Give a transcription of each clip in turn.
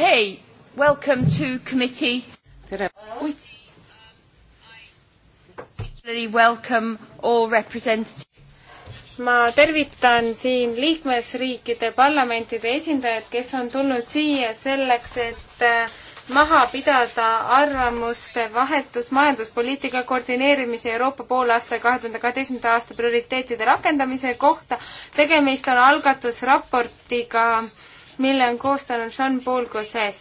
Okay, welcome to committee. tere. Welcome all representatives. ma tervitan siin liikmesriikide parlamentide esindajad, kes on tulnud siia selleks, et äh, maha pidada arvamuste vahetus majanduspoliitika koordineerimise Euroopa poolaasta kahe tuhande kaheteistkümnenda aasta prioriteetide rakendamise kohta. tegemist on algatusraportiga äh, mille on koostanud Jean-Paul Gosses.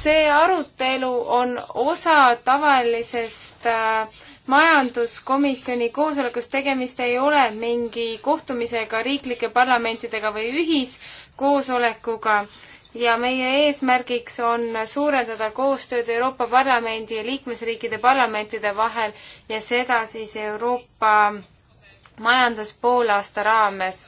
see arutelu on osa tavalisest äh, majanduskomisjoni koosolekust, tegemist ei ole mingi kohtumisega riiklike parlamentidega või ühiskoosolekuga ja meie eesmärgiks on suurendada koostööd Euroopa Parlamendi ja liikmesriikide parlamentide vahel ja seda siis Euroopa majanduspoolaasta raames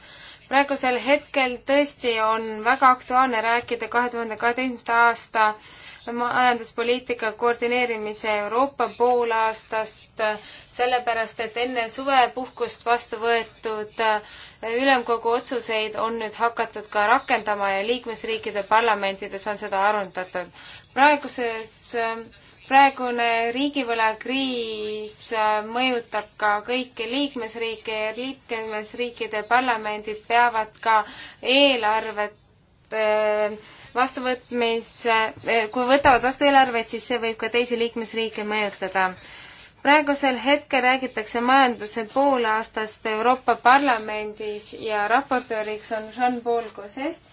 praegusel hetkel tõesti on väga aktuaalne rääkida kahe tuhande kaheteistkümnenda aasta majanduspoliitika koordineerimise Euroopa poolaastast, sellepärast et enne suvepuhkust vastu võetud äh, ülemkogu otsuseid on nüüd hakatud ka rakendama ja liikmesriikide parlamentides on seda arutatud. praeguses äh, praegune riigivõlakriis äh, mõjutab ka kõiki liikmesriike ja liikmesriikide parlamendid peavad ka eelarvet äh, vastuvõtmise, äh, kui võtavad vastu eelarveid, siis see võib ka teisi liikmesriike mõjutada. praegusel hetkel räägitakse majanduse poolaastast Euroopa Parlamendis ja raportööriks on Jean-Paul Gosses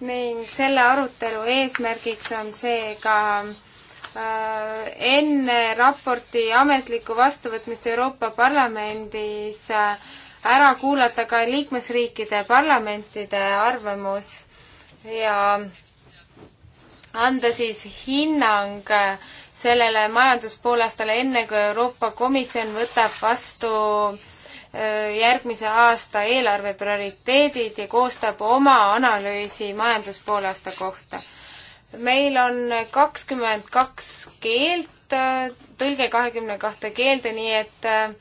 ning selle arutelu eesmärgiks on seega ka Äh, enne raporti ametlikku vastuvõtmist Euroopa Parlamendis äh, ära kuulata ka liikmesriikide parlamentide arvamus ja anda siis hinnang äh, sellele majanduspoolaastale, enne kui Euroopa Komisjon võtab vastu järgmise aasta eelarve prioriteedid ja koostab oma analüüsi majanduspoolaasta kohta meil on kakskümmend kaks keelt, tõlge kahekümne kahte keelde, nii et äh,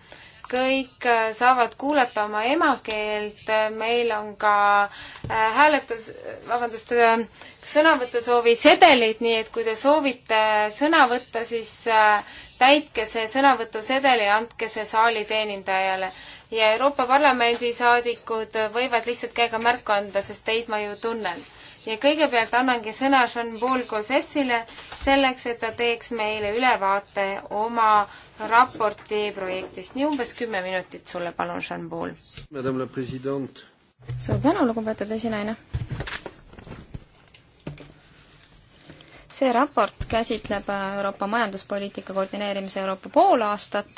kõik äh, saavad kuulata oma emakeelt, meil on ka äh, hääletus, vabandust, sõnavõtusoovi sedelid, nii et kui te soovite sõna võtta, siis täitke see sõnavõtusedel ja andke see saali teenindajale. ja Euroopa Parlamendi saadikud võivad lihtsalt käega märku anda, sest teid ma ju tunnen ja kõigepealt annangi sõna Jean-Paul Gossessile selleks, et ta teeks meile ülevaate oma raporti projektist. nii umbes kümme minutit sulle, palun, Jean-Paul. suur tänu, lugupeetud esinaine. see raport käsitleb Euroopa majanduspoliitika koordineerimise Euroopa poolaastat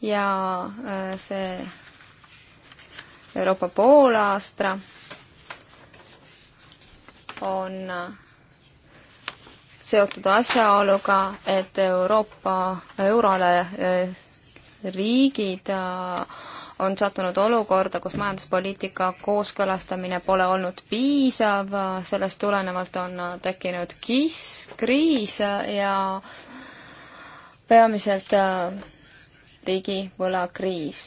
ja äh, see Euroopa poolaastra on seotud asjaoluga, et Euroopa, eurole eh, riigid eh, on sattunud olukorda, kus majanduspoliitika kooskõlastamine pole olnud piisav, sellest tulenevalt on tekkinud kis-, kriis ja peamiselt eh, riigi võlakriis.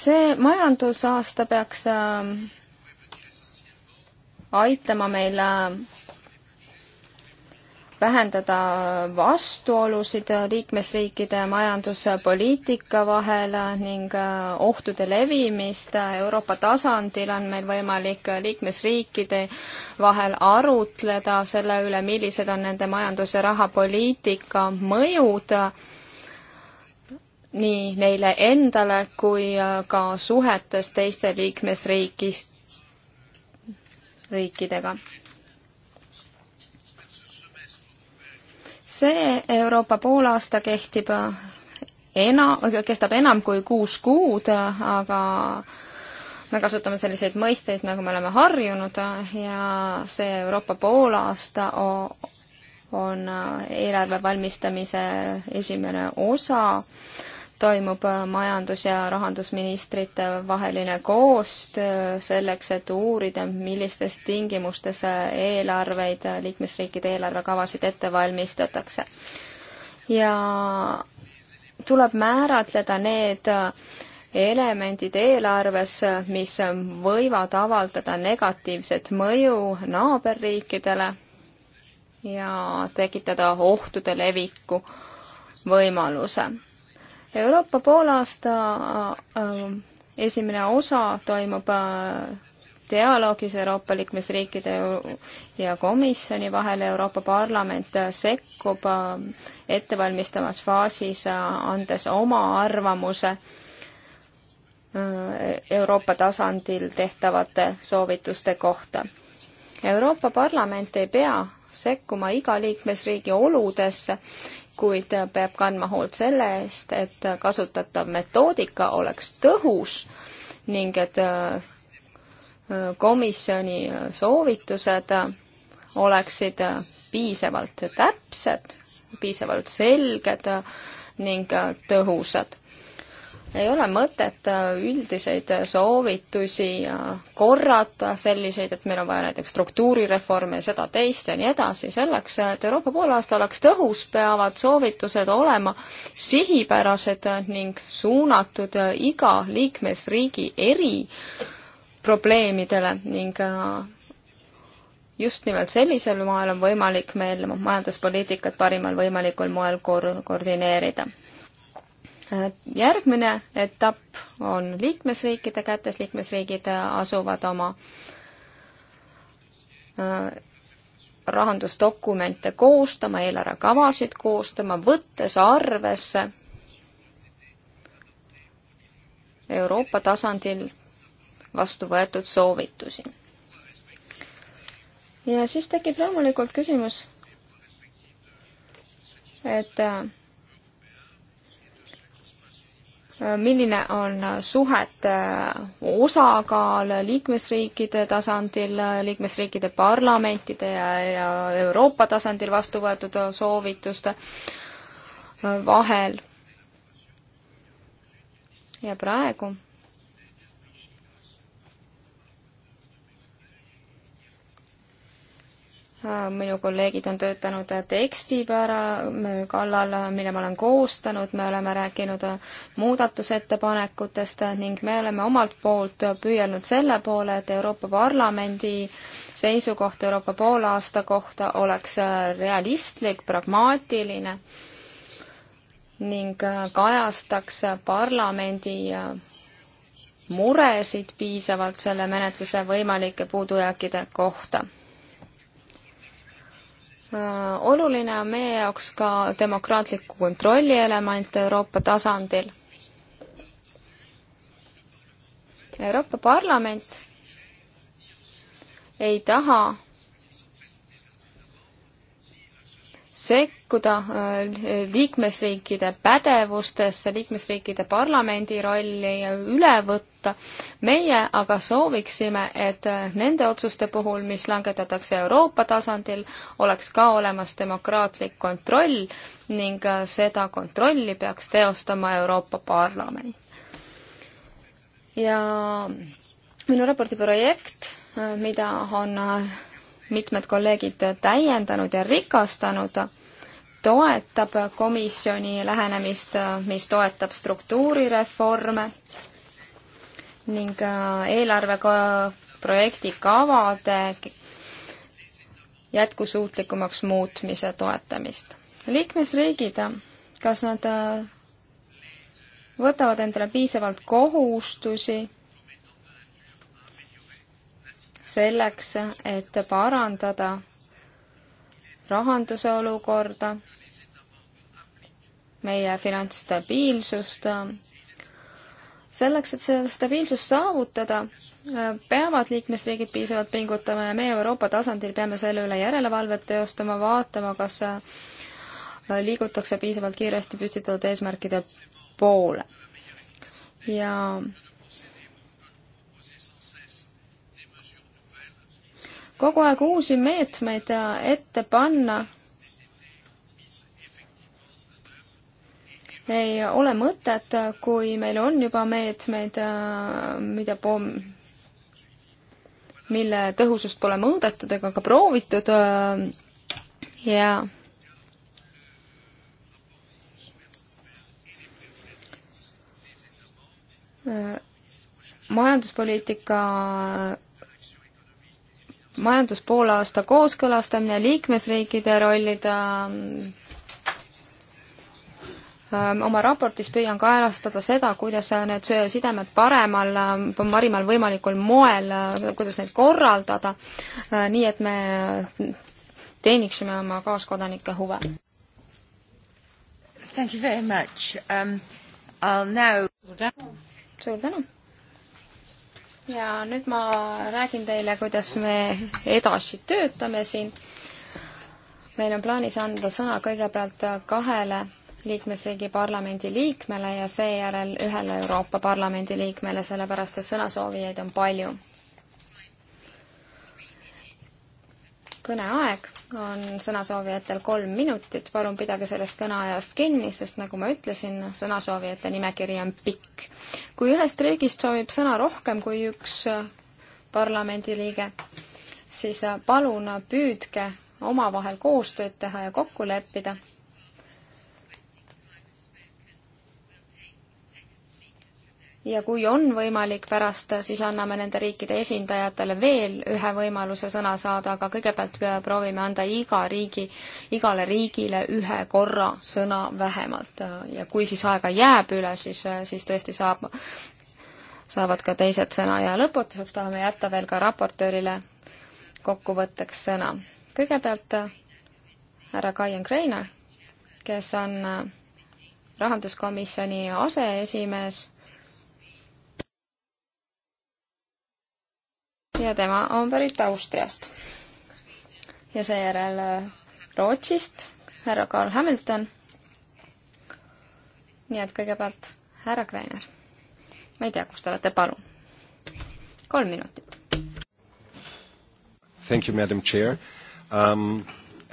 see majandusaasta peaks aitama meil äh, vähendada vastuolusid liikmesriikide majanduspoliitika vahel ning äh, ohtude levimist. Euroopa tasandil on meil võimalik liikmesriikide vahel arutleda selle üle, millised on nende majandus- ja rahapoliitika mõjud nii neile endale kui äh, ka suhetes teiste liikmesriigist riikidega. see Euroopa poolaasta kehtib ena-, kestab enam kui kuus kuud, aga me kasutame selliseid mõisteid, nagu me oleme harjunud ja see Euroopa poolaasta on eelarve valmistamise esimene osa toimub äh, majandus- ja rahandusministrite vaheline koostöö selleks, et uurida, millistes tingimustes äh, eelarveid, äh, liikmesriikide eelarvekavasid ette valmistatakse. ja tuleb määratleda need elemendid eelarves, mis võivad avaldada negatiivset mõju naaberriikidele ja tekitada ohtude leviku võimaluse Euroopa poolaasta äh, esimene osa toimub äh, dialoogis Euroopa liikmesriikide ja komisjoni vahel Euroopa Parlament äh, sekkub ettevalmistavas faasis, andes oma arvamuse Euroopa tasandil tehtavate soovituste kohta. Euroopa Parlament ei pea sekkuma iga liikmesriigi oludesse kuid peab kandma hoolt selle eest, et kasutatav metoodika oleks tõhus ning et äh, komisjoni soovitused oleksid piisavalt täpsed, piisavalt selged ning äh, tõhusad ei ole mõtet äh, üldiseid äh, soovitusi äh, korrata, selliseid, et meil on vaja näiteks struktuurireforme ja seda, teist ja nii edasi, selleks, et Euroopa poolaasta oleks tõhus, peavad soovitused olema sihipärased ning suunatud iga liikmesriigi eri probleemidele ning just nimelt sellisel moel on võimalik meil majanduspoliitikat parimal võimalikul moel koor-, koordineerida järgmine etapp on liikmesriikide kätes, liikmesriigid asuvad oma äh, rahandusdokumente koostama, eelarvekavasid koostama, võttes arvesse Euroopa tasandil vastu võetud soovitusi. ja siis tekib loomulikult küsimus, et äh, Äh, milline on äh, suhete äh, osakaal liikmesriikide tasandil, liikmesriikide parlamentide ja, ja Euroopa tasandil vastu võetud soovituste vahel. ja praegu minu kolleegid on töötanud tekstipära kallal, mille ma olen koostanud, me oleme rääkinud muudatusettepanekutest ning me oleme omalt poolt püüelnud selle poole, et Euroopa Parlamendi seisukoht Euroopa poolaasta kohta oleks realistlik, pragmaatiline ning kajastaks parlamendi muresid piisavalt selle menetluse võimalike puudujääkide kohta Äh, oluline on meie jaoks ka demokraatliku kontrolli element Euroopa tasandil. Euroopa Parlament ei taha sekkuda äh, liikmesriikide pädevustesse, liikmesriikide parlamendi rolli üle võtta. meie aga sooviksime, et äh, nende otsuste puhul, mis langetatakse Euroopa tasandil, oleks ka olemas demokraatlik kontroll ning äh, seda kontrolli peaks teostama Euroopa Parlament. ja minu raporti projekt, mida on mitmed kolleegid täiendanud ja rikastanud, toetab komisjoni lähenemist, mis toetab struktuurireforme ning äh, eelarveprojekti kavade jätkusuutlikumaks muutmise toetamist. liikmesriigid, kas nad äh, võtavad endale piisavalt kohustusi selleks, et parandada rahanduse olukorda, meie finantsstabiilsust. selleks, et seda stabiilsust saavutada, peavad liikmesriigid piisavalt pingutama ja meie Euroopa tasandil peame selle üle järelevalvet teostama, vaatama, kas liigutakse piisavalt kiiresti püstitatud eesmärkide poole. ja kogu aeg uusi meetmeid ette panna ei ole mõtet, kui meil on juba meetmeid, mida pomm, mille tõhusust pole mõõdetud ega ka proovitud ja majanduspoliitika majanduspoolaasta kooskõlastamine, liikmesriikide rollid, ähm, ähm, oma raportis püüan kajastada seda, kuidas need sidemed paremal, ähm, parimal võimalikul moel, äh, kuidas neid korraldada, äh, nii et me äh, teeniksime oma kaaskodanike huve. Thank you very much um,. I'll now. suur tänu ja nüüd ma räägin teile, kuidas me edasi töötame siin. meil on plaanis anda sõna kõigepealt kahele liikmesriigi parlamendi liikmele ja seejärel ühele Euroopa Parlamendi liikmele, sellepärast et sõnasoovijaid on palju. kõneaeg on sõnasoovijatel kolm minutit, palun pidage sellest kõneajast kinni, sest nagu ma ütlesin, sõnasoovijate nimekiri on pikk. kui ühest riigist soovib sõna rohkem kui üks äh, parlamendiliige, siis äh, palun püüdke omavahel koostööd teha ja kokku leppida ja kui on võimalik pärast, siis anname nende riikide esindajatele veel ühe võimaluse sõna saada, aga kõigepealt proovime anda iga riigi, igale riigile ühe korra sõna vähemalt ja kui siis aega jääb üle, siis, siis tõesti saab, saavad ka teised sõna ja lõpetuseks tahame jätta veel ka raportöörile kokkuvõtteks sõna. kõigepealt härra Kaien Kreiner, kes on rahanduskomisjoni aseesimees ja tema on pärit Austriast. ja seejärel äh, Rootsist härra Carl Hamilton. nii et kõigepealt härra Kreiner. ma ei tea, kus te olete, palun. kolm minutit. Thank you, madam chair um,.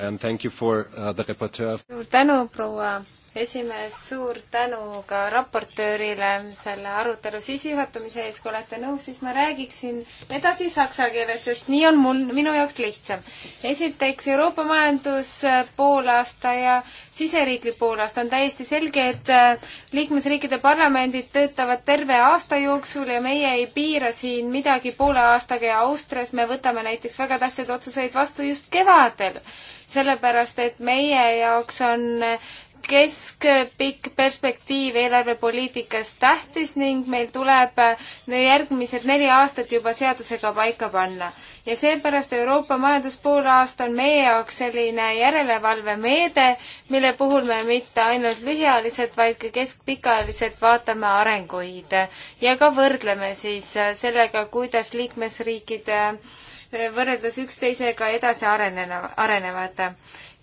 And thank you for uh, the reporter. suur tänu, proua esimees, suur tänu ka raportöörile selle arutelu sissejuhatamise ees, kui olete nõus, siis ma räägiksin edasi saksa keeles, sest nii on mul, minu jaoks lihtsam. esiteks Euroopa majandus äh, poolaasta ja siseriiklik poolaasta on täiesti selge, et äh, liikmesriikide parlamendid töötavad terve aasta jooksul ja meie ei piira siin midagi poole aastaga ja Austrias me võtame näiteks väga tähtsaid otsuseid vastu just kevadel sellepärast et meie jaoks on äh, keskpikk perspektiiv eelarvepoliitikas tähtis ning meil tuleb järgmised neli aastat juba seadusega paika panna. ja seepärast Euroopa majanduspoolaasta on meie jaoks selline järelevalvemeede, mille puhul me mitte ainult lühiajaliselt, vaid ka keskpikaajaliselt vaatame arenguid ja ka võrdleme siis sellega, kuidas liikmesriikide võrreldes üksteisega edasi arenena, arenevad.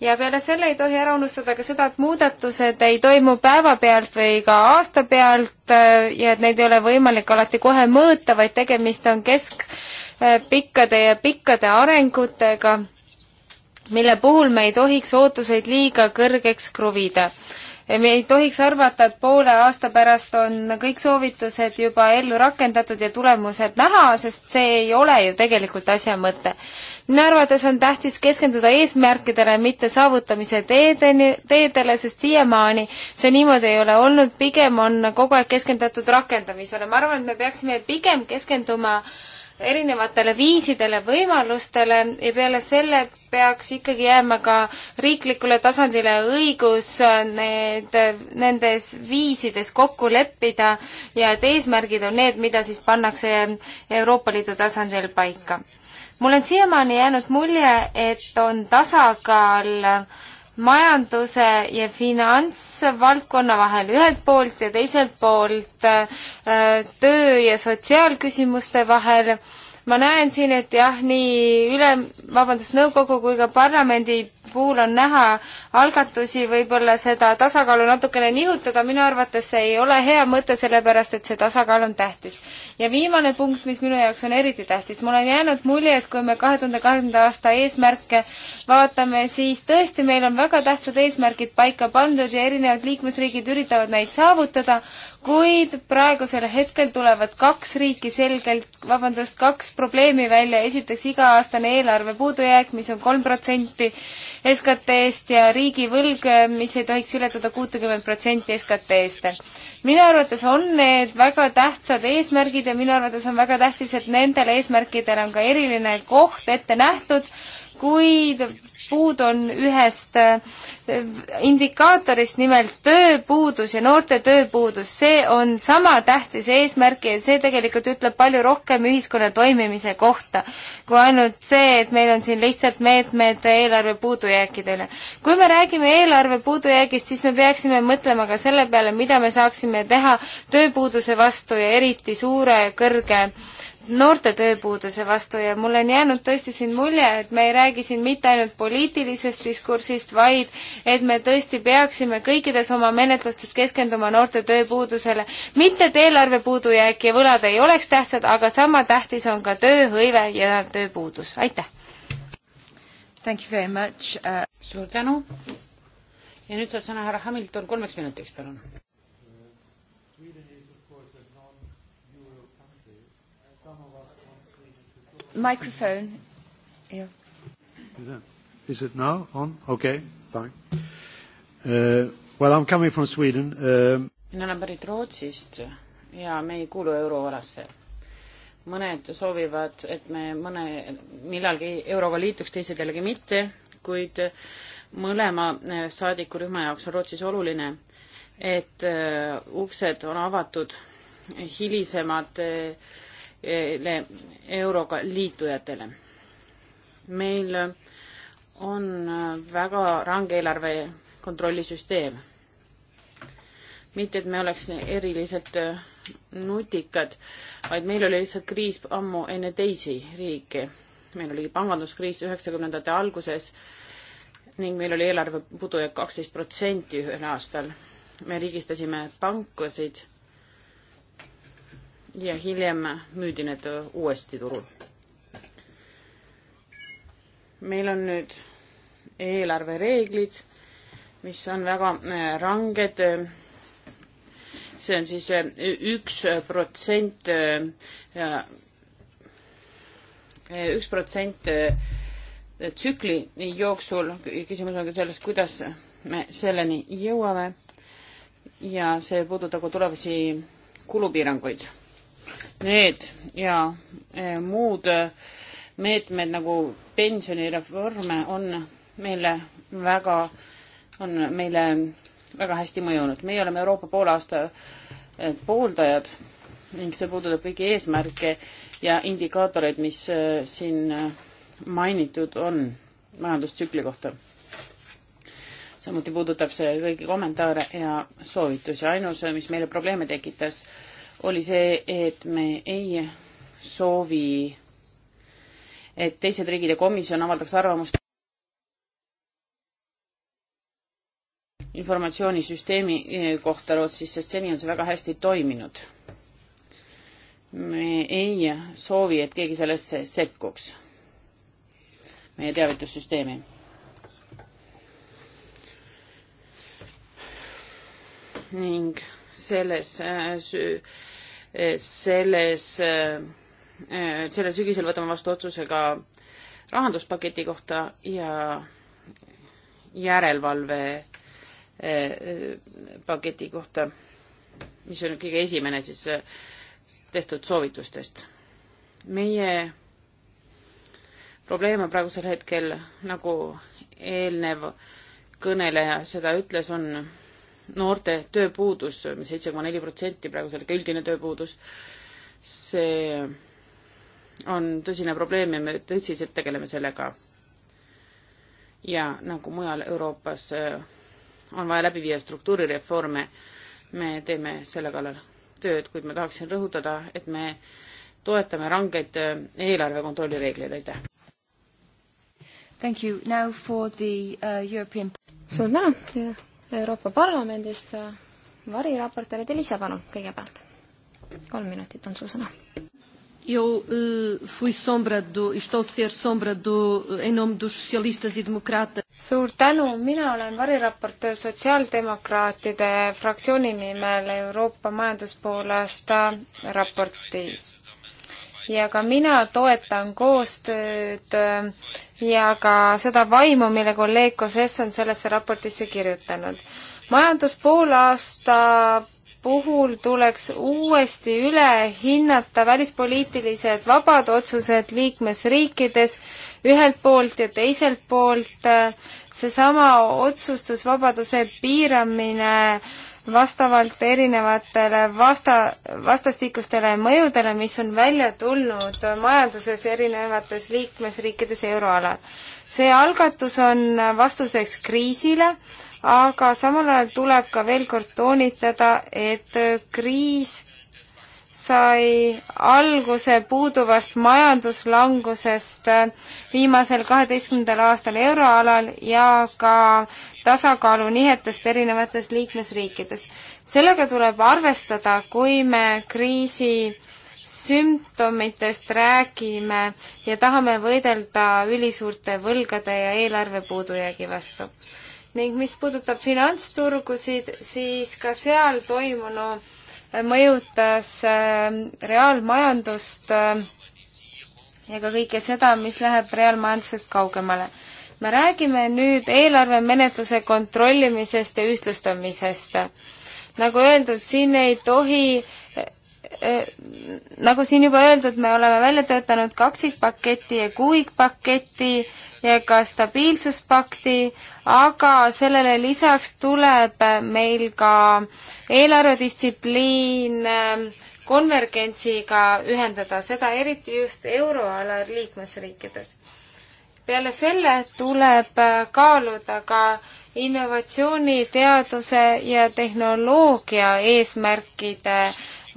ja peale selle ei tohi ära unustada ka seda, et muudatused ei toimu päevapealt või ka aasta pealt äh, ja et neid ei ole võimalik alati kohe mõõta, vaid tegemist on keskpikkade äh, ja pikkade arengutega, mille puhul me ei tohiks ootuseid liiga kõrgeks kruvida me ei tohiks arvata, et poole aasta pärast on kõik soovitused juba ellu rakendatud ja tulemused näha, sest see ei ole ju tegelikult asja mõte. minu arvates on tähtis keskenduda eesmärkidele, mitte saavutamise teedeni, teedele, sest siiamaani see niimoodi ei ole olnud, pigem on kogu aeg keskendatud rakendamisele. ma arvan, et me peaksime pigem keskenduma äh, erinevatele viisidele, võimalustele ja peale selle peaks ikkagi jääma ka riiklikule tasandile õigus äh, need, nendes viisides kokku leppida ja et eesmärgid on need, mida siis pannakse Euroopa Liidu tasandil paika. mul on siiamaani jäänud mulje, et on tasakaal äh, majanduse ja finantsvaldkonna vahel ühelt poolt ja teiselt poolt äh, töö- ja sotsiaalküsimuste vahel äh, ma näen siin, et jah, nii üle, vabandust, nõukogu kui ka parlamendi puhul on näha algatusi võib-olla seda tasakaalu natukene nihutada, minu arvates see ei ole hea mõte, sellepärast et see tasakaal on tähtis. ja viimane punkt, mis minu jaoks on eriti tähtis, mul on jäänud mulje, et kui me kahe tuhande kahekümnenda aasta eesmärke vaatame, siis tõesti, meil on väga tähtsad eesmärgid paika pandud ja erinevad liikmesriigid üritavad neid saavutada, kuid praegusel hetkel tulevad kaks riiki selgelt, vabandust, kaks probleemi välja, esiteks iga-aastane eelarve puudujääk, mis on kolm protsenti SKT-st ja riigivõlg, mis ei tohiks ületada kuutekümmet protsenti SKT-st. minu arvates on need väga tähtsad eesmärgid ja minu arvates on väga tähtis, et nendele eesmärkidele on ka eriline koht ette nähtud, kuid puud on ühest eh, indikaatorist, nimelt tööpuudus ja noorte tööpuudus. see on sama tähtis eesmärk ja see tegelikult ütleb palju rohkem ühiskonna toimimise kohta, kui ainult see, et meil on siin lihtsalt meetmed eelarve puudujääkidele. kui me räägime eelarve puudujäägist, siis me peaksime mõtlema ka selle peale, mida me saaksime teha tööpuuduse vastu ja eriti suure kõrge noorte tööpuuduse vastu ja mul on jäänud tõesti siin mulje, et me ei räägi siin mitte ainult poliitilisest diskursist, vaid et me tõesti peaksime kõikides oma menetlustes keskenduma noorte tööpuudusele. mitte, et eelarve puudujääk ja võlad ei oleks tähtsad, aga sama tähtis on ka tööhõive ja tööpuudus. aitäh! Thank you very much uh.... suur tänu. ja nüüd saab sõna härra Hamilton kolmeks minutiks, palun Microphone. Yeah. Is it now on? Okei okay,, fine uh,. Well I am coming from Sweden uh.... mina olen pärit Rootsist ja me ei kuulu euroalasse. mõned soovivad, et me mõne, millalgi euroga liituks, teised jällegi mitte, kuid mõlema äh, saadikurühma jaoks on Rootsis oluline, et uh, uksed on avatud hilisemad uh, euroga liitujatele. meil on väga range eelarve kontrollisüsteem. mitte, et me oleks eriliselt nutikad, vaid meil oli lihtsalt kriis ammu enne teisi riike. meil oli panganduskriis üheksakümnendate alguses ning meil oli eelarve pudujääk kaksteist protsenti ühel aastal. me riigistasime pankasid ja hiljem müüdi need uuesti turul. meil on nüüd eelarvereeglid, mis on väga äh, ranged. see on siis äh, üks protsent, äh, üks protsent tsükli jooksul. küsimus on ka selles, kuidas me selleni jõuame ja see puudutab ka tulevasi kulupiiranguid need ja e, muud e, meetmed nagu pensionireforme on meile väga, on meile väga hästi mõjunud. meie oleme Euroopa poolaasta e, pooldajad ning see puudutab kõiki eesmärke ja indikaatoreid, mis siin mainitud on majandustsükli kohta. samuti puudutab see kõigi kommentaare ja soovitusi. ainus, mis meile probleeme tekitas, oli see, et me ei soovi, et teised riigid ja komisjon avaldaks arvamust informatsioonisüsteemi eh, kohta Rootsis, sest seni on see väga hästi toiminud. me ei soovi, et keegi sellesse sekkuks, meie teavitussüsteemi ning selles äh, selles, äh, sellel sügisel võtame vastu otsuse ka rahanduspaketi kohta ja järelevalve äh, paketi kohta, mis on kõige esimene siis äh, tehtud soovitustest. meie probleem on praegusel hetkel, nagu eelnev kõneleja seda ütles, on noorte tööpuudus, seitse koma neli protsenti praegusel hetkel üldine tööpuudus, see on tõsine probleem ja me tõsiselt tegeleme sellega. ja nagu mujal Euroopas eh, on vaja läbi viia struktuurireforme, me teeme selle kallal tööd, kuid ma tahaksin rõhutada, et me toetame rangeid eh, eelarve kontrolli reegleid, aitäh! Thank you. Now for the uh, European... Suur tänu! Euroopa Parlamendist variraportöörid, Elisa, palun kõigepealt. kolm minutit on sul sõna. Eu uh, fui sombra do, estou ser sombra do, eh, em nome dos socialistas e democratas. suur tänu, mina olen variraportöör sotsiaaldemokraatide fraktsiooni nimel Euroopa majanduspoolaasta raportis ja ka mina toetan koostööd äh, ja ka seda vaimu, mille kolleeg Koses on sellesse raportisse kirjutanud. majandus poolaasta puhul tuleks uuesti üle hinnata välispoliitilised vabad otsused liikmesriikides ühelt poolt ja teiselt poolt äh, seesama otsustusvabaduse piiramine äh, vastavalt erinevatele vasta, vastastikustele mõjudele, mis on välja tulnud majanduses erinevates liikmesriikides euroalal. see algatus on vastuseks kriisile, aga samal ajal tuleb ka veel kord toonitada, et kriis sai alguse puuduvast majanduslangusest viimasel kaheteistkümnendal aastal euroalal ja ka tasakaalu nihetest erinevates liikmesriikides. sellega tuleb arvestada, kui me kriisi sümptomitest räägime ja tahame võidelda ülisuurte võlgade ja eelarve puudujäägi vastu. ning mis puudutab finantsturgusid, siis ka seal toimunu no, mõjutas ähm, reaalmajandust ähm, ja ka kõike seda, mis läheb reaalmajandusest kaugemale. me räägime nüüd eelarvemenetluse kontrollimisest ja ühtlustamisest. nagu öeldud, siin ei tohi Äh, nagu siin juba öeldud, me oleme välja töötanud kaksikpaketi ja kuigpaketi ja ka stabiilsuspakti, aga sellele lisaks tuleb meil ka eelarvedistsipliin ähm, konvergentsiga ühendada, seda eriti just euroala liikmesriikides. peale selle tuleb äh, kaaluda ka innovatsiooni, teaduse ja tehnoloogia eesmärkide äh,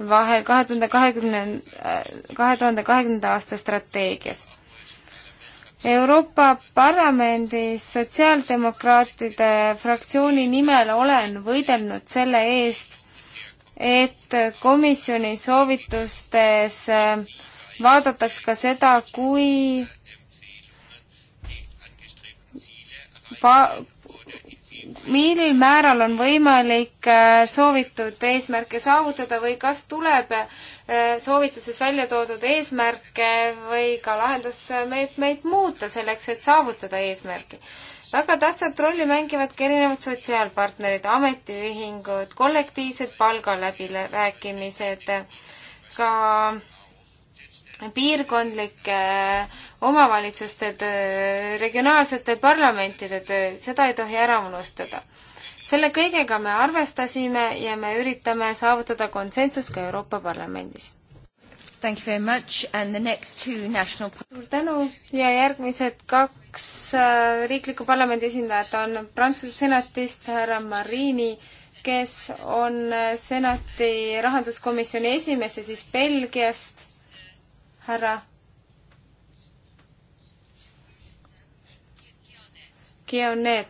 vahel kahe tuhande kahekümne, kahe tuhande kahekümnenda aasta strateegias. Euroopa Parlamendis sotsiaaldemokraatide fraktsiooni nimel olen võidelnud selle eest, et komisjoni soovitustes äh, vaadataks ka seda, kui pa-, mil määral on võimalik äh, soovitud eesmärke saavutada või kas tuleb äh, soovituses välja toodud eesmärke või ka lahendusmeetmeid muuta selleks, et saavutada eesmärki? väga tähtsat rolli mängivad ka erinevad sotsiaalpartnerid, ametiühingud, kollektiivsed palgaläbirääkimised, ka piirkondlike äh, omavalitsuste töö, regionaalsete parlamentide töö, seda ei tohi ära unustada. selle kõigega me arvestasime ja me üritame saavutada konsensust ka Euroopa Parlamendis. Thank you very much and the next two national suur tänu ja järgmised kaks äh, riikliku parlamendi esindajat on Prantsuse senatist härra Marini kes on äh, senati rahanduskomisjoni esimees ja siis Belgiast härra Gionet.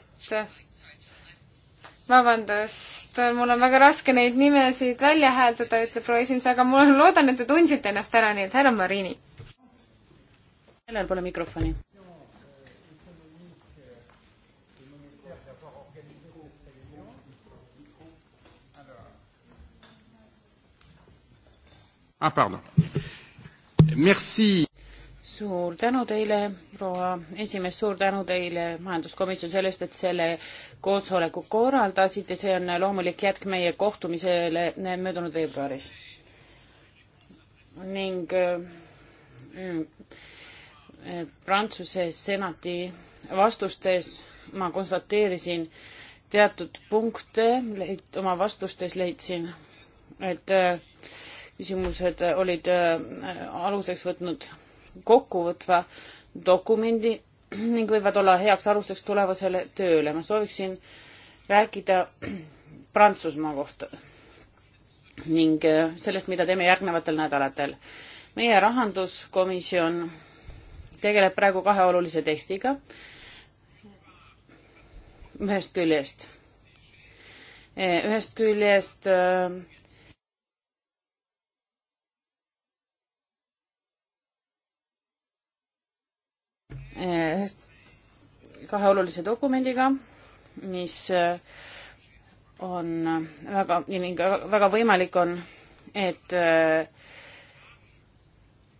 vabandust, mul on väga raske neid nimesid välja hääldada, ütleb proua esimees, aga ma loodan, et te tundsite ennast ära, nii et härra Marini. kellel pole mikrofoni? Ah, pardon merci! suur tänu teile, proua esimees, suur tänu teile, majanduskomisjon, sellest, et selle koosoleku korraldasite, see on loomulik jätk meie kohtumisele möödunud veebruaris. ning äh, Prantsuse senati vastustes ma konstateerisin teatud punkte, oma vastustes leidsin, et äh, küsimused olid äh, aluseks võtnud kokkuvõtva dokumendi ning võivad olla heaks aluseks tulevasele tööle. ma sooviksin rääkida Prantsusmaa kohta ning äh, sellest, mida teeme järgnevatel nädalatel. meie rahanduskomisjon tegeleb praegu kahe olulise tekstiga. ühest küljest, äh, ühest küljest kahe olulise dokumendiga, mis äh, on äh, väga, väga võimalik on, et, äh,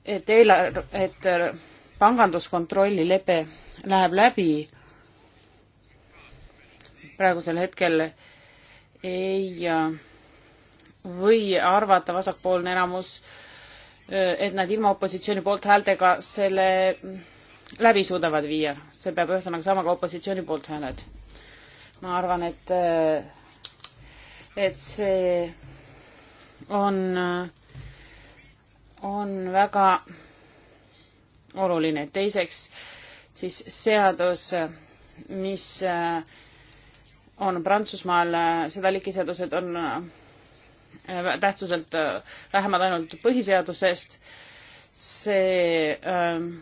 et eelarve, et panganduskontrolli lepe läheb läbi. praegusel hetkel ei või arvata vasakpoolne enamus, et nad ilma opositsiooni poolthäältega selle läbi suudavad viia, see peab ühesõnaga saama ka opositsiooni poolthääled. ma arvan, et, äh, et see on, äh, on väga oluline. teiseks siis seadus, mis äh, on Prantsusmaal, seda liiki seadused on tähtsuselt vähemad ainult põhiseadusest, see ähm,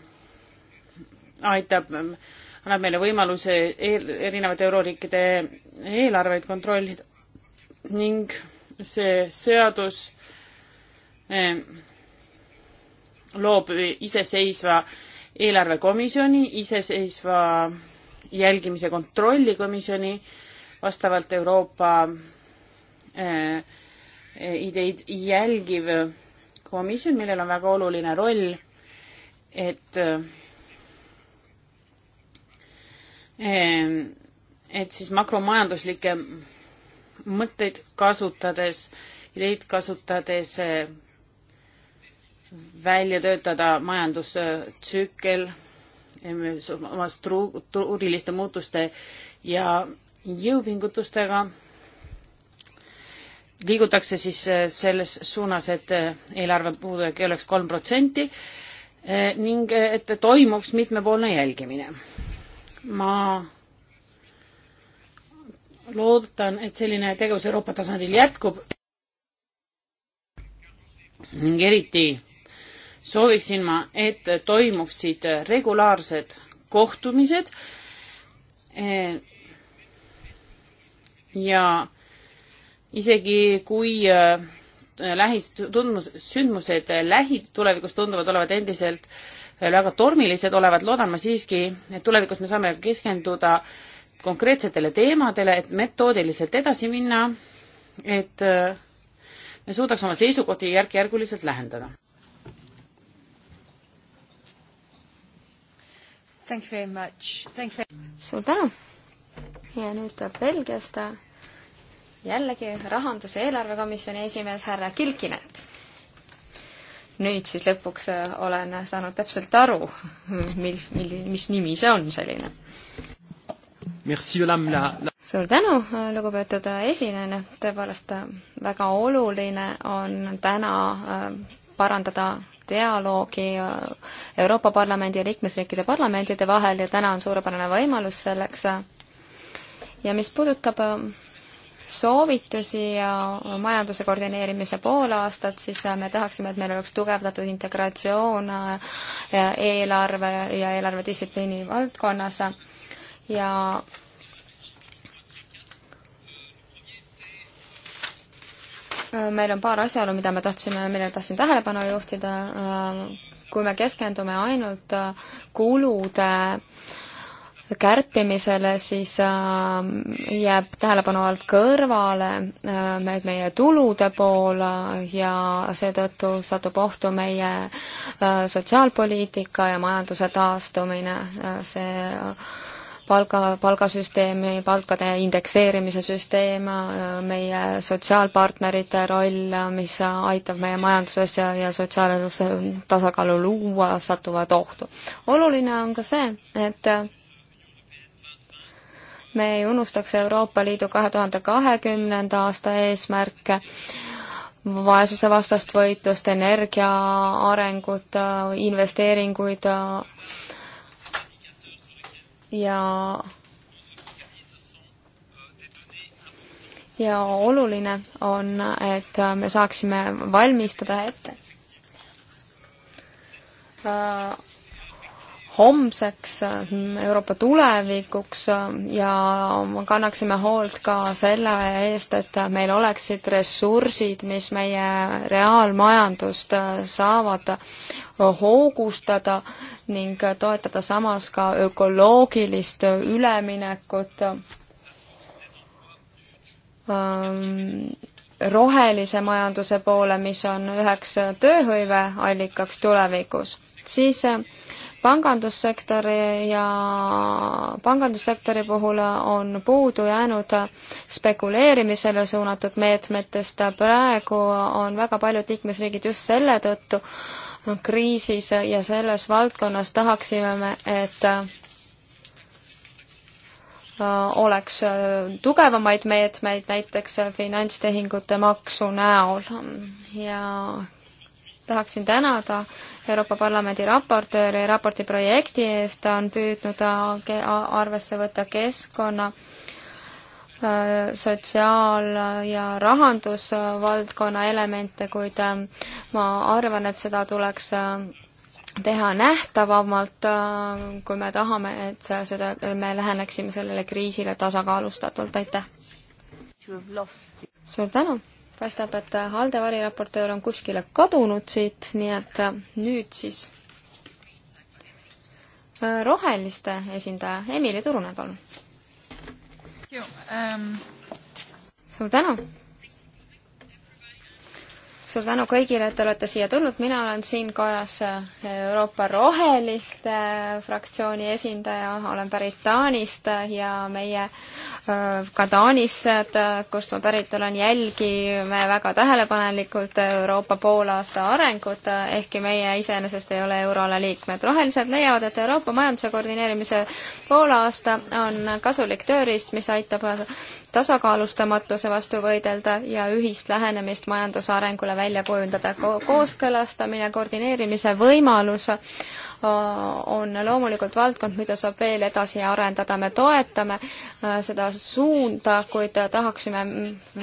aitab, annab meile võimaluse eel, erinevate euroriikide eelarveid kontrollida ning see seadus eh, loob iseseisva eelarvekomisjoni, iseseisva jälgimise kontrollikomisjoni vastavalt Euroopa eh, ideid jälgiv komisjon, millel on väga oluline roll, et eh, Ehm, et siis makromajanduslikke mõtteid kasutades, ideid kasutades eh, välja töötada majandustsükkel eh, oma struktuuriliste muutuste ja jõupingutustega liigutakse siis eh, selles suunas, et eelarve puudujääk ei oleks kolm protsenti ning et toimuks mitmepoolne jälgimine ma loodan, et selline tegevus Euroopa tasandil jätkub ning eriti sooviksin ma, et toimuksid regulaarsed kohtumised eh, ja isegi kui eh, lähis-, tundmus, sündmused lähitulevikus tunduvad olevat endiselt äh, Äh, väga tormilised olevat, loodan ma siiski, et tulevikus me saame keskenduda konkreetsetele teemadele, et metoodiliselt edasi minna, et äh, me suudaks oma seisukohti järk-järguliselt lähendada. suur tänu! ja nüüd Belgiast jällegi rahandus- ja eelarvekomisjoni esimees härra Kilkinent nüüd siis lõpuks äh, olen saanud täpselt aru, mil, mil, mis nimi see on selline. suur tänu, lugupeetud äh, esinejana, tõepoolest äh, väga oluline on täna parandada dialoogi Euroopa Parlamendi ja liikmesriikide parlamentide vahel ja täna on suurepärane võimalus selleks. ja mis puudutab soovitusi ja majanduse koordineerimise poolaastat, siis äh, me tahaksime, et meil oleks tugevdatud integratsioon äh, eelarve ja eelarvedistsipliini valdkonnas ja meil on paar asjaolu, mida me tahtsime, millele tahtsin tähelepanu juhtida, äh, kui me keskendume ainult kulude kärpimisele, siis äh, jääb tähelepanu alt kõrvale äh, meie tulude pool ja seetõttu satub ohtu meie äh, sotsiaalpoliitika ja majanduse taastumine. see palga, palgasüsteemi, palkade indekseerimise süsteem, meie sotsiaalpartnerite roll, mis aitab meie majanduses ja, ja sotsiaalelus tasakaalu luua, satuvad ohtu. oluline on ka see, et me ei unustaks Euroopa Liidu kahe tuhande kahekümnenda aasta eesmärke, vaesusevastast võitlust, energia arengut, investeeringuid ja ja oluline on, et me saaksime valmistada ette homseks, äh, Euroopa tulevikuks äh, ja kannaksime hoolt ka selle eest, et meil oleksid ressursid, mis meie reaalmajandust äh, saavad hoogustada ning toetada samas ka ökoloogilist üleminekut ähm, rohelise majanduse poole, mis on üheks tööhõiveallikaks tulevikus, siis pangandussektori ja pangandussektori puhul on puudu jäänud spekuleerimisele suunatud meetmetest, praegu on väga paljud liikmesriigid just selle tõttu kriisis ja selles valdkonnas tahaksime me, et äh, oleks äh, tugevamaid meetmeid, näiteks finantstehingute maksu näol ja tahaksin tänada Euroopa Parlamendi raportööri raporti projekti eest, ta on püüdnud äh, arvesse võtta keskkonna, äh, sotsiaal- ja rahandusvaldkonna elemente, kuid äh, ma arvan, et seda tuleks teha nähtavamalt, kui me tahame, et seda, me läheneksime sellele kriisile tasakaalustatult, aitäh! suur tänu! paistab, et Alde variraportöör on kuskile kadunud siit, nii et nüüd siis äh, roheliste esindaja Emily Turunen, palun. Um... suur tänu suur tänu kõigile, et te olete siia tulnud, mina olen siin korras äh, Euroopa Roheliste äh, fraktsiooni esindaja, olen pärit Taanist äh, ja meie ka Taanis, kust ma pärit olen, jälgime väga tähelepanelikult Euroopa poolaasta arengut, ehkki meie iseenesest ei ole euroala liikmed. rohelised leiavad, et Euroopa majanduse koordineerimise poolaasta on kasulik tööriist, mis aitab tasakaalustamatuse vastu võidelda ja ühist lähenemist majandusarengule välja kujundada ko, kooskõlastamine, koordineerimise võimalus Äh, on loomulikult valdkond, mida saab veel edasi arendada, me toetame äh, seda suunda, kuid tahaksime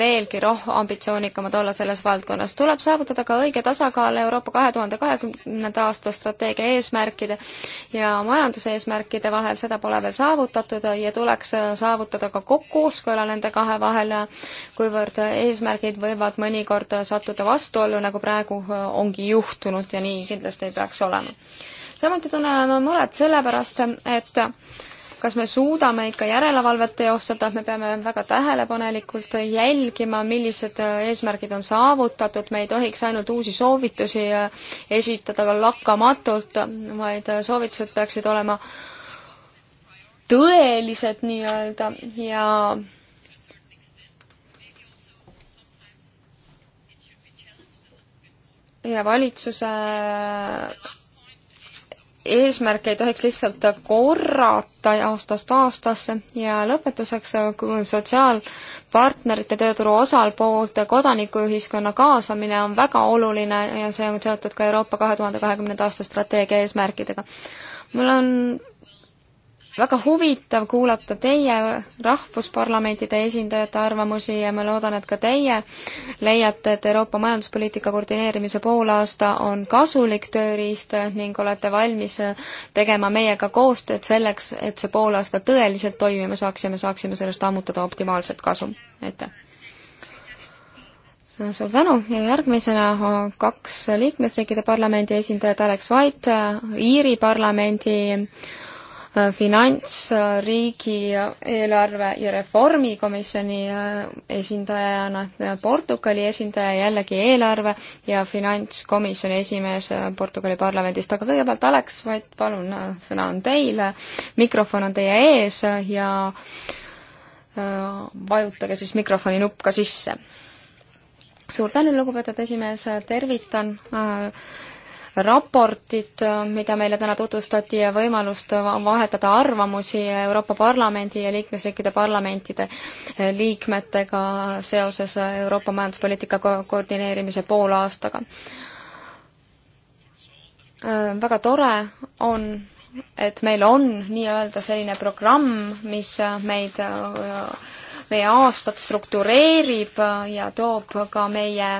veelgi roh-, ambitsioonikamad olla selles valdkonnas. tuleb saavutada ka õige tasakaal Euroopa kahe tuhande kahekümnenda aasta strateegia eesmärkide ja majanduseesmärkide vahel, seda pole veel saavutatud ja tuleks äh, saavutada ka kooskõla nende kahe vahel, kuivõrd eesmärgid võivad mõnikord sattuda vastuollu, nagu praegu ongi juhtunud ja nii kindlasti ei peaks olema samuti tunneme muret sellepärast, et kas me suudame ikka järelevalvet teostada, me peame väga tähelepanelikult jälgima, millised eesmärgid on saavutatud, me ei tohiks ainult uusi soovitusi esitada lakkamatult, vaid soovitused peaksid olema tõelised nii-öelda ja ja valitsuse eesmärk ei tohiks lihtsalt korrata aastast aastasse ja lõpetuseks sotsiaalpartnerite tööturu osalpoolte kodanikuühiskonna kaasamine on väga oluline ja see on seotud ka Euroopa kahe tuhande kahekümnenda aasta strateegia eesmärkidega. mul on väga huvitav kuulata teie rahvusparlamentide esindajate arvamusi ja ma loodan, et ka teie leiate, et Euroopa majanduspoliitika koordineerimise poolaasta on kasulik tööriist ning olete valmis tegema meiega koostööd selleks, et see poolaasta tõeliselt toimima saaks ja me saaksime sellest ammutada optimaalset kasu. aitäh! suur tänu ja järgmisena kaks liikmesriikide parlamendi esindajat, Alex White, Iiri parlamendi finantsriigi eelarve ja reformikomisjoni äh, esindajana äh, Portugali esindaja, jällegi eelarve ja finantskomisjoni esimees äh, Portugali parlamendist, aga kõigepealt Alex Vatt, palun, sõna on teil, mikrofon on teie ees ja vajutage siis mikrofoni nupp ka sisse. suur tänu, lugupeetud esimees, tervitan äh, raportit, mida meile täna tutvustati ja võimalust vahetada arvamusi Euroopa Parlamendi ja liikmesriikide parlamentide liikmetega seoses Euroopa majanduspoliitika ko koordineerimise poolaastaga. väga tore on et meil on nii-öelda selline programm, mis meid, meie aastat struktureerib ja toob ka meie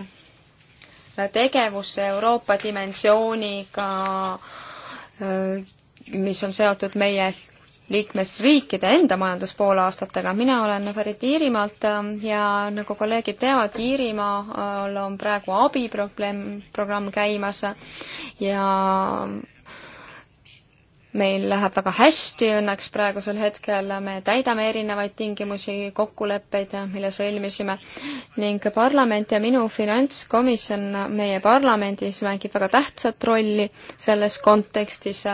tegevusse Euroopa dimensiooniga, mis on seotud meie liikmesriikide enda majanduspoolaastatega. mina olen pärit Iirimaalt ähm, ja nagu kolleegid teavad, Iirimaal on praegu abiprogramm, programm käimas ja meil läheb väga hästi õnneks praegusel hetkel, me täidame erinevaid tingimusi, kokkuleppeid, mille sõlmisime ning parlament ja minu finantskomisjon meie parlamendis mängib väga tähtsat rolli selles kontekstis.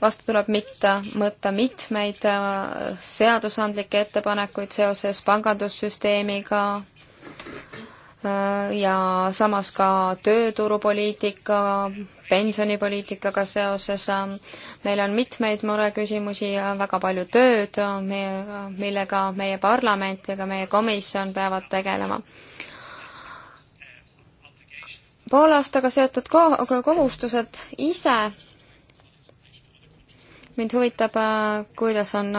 vastu tuleb mitte mõõta mitmeid seadusandlikke ettepanekuid seoses pangandussüsteemiga, ja samas ka tööturupoliitika pensionipoliitikaga seoses, meil on mitmeid mureküsimusi ja väga palju tööd, millega meie parlament ja ka meie komisjon peavad tegelema. poole aastaga seotud kohustused ise mind huvitab, kuidas on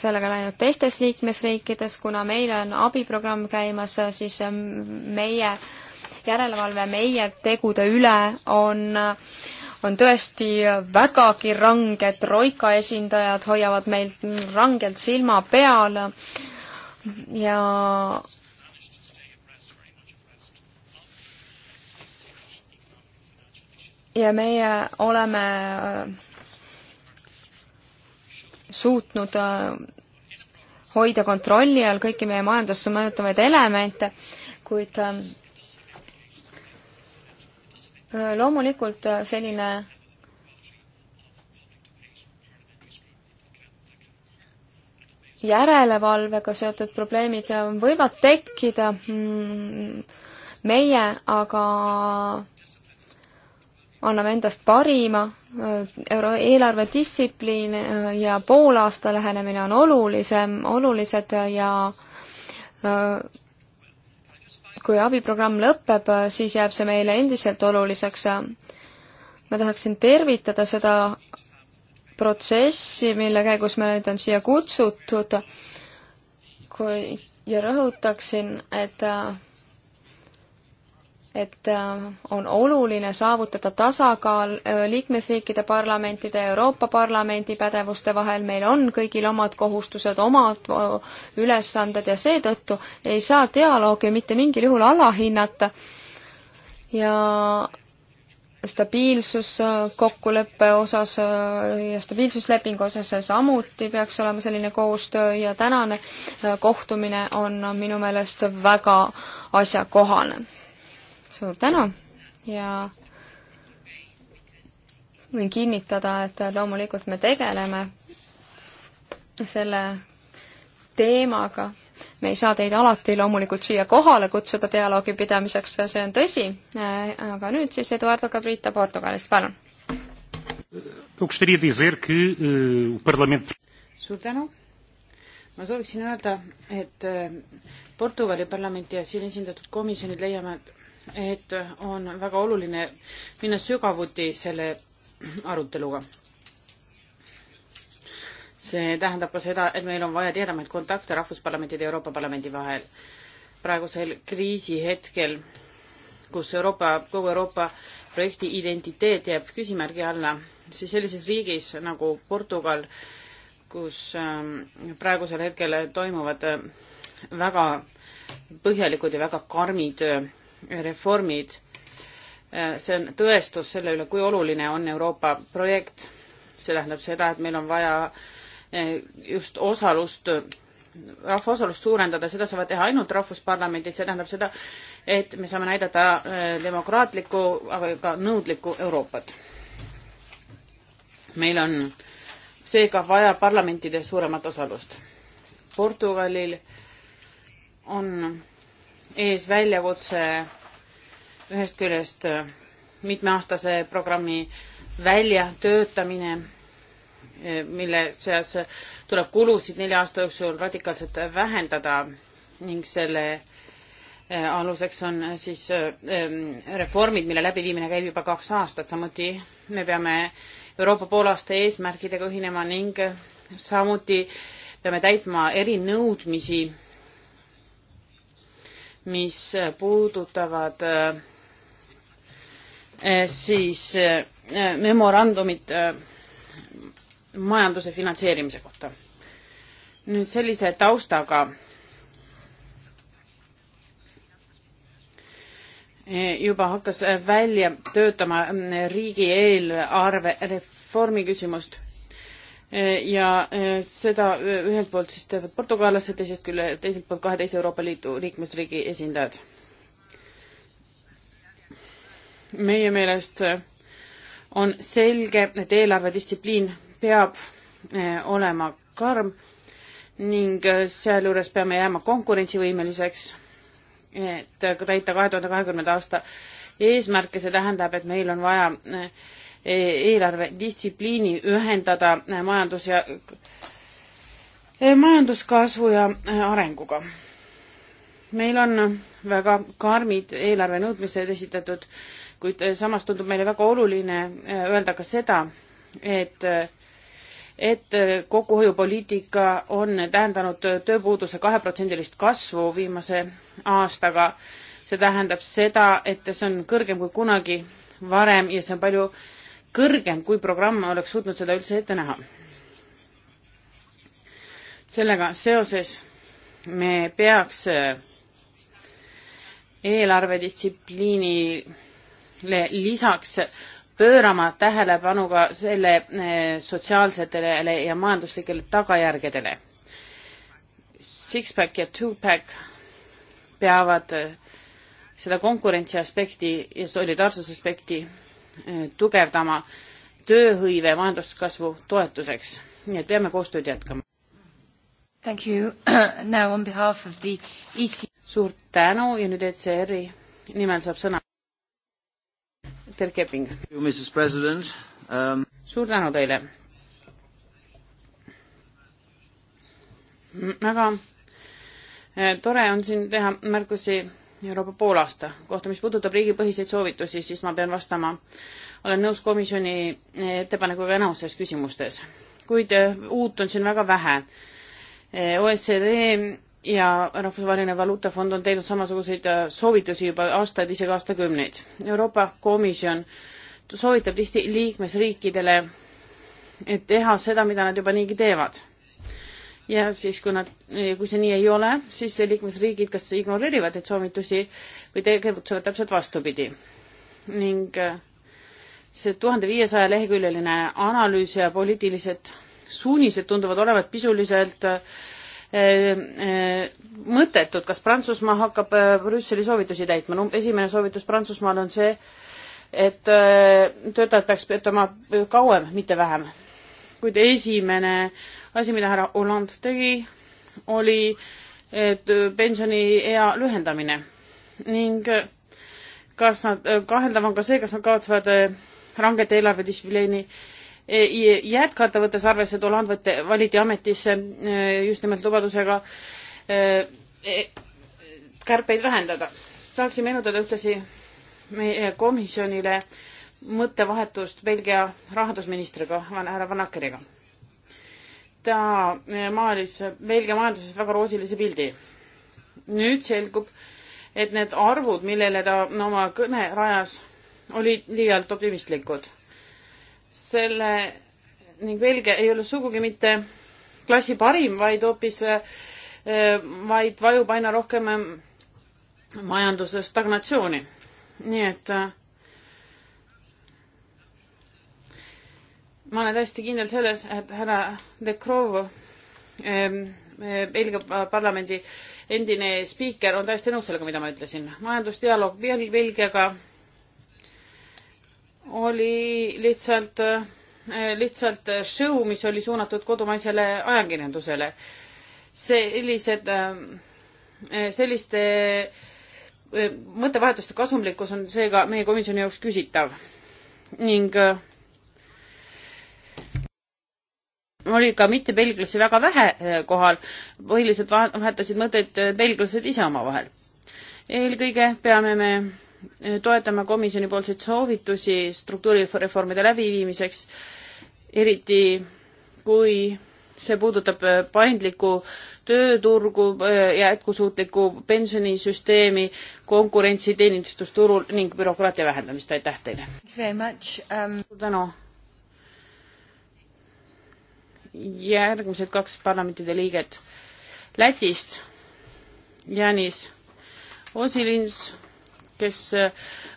sellega läinud teistes liikmesriikides, kuna meil on abiprogramm käimas, siis meie äh, järelevalve meie tegude üle on on tõesti vägagi ranged, troika esindajad hoiavad meilt rangelt silma peal ja ja meie oleme äh, suutnud äh, hoida kontrolli all kõiki meie majandusse mõjutavaid elemente, kuid äh, loomulikult äh, selline järelevalvega seotud probleemid äh, võivad tekkida mm, meie aga anname endast parima, euro, eelarvedistsipliin äh, ja poolaasta lähenemine on olulisem, olulised ja kui abiprogramm lõpeb, siis jääb see meile endiselt oluliseks. ma tahaksin tervitada seda protsessi, mille käigus me nüüd on siia kutsutud, kui ja rõhutaksin, et et äh, on oluline saavutada tasakaal äh, liikmesriikide parlamentide ja Euroopa Parlamendi pädevuste vahel, meil on kõigil omad kohustused, omad äh, ülesanded ja seetõttu ei saa dialoogi mitte mingil juhul alahinnata ja stabiilsuskokkuleppe osas ja stabiilsuslepingu osas samuti peaks olema selline koostöö ja tänane kohtumine on minu meelest väga asjakohane suur tänu ja võin kinnitada, et loomulikult me tegeleme selle teemaga. me ei saa teid alati loomulikult siia kohale kutsuda dialoogi pidamiseks, see on tõsi, aga nüüd siis Eduardo Cabrita Portugalist, palun. Eh, suur tänu. ma sooviksin öelda, et eh, Portugali parlamenti ja siin esindatud komisjonid leiame, et et on väga oluline minna sügavuti selle aruteluga. see tähendab ka seda, et meil on vaja tihedamaid kontakte Rahvusparlamentide ja Euroopa Parlamendi vahel. praegusel kriisihetkel, kus Euroopa, kogu Euroopa projekti identiteet jääb küsimärgi alla, siis sellises riigis nagu Portugal, kus ähm, praegusel hetkel toimuvad äh, väga põhjalikud ja väga karmid äh, reformid. Äh, see on tõestus selle üle, kui oluline on Euroopa projekt. see tähendab seda, et meil on vaja äh, just osalust, rahva osalust suurendada, seda saavad teha ainult rahvusparlamendid, see tähendab seda, et me saame näidata äh, demokraatlikku, aga ka nõudlikku Euroopat. meil on seega vaja parlamentide suuremat osalust. Portugalil on ees väljakutse ühest küljest äh, mitmeaastase programmi väljatöötamine, äh, mille seas tuleb kulusid nelja aasta jooksul radikaalselt vähendada ning selle äh, aluseks on siis ähm, reformid, mille läbiviimine käib juba kaks aastat, samuti me peame Euroopa poolaasta eesmärkidega ühinema ning samuti peame täitma erinõudmisi mis puudutavad äh, siis äh, memorandumit äh, majanduse finantseerimise kohta. nüüd sellise taustaga juba hakkas välja töötama riigi eelarve reformi küsimust ja eh, seda eh, ühelt poolt siis teevad portugallased, teisest külje, teiselt poolt kahe teise Euroopa Liidu liikmesriigi esindajad. meie meelest eh, on selge, et eelarvedistsipliin peab olema karm ning sealjuures peame jääma konkurentsivõimeliseks, et täita kahe tuhande kahekümnenda aasta eesmärke, see tähendab, et meil on vaja eelarvedistsipliini ühendada majandus ja, eh, majanduskasvu ja eh, arenguga. meil on väga karmid eelarvenõudmised esitatud, kuid eh, samas tundub meile väga oluline öelda ka seda, et et kokkuhoiupoliitika on tähendanud tööpuuduse kaheprotsendilist kasvu viimase aastaga. see tähendab seda, et see on kõrgem kui kunagi varem ja see on palju kõrgem, kui programm oleks suutnud seda üldse ette näha. sellega seoses me peaks eh, eelarvedistsipliinile lisaks pöörama tähelepanu ka selle eh, sotsiaalsetele ja majanduslikele tagajärgedele. Six-pack ja two-pack peavad eh, seda konkurentsi aspekti ja solidaarsuse aspekti Äh, tugevdama tööhõive majanduskasvu toetuseks. nii et peame koostööd jätkama. Thank you. Now on behalf of the EC. suur tänu ja nüüd ECR-i nimel saab sõna. Dirk Epping. Um... suur tänu teile. väga äh, tore on siin teha märkusi Euroopa poolaasta kohta, mis puudutab riigipõhiseid soovitusi, siis ma pean vastama, olen nõus komisjoni eh, ettepanekuga enamuses küsimustes, kuid eh, uut on siin väga vähe. Eh, OECD ja Rahvusvaheline Valuutafond on teinud samasuguseid soovitusi juba aastaid, isegi aastakümneid. Euroopa Komisjon soovitab tihti liikmesriikidele teha seda, mida nad juba niigi teevad ja siis, kui nad, kui see nii ei ole, siis liikmesriigid kas ignoreerivad neid soovitusi või tegevutsevad täpselt vastupidi. ning äh, see tuhande viiesaja leheküljeline analüüs ja poliitilised suunised tunduvad olevat pisuliselt äh, äh, mõttetud, kas Prantsusmaa hakkab äh, Brüsseli soovitusi täitma, no esimene soovitus Prantsusmaal on see, et äh, töötajad peaks töötama kauem, mitte vähem. kuid esimene asi, mida härra Hollande tegi, oli äh, pensioniea lühendamine ning äh, kas nad, äh, kaheldav on ka see, kas nad kavatsevad ranget eelarvedistsipliini jätkata, võttes arvesse, et Hollande võtte, valiti ametisse just nimelt lubadusega e-, kärpeid vähendada. tahaksin meenutada ühtlasi meie komisjonile mõttevahetust Belgia rahandusministriga, härra Van Akkeriga ta eh, maalis Belgia majandusest väga roosilise pildi. nüüd selgub, et need arvud, millele ta oma kõne rajas, olid liialt optimistlikud. selle ning Belgia ei ole sugugi mitte klassi parim, vaid hoopis, eh, vaid vajub aina rohkem eh, majanduse stagnatsiooni. nii et äh, ma olen täiesti kindel selles, et härra De Croo Belgia ehm, ehm, parlamendi endine spiiker on täiesti nõus sellega, mida ma ütlesin. majandusdialoog Belgiaga oli lihtsalt, eh, lihtsalt show, mis oli suunatud kodumaisele ajakirjandusele. sellised, ehm, selliste mõttevahetuste kasumlikkus on seega meie komisjoni jaoks küsitav ning eh, oli ka mitte belglasi väga vähe eh, kohal, põhiliselt vahetasid mõtteid eh, belglased ise omavahel. eelkõige peame me eh, toetama komisjonipoolseid soovitusi struktuurireformide läbiviimiseks, eriti kui see puudutab paindlikku tööturgu, jätkusuutlikku pensionisüsteemi, konkurentsi teenindustusturul ning bürokraatia vähendamist, aitäh teile! Um, suur tänu! järgmised kaks parlamentide liiget Lätist, Janis Osilins, kes äh,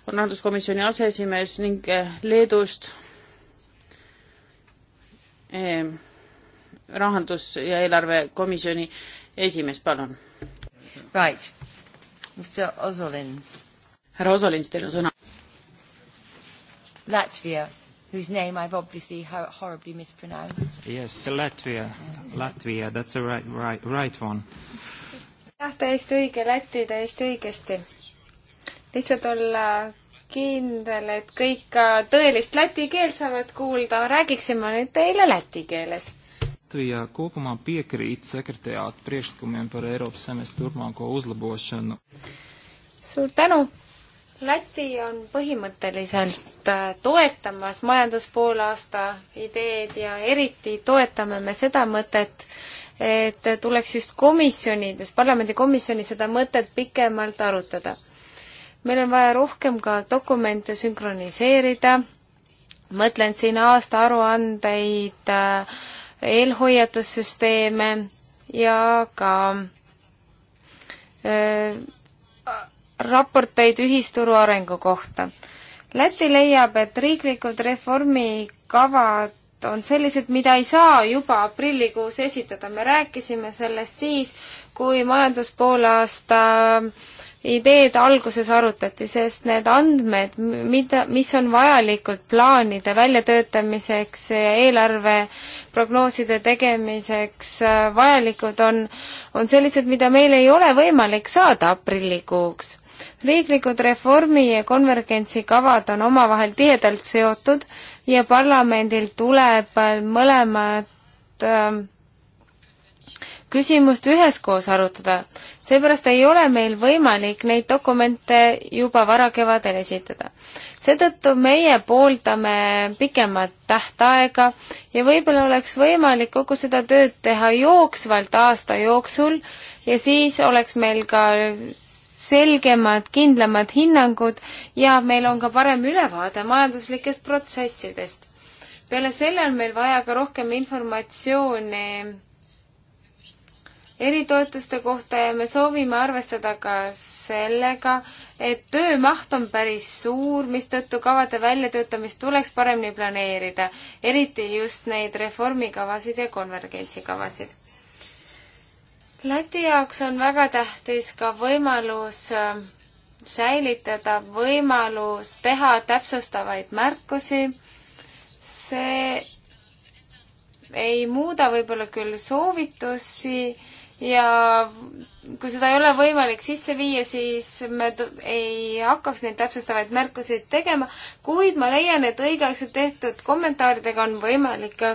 on rahanduskomisjoni aseesimees ning äh, Leedust eh, rahandus- ja eelarvekomisjoni esimees, palun. Right, Mr Osolins. härra Osolins, teil on sõna. Latvia whose name I've obviously ho- horribly mispronounced. Yes, Latvia. Latvia, that's the right, right, right one. jah, täiesti õige, Läti täiesti õigesti. lihtsalt olla kindel, et kõik ka tõelist läti keelt saavad kuulda, räägiksin ma nüüd teile läti keeles. Latvija kopumā piekrīt sekretariātu priekšlikumiem par Eiropas semestru turpmāko uzlabošanu. Suur tänu! Läti on põhimõtteliselt äh, toetamas majanduspoolaasta ideed ja eriti toetame me seda mõtet, et tuleks just komisjonides, parlamendikomisjonis seda mõtet pikemalt arutada. meil on vaja rohkem ka dokumente sünkroniseerida, mõtlen siin aastaaruandeid, äh, eelhoiatussüsteeme ja ka öö, äh, raporteid ühisturu arengu kohta. Läti leiab, et riiklikud reformikavad on sellised, mida ei saa juba aprillikuus esitada, me rääkisime sellest siis, kui majanduspoolaasta ideed alguses arutati, sest need andmed, mida, mis on vajalikud plaanide väljatöötamiseks ja eelarveprognooside tegemiseks vajalikud on, on sellised, mida meil ei ole võimalik saada aprillikuuks riiklikud reformi ja konvergentsi kavad on omavahel tihedalt seotud ja parlamendil tuleb mõlemad äh, küsimust üheskoos arutada. seepärast ei ole meil võimalik neid dokumente juba varakevadel esitada. seetõttu meie pooldame pikemat tähtaega ja võib-olla oleks võimalik kogu seda tööd teha jooksvalt aasta jooksul ja siis oleks meil ka selgemad, kindlamad hinnangud ja meil on ka parem ülevaade majanduslikest protsessidest. peale selle on meil vaja ka rohkem informatsiooni eritoetuste kohta ja me soovime arvestada ka sellega, et töömaht on päris suur, mistõttu kavade väljatöötamist tuleks paremini planeerida, eriti just neid reformikavasid ja konvergentsikavasid Läti jaoks on väga tähtis ka võimalus äh, säilitada võimalus teha täpsustavaid märkusi. see ei muuda võib-olla küll soovitusi ja kui seda ei ole võimalik sisse viia, siis me ei hakkaks neid täpsustavaid märkusi tegema, kuid ma leian, et õigeaegselt tehtud kommentaaridega on võimalik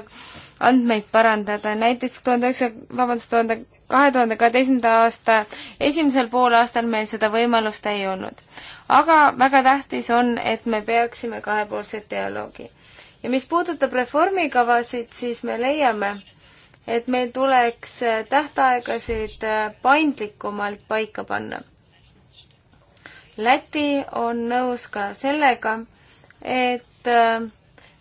andmeid parandada, näiteks tuhande üheksa, vabandust, tuhande kahe tuhande kaheteistkümnenda aasta esimesel poolaastal meil seda võimalust ei olnud. aga väga tähtis on, et me peaksime kahepoolset dialoogi. ja mis puudutab reformikavasid, siis me leiame, et meil tuleks tähtaegasid paindlikumalt paika panna. Läti on nõus ka sellega, et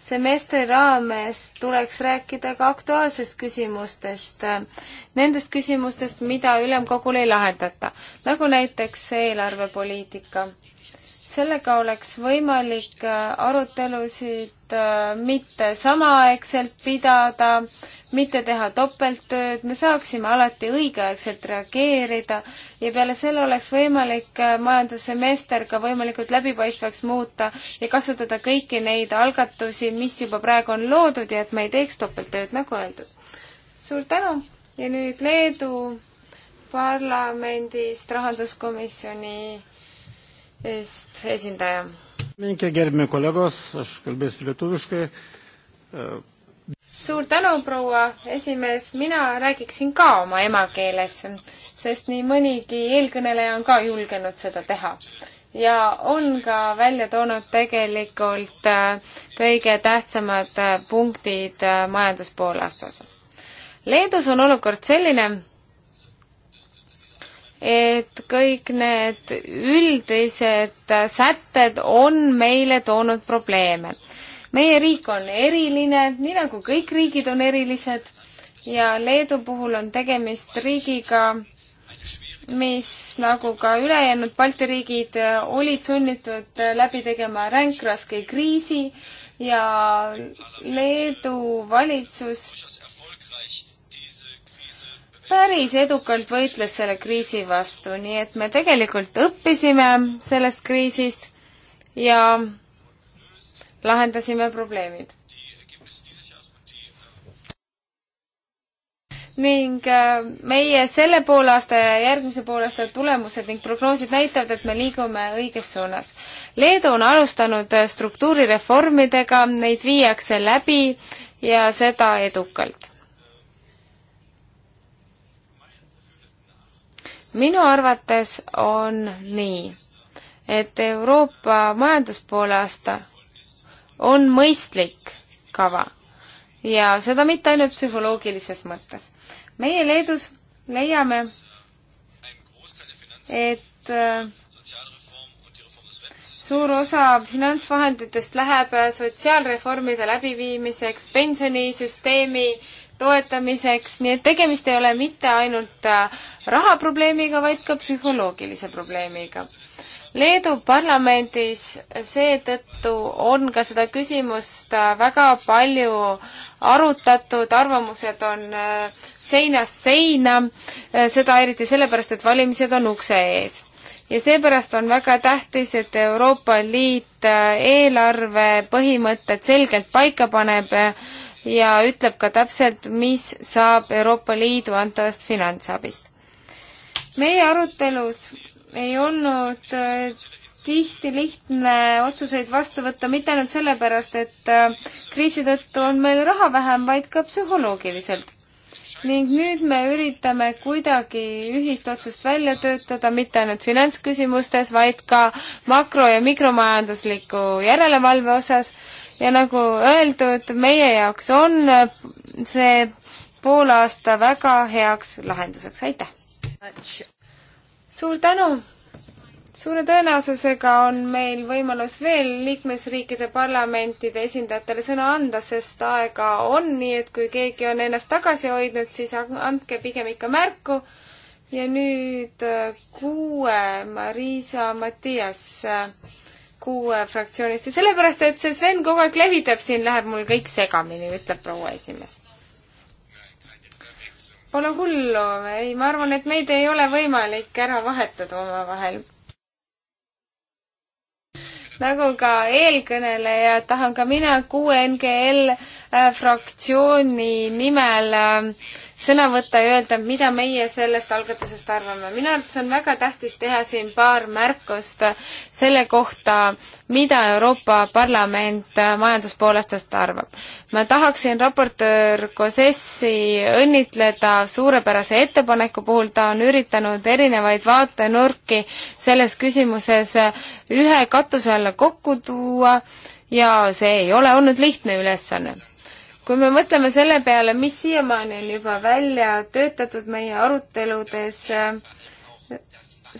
semestri raames tuleks rääkida ka aktuaalsest küsimustest, nendest küsimustest, mida ülemkogul ei lahendata, nagu näiteks eelarvepoliitika sellega oleks võimalik äh, arutelusid äh, mitte samaaegselt pidada, mitte teha topelttööd, me saaksime alati õigeaegselt reageerida ja peale selle oleks võimalik äh, majandussemester ka võimalikult läbipaistvaks muuta ja kasutada kõiki neid algatusi, mis juba praegu on loodud ja et me ei teeks topelttööd, nagu öeldud. suur tänu ja nüüd Leedu parlamendist rahanduskomisjoni eest esindaja. suur tänu, proua esimees, mina räägiksin ka oma emakeeles, sest nii mõnigi eelkõneleja on ka julgenud seda teha ja on ka välja toonud tegelikult kõige tähtsamad punktid majanduspoolaasta osas. Leedus on olukord selline, et kõik need üldised sätted on meile toonud probleeme. meie riik on eriline, nii nagu kõik riigid on erilised ja Leedu puhul on tegemist riigiga, mis nagu ka ülejäänud Balti riigid olid sunnitud läbi tegema ränkraske kriisi ja Leedu valitsus päris edukalt võitles selle kriisi vastu, nii et me tegelikult õppisime sellest kriisist ja lahendasime probleemid. ning äh, meie selle poolaasta ja järgmise poolaasta tulemused ning prognoosid näitavad, et me liigume õiges suunas. Leedu on alustanud äh, struktuurireformidega, neid viiakse läbi ja seda edukalt minu arvates on nii, et Euroopa majanduspoole aasta on mõistlik kava ja seda mitte ainult psühholoogilises mõttes. meie Leedus leiame, et äh, suur osa finantsvahenditest läheb sotsiaalreformide läbiviimiseks, pensionisüsteemi toetamiseks, nii et tegemist ei ole mitte ainult äh, rahaprobleemiga, vaid ka psühholoogilise probleemiga. Leedu parlamendis seetõttu on ka seda küsimust äh, väga palju arutatud, arvamused on äh, seinast seina, seda eriti sellepärast, et valimised on ukse ees ja seepärast on väga tähtis, et Euroopa Liit eelarve põhimõtted selgelt paika paneb ja ütleb ka täpselt, mis saab Euroopa Liidu antavast finantsabist. meie arutelus ei olnud äh, tihti lihtne otsuseid vastu võtta mitte ainult sellepärast, et äh, kriisi tõttu on meil raha vähem, vaid ka psühholoogiliselt. ning nüüd me üritame kuidagi ühist otsust välja töötada mitte ainult finantsküsimustes, vaid ka makro- ja mikromajandusliku järelevalve osas ja nagu öeldud, meie jaoks on see poolaasta väga heaks lahenduseks, aitäh! suur tänu! suure tõenäosusega on meil võimalus veel liikmesriikide parlamentide esindajatele sõna anda, sest aega on, nii et kui keegi on ennast tagasi hoidnud, siis andke pigem ikka märku. ja nüüd äh, kuue, Marisa Matias äh, kuue fraktsioonist ja sellepärast, et see Sven kogu aeg levitab siin, läheb mul kõik segamini, ütleb proua esimees. Pole hullu, ei, ma arvan, et meid ei ole võimalik ära vahetada omavahel. nagu ka eelkõneleja, tahan ka mina QNGL äh, fraktsiooni nimel äh, sõna võtta ja öelda, mida meie sellest algatusest arvame. minu arvates on väga tähtis teha siin paar märkust selle kohta, mida Euroopa Parlament majanduspoolestest arvab. ma tahaksin raportöör Kosessi õnnitleda suurepärase ettepaneku puhul, ta on üritanud erinevaid vaatenurki selles küsimuses ühe katuse alla kokku tuua ja see ei ole olnud lihtne ülesanne kui me mõtleme selle peale, mis siiamaani on juba välja töötatud meie aruteludes,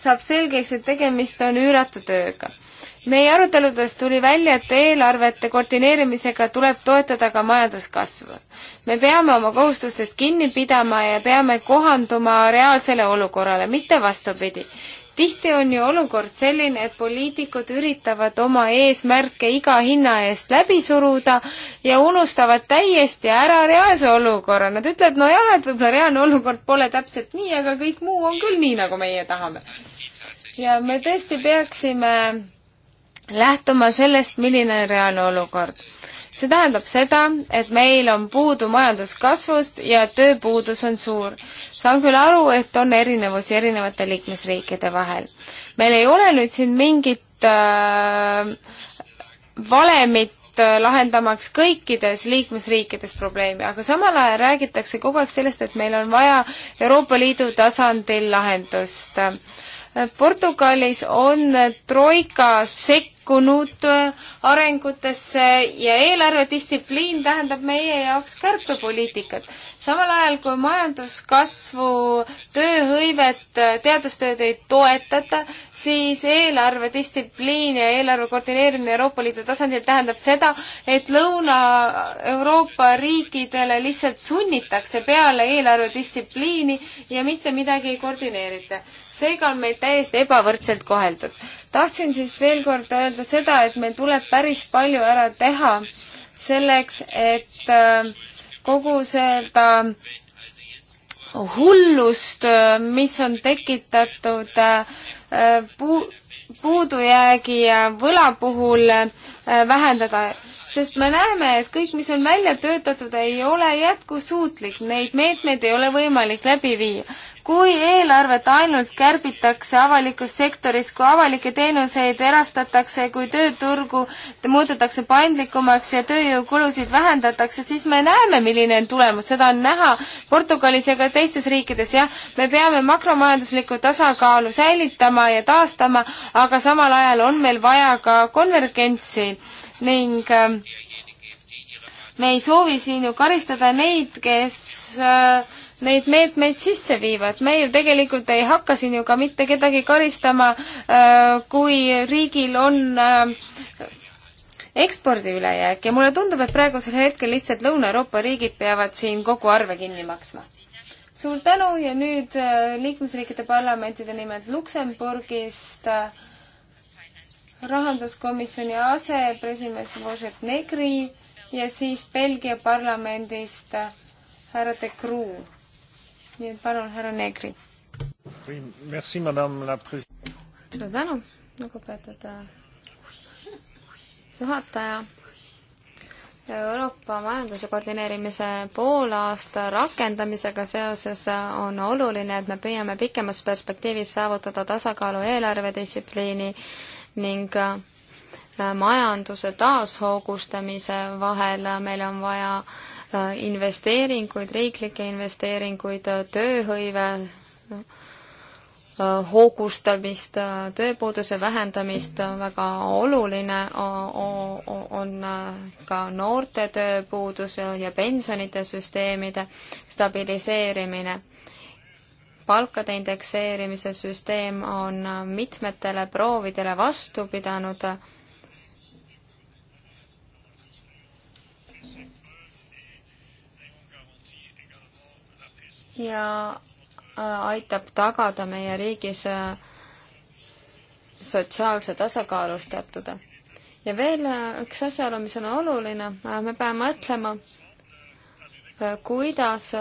saab selgeks, et tegemist on üüratu tööga. meie aruteludes tuli välja, et eelarvete koordineerimisega tuleb toetada ka majanduskasvu. me peame oma kohustustest kinni pidama ja peame kohanduma reaalsele olukorrale, mitte vastupidi tihti on ju olukord selline, et poliitikud üritavad oma eesmärke iga hinna eest läbi suruda ja unustavad täiesti ära reaalse olukorra. Nad ütlevad, nojah, et võib-olla reaalne olukord pole täpselt nii, aga kõik muu on küll nii, nagu meie tahame. ja me tõesti peaksime lähtuma sellest, milline on reaalne olukord see tähendab seda, et meil on puudu majanduskasvust ja tööpuudus on suur. saan küll aru, et on erinevusi erinevate liikmesriikide vahel. meil ei ole nüüd siin mingit äh, valemit, äh, lahendamaks kõikides liikmesriikides probleemi, aga samal ajal räägitakse kogu aeg sellest, et meil on vaja Euroopa Liidu tasandil lahendust äh, Portugalis on troika sekkunud arengutesse ja eelarvedistsipliin tähendab meie jaoks kärpepoliitikat. samal ajal kui majanduskasvu, tööhõivet, teadustööd ei toetata, siis eelarvedistsipliin ja eelarve koordineerimine Euroopa Liidu tasandil tähendab seda, et Lõuna-Euroopa riikidele lihtsalt sunnitakse peale eelarvedistsipliini ja mitte midagi ei koordineerita seega on meid täiesti ebavõrdselt koheldud. tahtsin siis veel kord öelda seda, et meil tuleb päris palju ära teha selleks, et äh, kogu seda hullust, äh, mis on tekitatud äh, puu, puudujäägi ja võla puhul vähendada sest me näeme, et kõik, mis on välja töötatud, ei ole jätkusuutlik, neid meetmeid ei ole võimalik läbi viia kui eelarvet ainult kärbitakse avalikus sektoris, kui avalikke teenuseid erastatakse, kui tööturgu muudetakse paindlikumaks ja tööjõukulusid vähendatakse, siis me näeme, milline on tulemus, seda on näha Portugalis ja ka teistes riikides, jah, me peame makromajanduslikku tasakaalu säilitama ja taastama, aga samal ajal on meil vaja ka konvergentsi ning ähm, me ei soovi siin ju karistada neid, kes äh, neid meetmeid sisse viivad. me ju tegelikult ei hakka siin ju ka mitte kedagi karistama, äh, kui riigil on äh, ekspordi ülejääk ja mulle tundub, et praegusel hetkel lihtsalt Lõuna-Euroopa riigid peavad siin kogu arve kinni maksma. suur tänu ja nüüd äh, liikmesriikide parlamentide nimel Luksemburgist rahanduskomisjoni asepresimees Vožet Negri ja siis Belgia parlamendist härra De Croo nii et palun, härra Neegri. suur tänu, lugupeetud äh, juhataja. Euroopa majanduse koordineerimise poolaasta rakendamisega seoses äh, on oluline, et me püüame pikemas perspektiivis saavutada tasakaalu eelarvedistsipliini ning äh, majanduse taashoogustamise vahel meil on vaja investeeringuid, riiklikke investeeringuid, tööhõive hoogustamist, tööpuuduse vähendamist, väga oluline on ka noorte tööpuuduse ja pensionite süsteemide stabiliseerimine. palkade indekseerimise süsteem on mitmetele proovidele vastu pidanud ja äh, aitab tagada meie riigis äh, sotsiaalse tasakaalustatud. ja veel äh, üks asjaolu, mis on oluline, me peame mõtlema, kuidas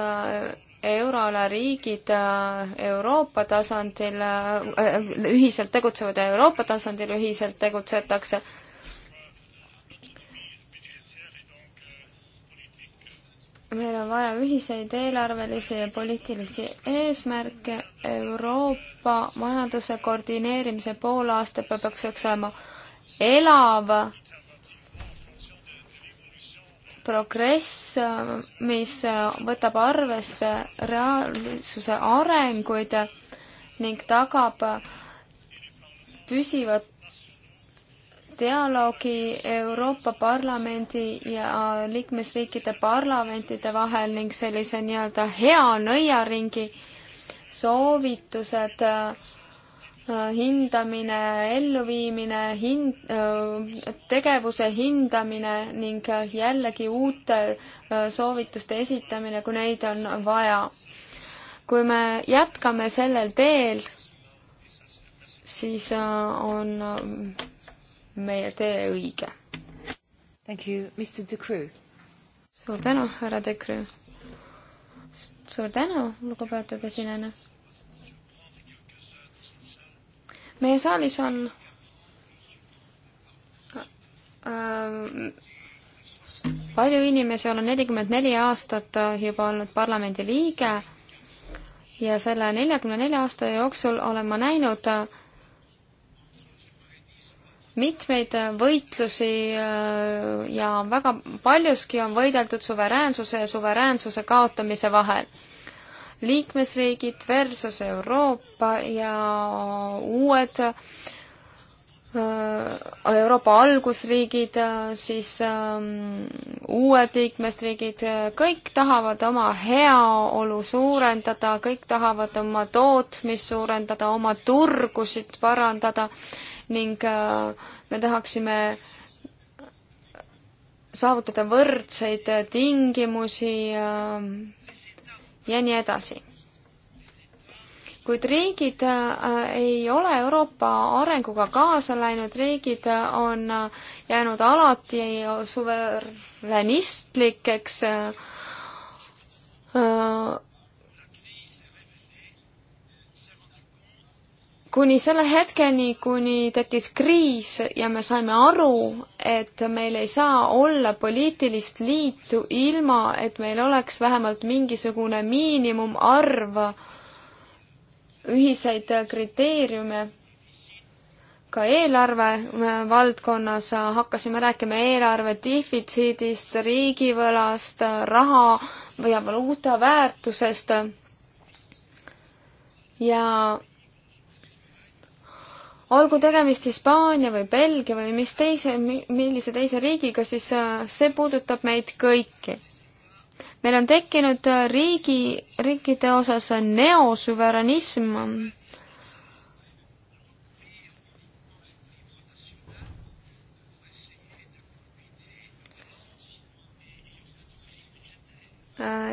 euroala riigid Euroopa tasandil ühiselt tegutsevad ja Euroopa tasandil ühiselt tegutsetakse meil on vaja ühiseid eelarvelisi ja poliitilisi eesmärke. Euroopa majanduse koordineerimise poolaasta peaks olema elav progress, mis võtab arvesse reaalsuse arenguid ning tagab püsivat dialoogi Euroopa Parlamendi ja liikmesriikide parlamentide vahel ning sellise nii-öelda hea nõiaringi soovitused, äh, hindamine, elluviimine, hind, äh, tegevuse hindamine ning äh, jällegi uute soovituste esitamine, kui neid on vaja. kui me jätkame sellel teel, siis on meie tee õige. suur tänu, härra De Creux. suur tänu, lugupeetud esinejana. meie saalis on ähm, palju inimesi, olen nelikümmend neli aastat juba olnud parlamendi liige ja selle neljakümne nelja aasta jooksul olen ma näinud äh, mitmeid äh, võitlusi äh, ja väga paljuski on võideldud suveräänsuse ja suveräänsuse kaotamise vahel. liikmesriigid versus Euroopa ja uued äh, Euroopa algusriigid, siis ähm, uued liikmesriigid, kõik tahavad oma heaolu suurendada, kõik tahavad oma tootmist suurendada, oma turgusid parandada ning äh, me tahaksime saavutada võrdseid äh, tingimusi äh, ja nii edasi. kuid riigid ei ole Euroopa arenguga kaasa läinud, riigid on jäänud alati suveräänistlikeks kuni selle hetkeni, kuni tekkis kriis ja me saime aru, et meil ei saa olla poliitilist liitu ilma, et meil oleks vähemalt mingisugune miinimumarv ühiseid kriteeriume. ka eelarve valdkonnas hakkasime rääkima eelarve defitsiidist, riigivõlast, raha ja valuuta väärtusest ja olgu tegemist Hispaania või Belgia või mis teise, millise teise riigiga, siis äh, see puudutab meid kõiki. meil on tekkinud äh, riigi, riikide osas äh, neosüveranism.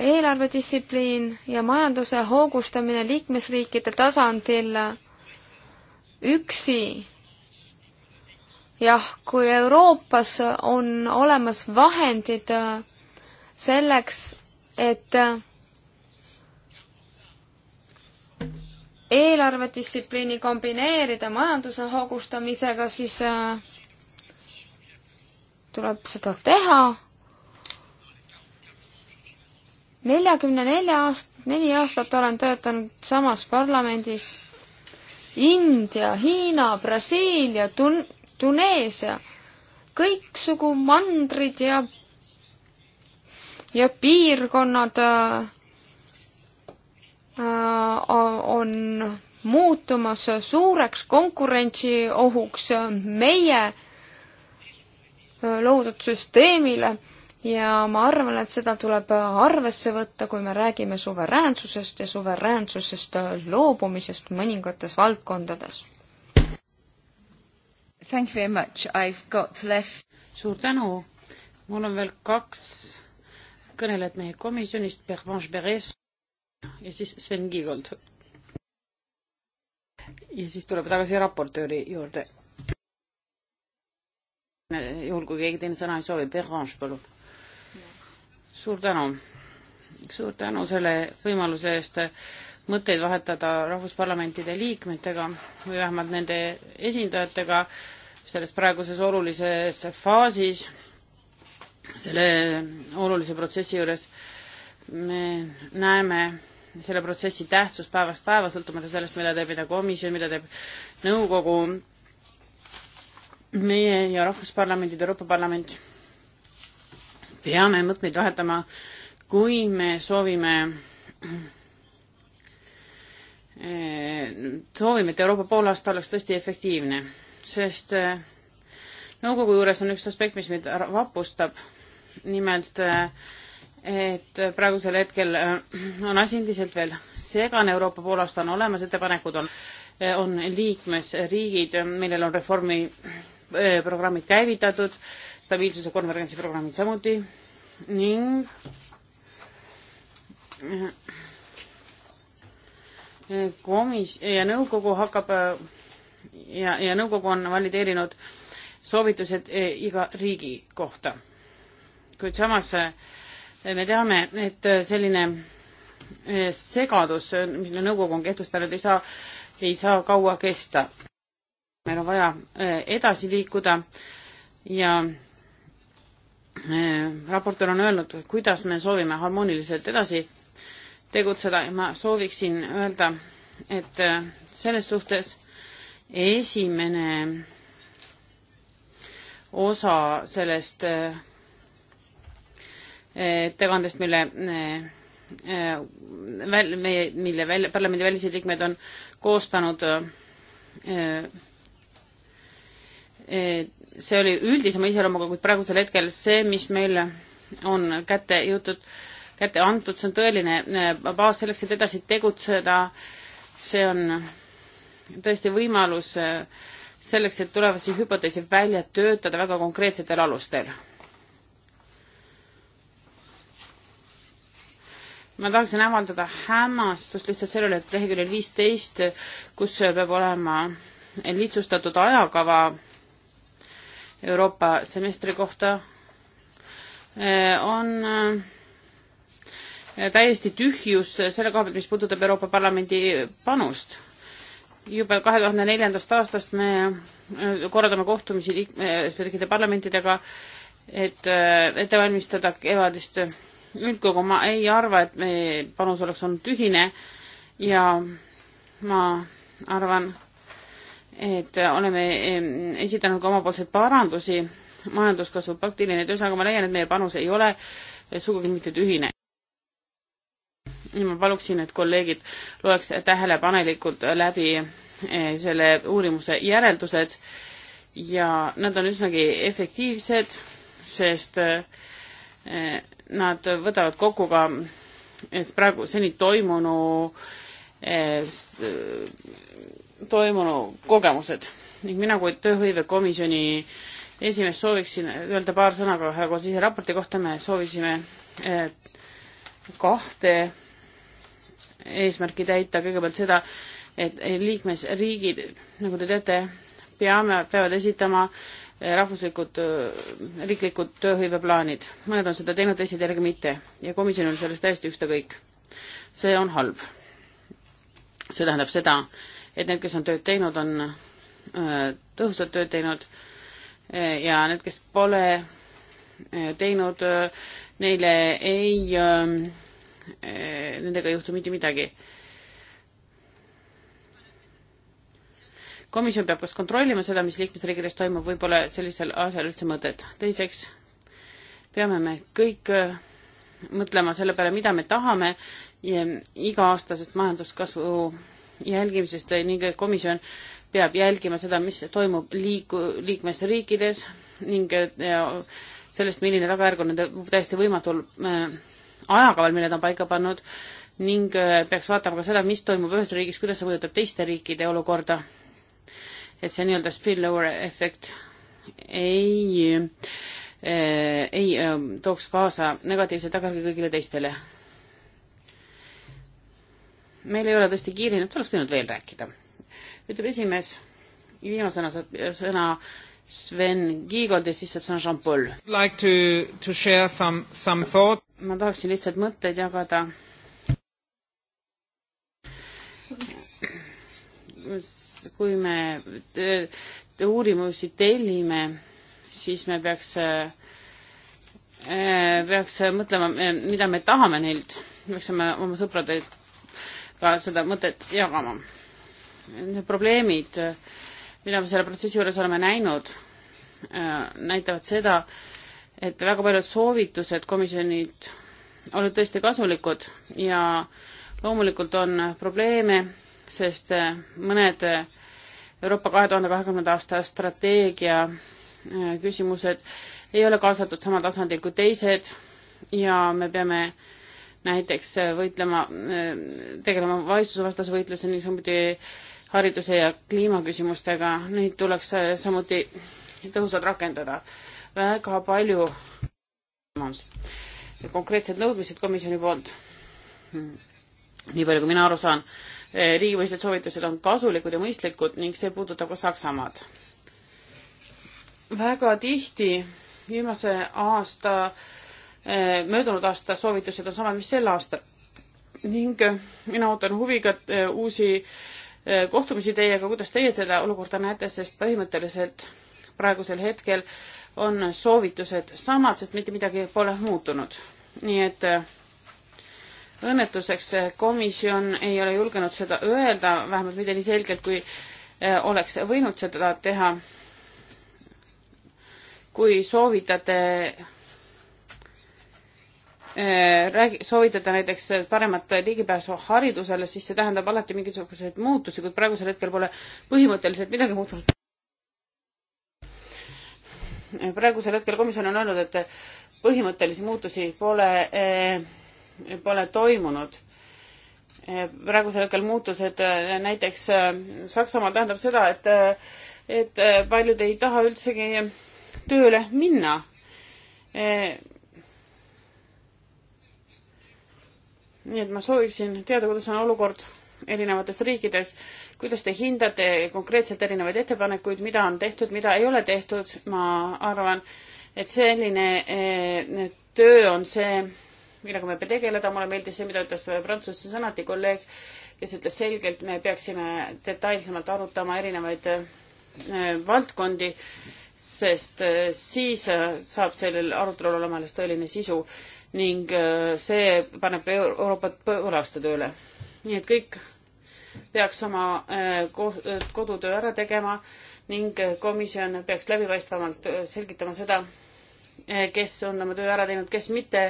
eelarvedistsipliin ja majanduse hoogustamine liikmesriikide tasandil üksi. jah, kui Euroopas on olemas vahendid äh, selleks, et äh, eelarvedistsipliini kombineerida majanduse hoogustamisega, siis äh, tuleb seda teha. neljakümne nelja aast-, neli aastat olen töötanud samas parlamendis India, Hiina, Brasiilia Tun, Tuneesia, kõiksugu mandrid ja, ja piirkonnad äh, on muutumas suureks konkurentsiohuks meie äh, loodud süsteemile ja ma arvan, et seda tuleb arvesse võtta, kui me räägime suveräänsusest ja suveräänsusest loobumisest mõningates valdkondades. Thank you very much, I have got left. suur tänu, mul on veel kaks kõnelejat meie komisjonist, Pervenche Beres ja siis Sven Kiigold. ja siis tuleme tagasi raportööri juurde. juhul, kui keegi teine sõna ei soovi, Pervenche, palun suur tänu. suur tänu selle võimaluse eest mõtteid vahetada rahvusparlamentide liikmetega või vähemalt nende esindajatega selles praeguses olulises faasis, selle olulise protsessi juures. me näeme selle protsessi tähtsust päevast päeva, sõltumata sellest, mida teeb mida komisjon, mida teeb nõukogu, meie ja rahvusparlamendid, Euroopa Parlament peame mõtteid vahetama, kui me soovime soovime, et Euroopa poolaasta oleks tõesti efektiivne, sest eh, nõukogu juures on üks aspekt, mis meid vapustab, nimelt eh, et praegusel hetkel eh, on asi endiselt veel segane, Euroopa poolaasta on olemas, ettepanekud on, on liikmesriigid, millel on reformiprogrammid käivitatud, stabiilsuse konvergentsi programmid samuti ning komis- ja nõukogu hakkab ja, ja nõukogu on valideerinud soovitused eh, iga riigi kohta. kuid samas eh, me teame, et eh, selline segadus, mille nõukogu on kehtestanud, ei saa, ei saa kaua kesta. meil on vaja edasi liikuda ja Äh, raportöör on öelnud, kuidas me soovime harmooniliselt edasi tegutseda ja ma sooviksin öelda, et äh, selles suhtes esimene osa sellest äh, ettekandest, mille väl-, meie, mille välja, parlamendi välised liikmed on koostanud see oli üldisema iseloomuga, kuid praegusel hetkel see, mis meile on kätte jõutud, kätte antud, see on tõeline eh, baas selleks, et edasi tegutseda. see on tõesti võimalus eh, selleks, et tulevasi hüpoteese välja töötada väga konkreetsetel alustel. ma tahaksin avaldada hämmastust lihtsalt selle üle, et leheküljel viisteist, kus peab olema lihtsustatud ajakava Euroopa semestri kohta eh, on eh, täiesti tühjus selle koha pealt, mis puudutab Euroopa Parlamendi panust. juba kahe tuhande neljandast aastast me eh, korraldame kohtumisi liikmesriikide parlamentidega, et ette valmistada kevadist üldkogu, ma ei arva, et meie panus oleks olnud ühine ja ma arvan, et oleme esitanud ka omapoolseid parandusi majanduskasvu praktiline töös, aga ma leian, et meie panus ei ole sugugi mitte tühine. ma paluksin, et kolleegid loeks tähelepanelikult läbi e, selle uurimuse järeldused ja nad on üsnagi efektiivsed, sest e, nad võtavad kokku ka e, praegu seni toimunu toimunu kogemused ning mina kui tööhõivekomisjoni esimees sooviksin öelda paar sõna ka härra Kosise raporti kohta, me soovisime eh, kahte eesmärki täita, kõigepealt seda, et liikmesriigid, nagu te teate, peame, peavad esitama eh, rahvuslikud, eh, riiklikud tööhõiveplaanid. mõned on seda teinud, teised jällegi mitte ja komisjonil on sellest täiesti ükstakõik. see on halb. see tähendab seda, et need, kes on tööd teinud, on äh, tõhusalt tööd teinud äh, ja need, kes pole äh, teinud, neile ei, ähm, nendega ei juhtu mitte midagi. komisjon peab kas kontrollima seda, mis liikmesriikides toimub, võib-olla sellisel asjal üldse mõtet. teiseks peame me kõik mõtlema selle peale, mida me tahame iga-aastasest majanduskasvu jälgimisest ning komisjon peab jälgima seda, mis toimub liiku-, liikmesriikides ning sellest, milline tagajärg on nende täiesti võimatul äh, ajakaval, mille ta on paika pannud ning äh, peaks vaatama ka seda, mis toimub ühes riigis, kuidas see mõjutab teiste riikide olukorda. et see nii-öelda spillover efekt ei, äh, ei, ei tooks kaasa negatiivseid tagajärgi kõigile teistele meil ei ole tõesti kiirinud, sa oleks võinud veel rääkida. ütleb esimees, viimasena saab sõna Sven Kiigold ja siis saab sõna Jean-Paul like. ma tahaksin lihtsalt mõtteid jagada. kui me uurimusi tellime, siis me peaks, eh, peaks mõtlema, eh, mida me tahame neilt, peaksime oma sõpradelt ka seda mõtet jagama. probleemid, mida me selle protsessi juures oleme näinud, äh, näitavad seda, et väga paljud soovitused komisjonilt olid tõesti kasulikud ja loomulikult on probleeme, sest äh, mõned äh, Euroopa kahe tuhande kahekümnenda aasta strateegia küsimused ei ole kaasatud samal tasandil kui teised ja me peame äh, näiteks äh, võitlema, äh, tegelema vaesusevastase võitluseni, samuti hariduse ja kliimaküsimustega, neid tuleks äh, samuti tõhusalt rakendada. väga palju konkreetsed nõudmised komisjoni poolt, nii palju kui mina aru saan, riigipõhised soovitused on kasulikud ja mõistlikud ning see puudutab ka Saksamaad. väga tihti viimase aasta äh, Äh, möödunud aasta soovitused on samad, mis sel aastal. ning äh, mina ootan huviga äh, uusi kohtumisi teiega, kuidas teie seda olukorda näete, sest põhimõtteliselt praegusel hetkel on soovitused samad, sest mitte midagi pole muutunud. nii et õnnetuseks komisjon ei ole julgenud seda öelda, vähemalt mitte nii selgelt, kui oleks võinud seda teha. kui soovitate Äh, räägi-, soovitada näiteks paremat ligipääsu haridusele, siis see tähendab alati mingisuguseid muutusi, kuid praegusel hetkel pole põhimõtteliselt midagi muutunud. praegusel hetkel komisjon on öelnud, et põhimõttelisi muutusi pole, äh, pole toimunud. Äh, praegusel hetkel muutused näiteks Saksamaal tähendab seda, et, et paljud ei taha üldsegi tööle minna nii et ma sooviksin teada, kuidas on olukord erinevates riikides, kuidas te hindate konkreetselt erinevaid ettepanekuid, mida on tehtud, mida ei ole tehtud, ma arvan, et selline eh, töö on see, millega me peame tegeleda, mulle meeldis see, mida ütles Prantsuse senati kolleeg, kes ütles selgelt, me peaksime detailsemalt arutama erinevaid eh, valdkondi, sest eh, siis eh, saab sellel arutelul olema alles tõeline sisu ning äh, see paneb Euroopat põõlaste tööle. nii et kõik peaks oma äh, äh, kodutöö ära tegema ning komisjon peaks läbipaistvamalt selgitama seda, kes on oma töö ära teinud, kes mitte.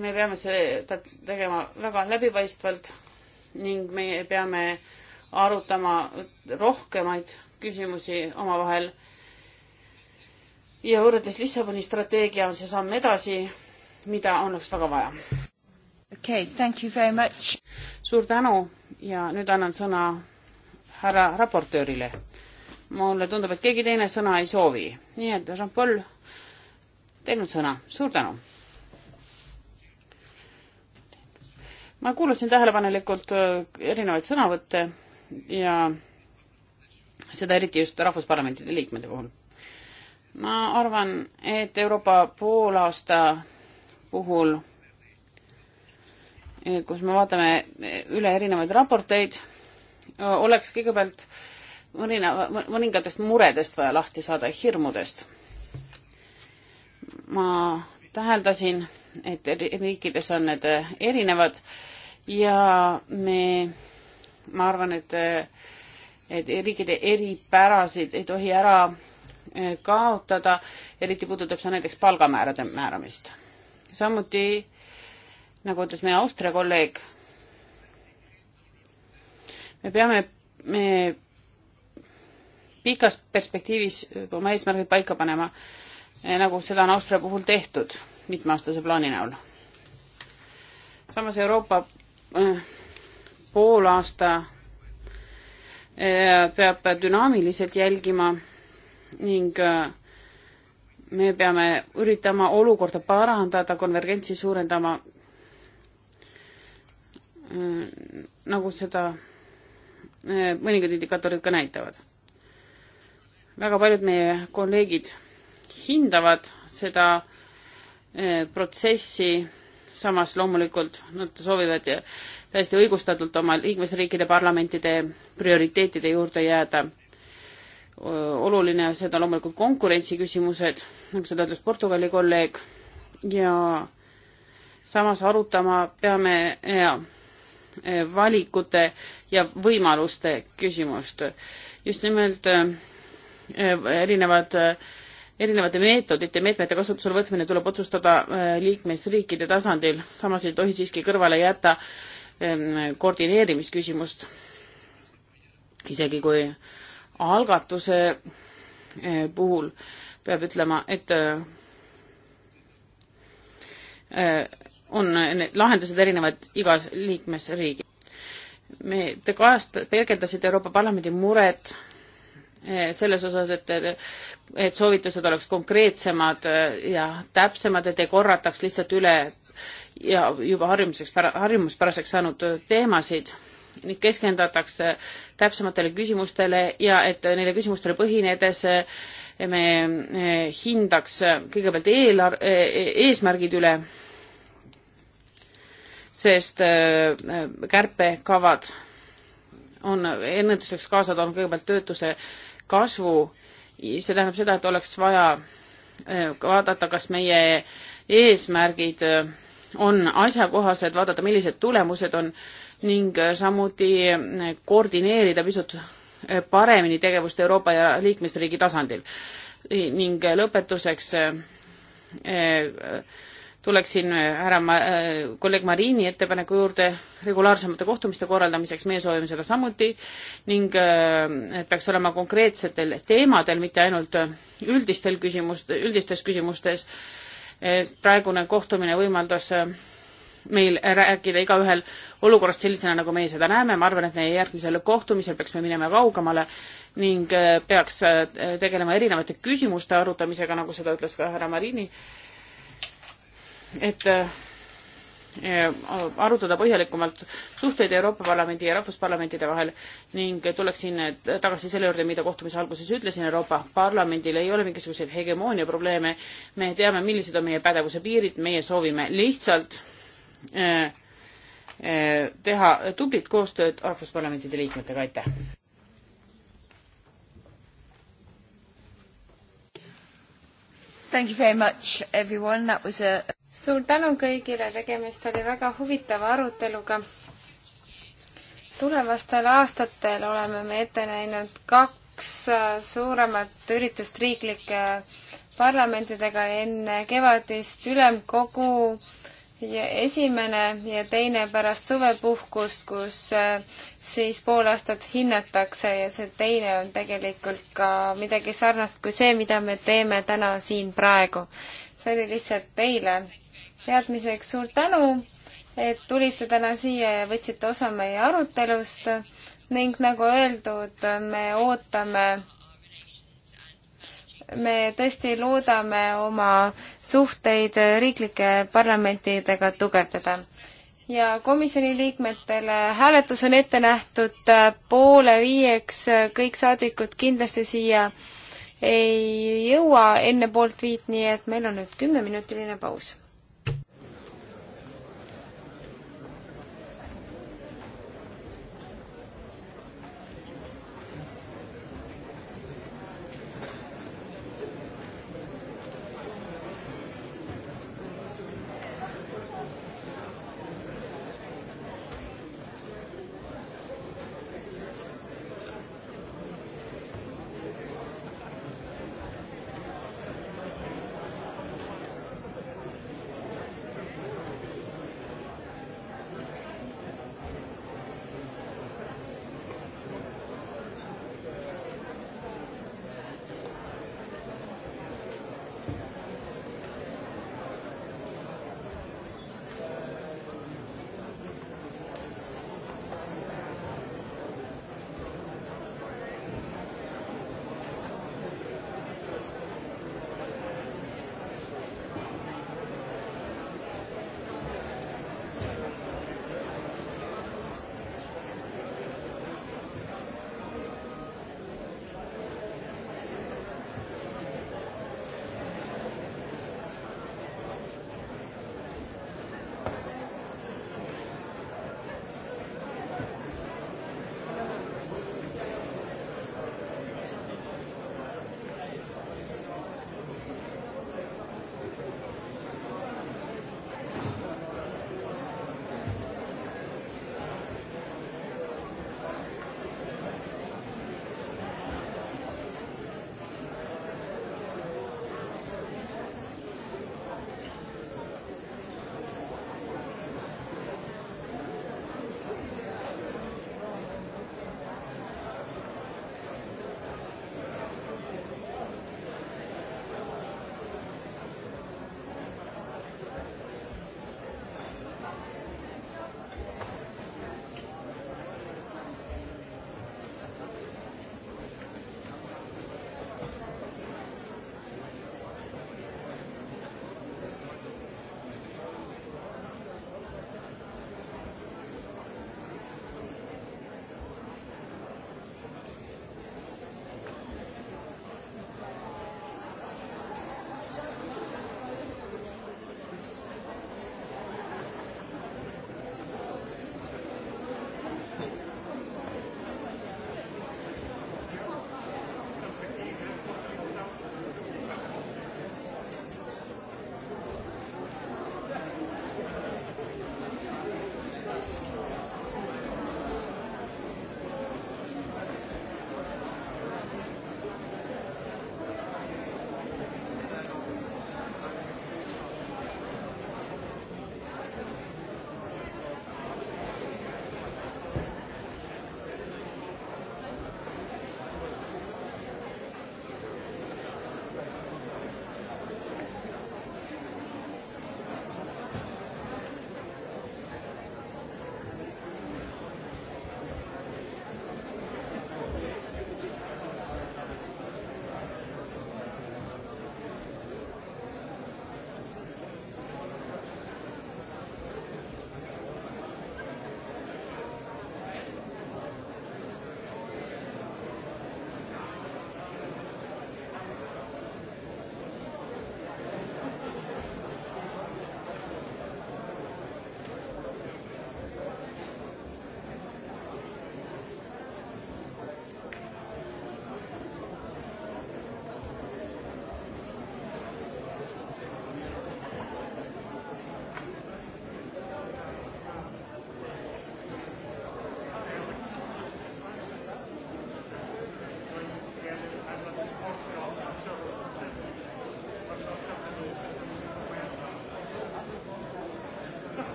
me peame seda tegema väga läbipaistvalt ning me peame arutama rohkemaid küsimusi omavahel ja võrreldes Lissaboni strateegia on see samm edasi, mida oleks väga vaja. okei okay,, thank you very much. suur tänu ja nüüd annan sõna härra raportöörile. mulle tundub, et keegi teine sõna ei soovi, nii et Jean-Paul, teil on sõna, suur tänu. ma kuulasin tähelepanelikult äh, erinevaid sõnavõtte ja seda eriti just rahvusparlamentide liikmete puhul ma arvan, et Euroopa poolaasta puhul, eh, kus me vaatame eh, üle erinevaid raporteid, eh, oleks kõigepealt mõnina, mõningatest muredest vaja lahti saada, hirmudest. ma täheldasin, et riikides on need erinevad ja me, ma arvan, et, et riikide eripärasid ei tohi ära Eh, kaotada, eriti puudutab see näiteks palgamäärade määramist. samuti, nagu ütles meie Austria kolleeg, me peame me pikas perspektiivis oma eesmärgid paika panema, eh, nagu seda on Austria puhul tehtud mitmeaastase plaani näol. samas Euroopa eh, poolaasta peab dünaamiliselt jälgima ning äh, me peame üritama olukorda parandada, konvergentsi suurendama, äh, nagu seda äh, mõningad indikaatorid ka näitavad. väga paljud meie kolleegid hindavad seda protsessi, samas loomulikult nad soovivad täiesti õigustatult oma liikmesriikide parlamentide prioriteetide juurde jääda oluline seda loomulikult konkurentsiküsimused, nagu seda ütles Portugali kolleeg, ja samas arutama peame ja, e, valikute ja võimaluste küsimust. just nimelt e, erinevad, erinevate meetodite, meetmete kasutusele võtmine tuleb otsustada e, liikmesriikide tasandil, samas ei tohi siiski kõrvale jätta koordineerimisküsimust, isegi kui äh, algatuse eh, puhul peab ütlema, et eh, on need lahendused erinevad igas liikmesriigis. me, te kajast-, peegeldasite Euroopa Parlamendi muret eh, selles osas, et, et soovitused oleks konkreetsemad ja täpsemad, et ei korrataks lihtsalt üle ja juba harjumuseks, harjumuspäraseks saanud teemasid ning keskendatakse täpsematele küsimustele ja et neile küsimustele põhinedes eh, me eh, hindaks kõigepealt eelar-, eh, eesmärgid üle, sest kärpekavad on ennetuseks kaasa toonud kõigepealt töötuse kasvu, see tähendab seda, et oleks vaja vaadata, kas meie eesmärgid on asjakohased, vaadata, millised tulemused on ning äh, samuti äh, koordineerida pisut äh, paremini tegevust Euroopa ja liikmesriigi tasandil. ning lõpetuseks tuleksin härra ma-, kolleeg Marini ettepaneku juurde regulaarsemate kohtumiste korraldamiseks, meie soovime seda samuti, ning et peaks olema konkreetsetel teemadel, mitte ainult üldistel küsimust, üldistes küsimustes, praegune kohtumine võimaldas meil rääkida igaühel olukorrast sellisena, nagu meie seda näeme, ma arvan, et meie järgmisel kohtumisel peaksime minema kaugemale ning äh, peaks äh, tegelema erinevate küsimuste arutamisega, nagu seda ütles ka härra Marini, et äh, arutada põhjalikumalt suhteid Euroopa Parlamendi ja Rahvusparlamentide vahel ning tuleksin tagasi selle juurde, mida kohtumise alguses ütlesin, Euroopa Parlamendil ei ole mingisuguseid hegemoonia probleeme, me teame, millised on meie pädevuse piirid, meie soovime lihtsalt Äh, teha tublit koostööd rahvusparlamentide liikmetega, aitäh! Thank you very much everyone, that was a suur tänu kõigile, tegemist oli väga huvitava aruteluga. tulevastel aastatel oleme me ette näinud kaks äh, suuremat üritust riiklike parlamentidega enne kevadist ülemkogu ja esimene ja teine pärast suvepuhkust, kus äh, siis pool aastat hinnatakse ja see teine on tegelikult ka midagi sarnast kui see, mida me teeme täna siin praegu. see oli lihtsalt teile teadmiseks, suur tänu, et tulite täna siia ja võtsite osa meie arutelust ning nagu öeldud, me ootame me tõesti loodame oma suhteid riiklike parlamentidega tugevdada. ja komisjoni liikmetele hääletus on ette nähtud äh, poole viieks, äh, kõik saadikud kindlasti siia ei jõua enne poolt viit, nii et meil on nüüd kümneminutiline paus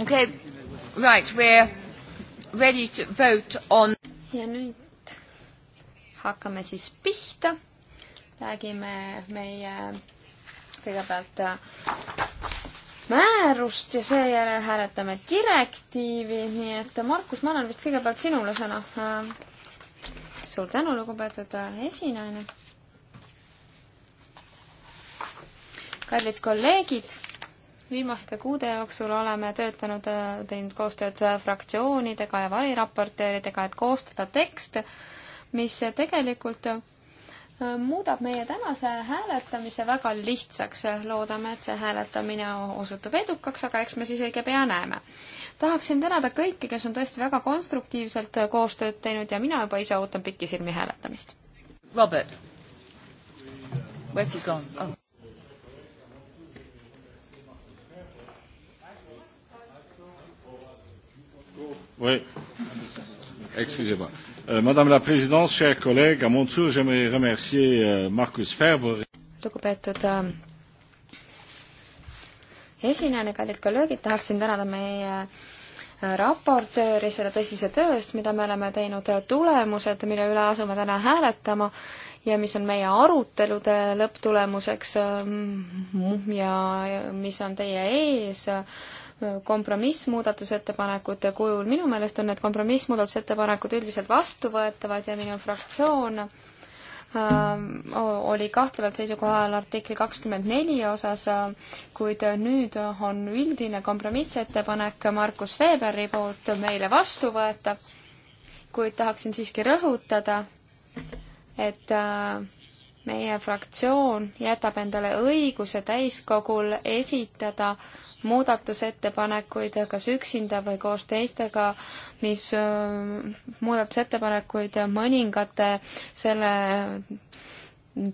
Okay, right, we're ready to vote on. ja nüüd hakkame siis pihta. räägime meie kõigepealt äh, määrust ja seejärel hääletame direktiivi, nii et Markus, ma annan vist kõigepealt sinule sõna. Äh, suur tänu, lugupeetud äh, esinaine. kallid kolleegid viimaste kuude jooksul oleme töötanud, äh, teinud koostööd äh, fraktsioonidega ja variraporteeridega, et koostada tekst, mis tegelikult äh, muudab meie tänase hääletamise väga lihtsaks. loodame, et see hääletamine osutub edukaks, aga eks me siis õige pea näeme. tahaksin tänada kõiki, kes on tõesti väga konstruktiivselt koostööd teinud ja mina juba ise ootan pikisilmi hääletamist. Robert, where have you gone oh.? Oui. Excusez-moi. Euh, Madame la Présidente, chers collègues, à mon tour, j'aimerais remercier euh, Markus Ferber. lugupeetud äh, esinejana, kallid kolleegid, tahaksin tänada meie äh, raportööri selle tõsise töö eest, mida me oleme teinud, äh, tulemused, mille üle asume täna hääletama ja mis on meie arutelude lõpptulemuseks äh, ja mis on teie ees kompromissmuudatusettepanekute kujul. minu meelest on need kompromissmuudatusettepanekud üldiselt vastuvõetavad ja minu fraktsioon ähm, oli kahtlevalt seisukohal artikli kakskümmend neli osas, kuid nüüd on üldine kompromissettepanek Markus Veberi poolt meile vastuvõetav, kuid tahaksin siiski rõhutada, et äh, meie fraktsioon jätab endale õiguse täiskogul esitada äh, muudatusettepanekuid, kas üksinda või koos teistega, mis muudatusettepanekuid mõningate selle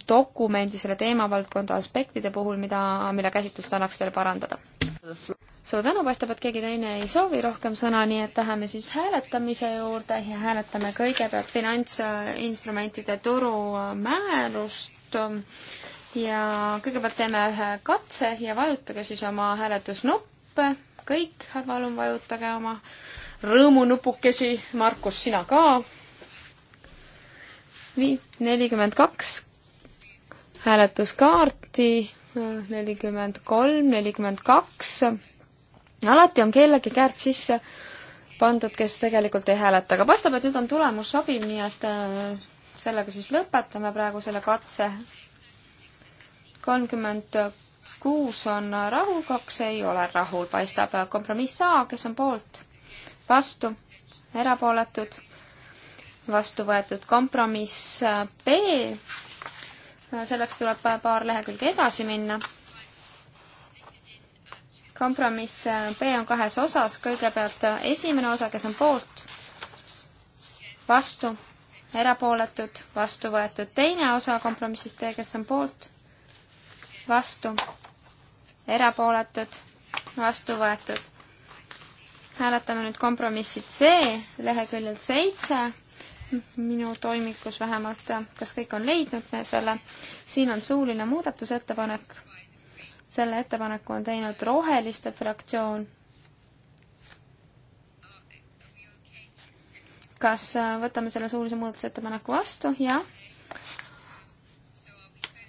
dokumendi, selle teemavaldkonda aspektide puhul, mida, mille käsitlust annaks veel parandada. suur tänu, paistab, et keegi teine ei soovi rohkem sõna, nii et läheme siis hääletamise juurde ja hääletame kõigepealt finantsinstrumentide turumäärust ja kõigepealt teeme ühe katse ja vajutage siis oma hääletusnuppe. kõik, palun vajutage oma rõõmunupukesi. Markus, sina ka. nelikümmend kaks hääletuskaarti, nelikümmend kolm, nelikümmend kaks. alati on kellegi käärt sisse pandud, kes tegelikult ei hääleta, aga paistab, et nüüd on tulemus sobiv, nii et äh, sellega siis lõpetame praegu selle katse kolmkümmend kuus on rahul, kaks ei ole rahul, paistab kompromiss A, kes on poolt, vastu, erapooletud, vastu võetud kompromiss B, selleks tuleb paar lehekülge edasi minna. kompromiss B on kahes osas, kõigepealt esimene osa, kes on poolt, vastu, erapooletud, vastu võetud, teine osa kompromissist B, kes on poolt vastu, erapooletud, vastu võetud. hääletame nüüd kompromissi C leheküljel seitse, minu toimikus vähemalt, kas kõik on leidnud selle, siin on suuline muudatusettepanek, selle ettepaneku on teinud Roheliste fraktsioon. kas võtame selle suulise muudatusettepaneku vastu? jah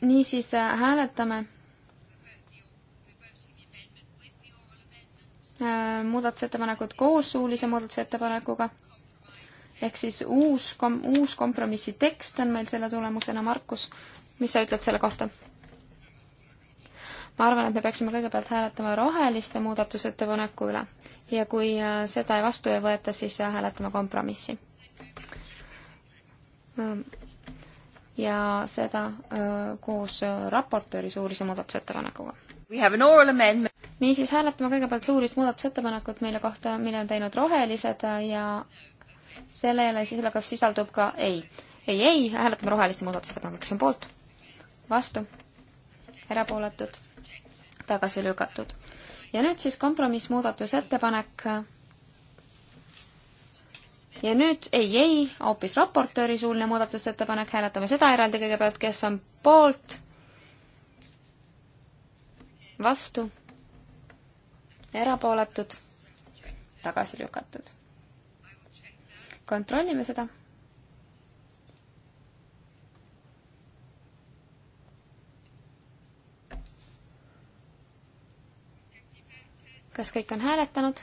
niisiis äh, hääletame äh, muudatusettepanekud koos suulise muudatusettepanekuga, ehk siis uus kom-, uus kompromissi tekst on meil selle tulemusena, Markus, mis sa ütled selle kohta? ma arvan, et me peaksime kõigepealt hääletama roheliste muudatusettepaneku üle ja kui äh, seda vastu ei võeta, siis hääletame kompromissi ja seda koos raportööri suulise muudatusettepanekuga. niisiis hääletame kõigepealt suulist muudatusettepanekut, mille kohta, mille on teinud rohelised äh, ja sellele, sellega sisaldub ka ei. ei, ei, hääletame roheliste muudatusettepanekut, kes on poolt? vastu? erapooletud? tagasi lükatud? ja nüüd siis kompromissmuudatusettepanek äh, ja nüüd ei, ei, hoopis raportööri suuline muudatusettepanek, hääletame seda eraldi kõigepealt, kes on poolt, vastu, erapooletud, tagasi lükatud. kontrollime seda. kas kõik on hääletanud?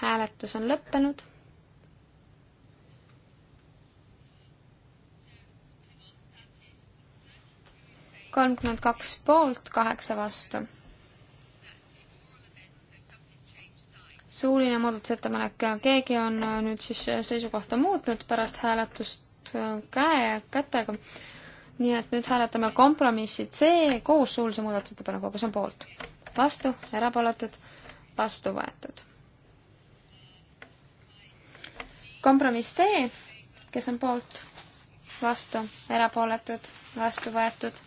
hääletus on lõppenud kolmkümmend kaks poolt, kaheksa vastu. suuline muudatusettepanek, keegi on nüüd siis seisukohta muutnud pärast hääletust käe, kätega. nii et nüüd hääletame kompromissi C koos suulise muudatusettepanekuga, kes on poolt? vastu, erapooletud, vastu võetud. kompromiss D, kes on poolt? vastu, erapooletud, vastu võetud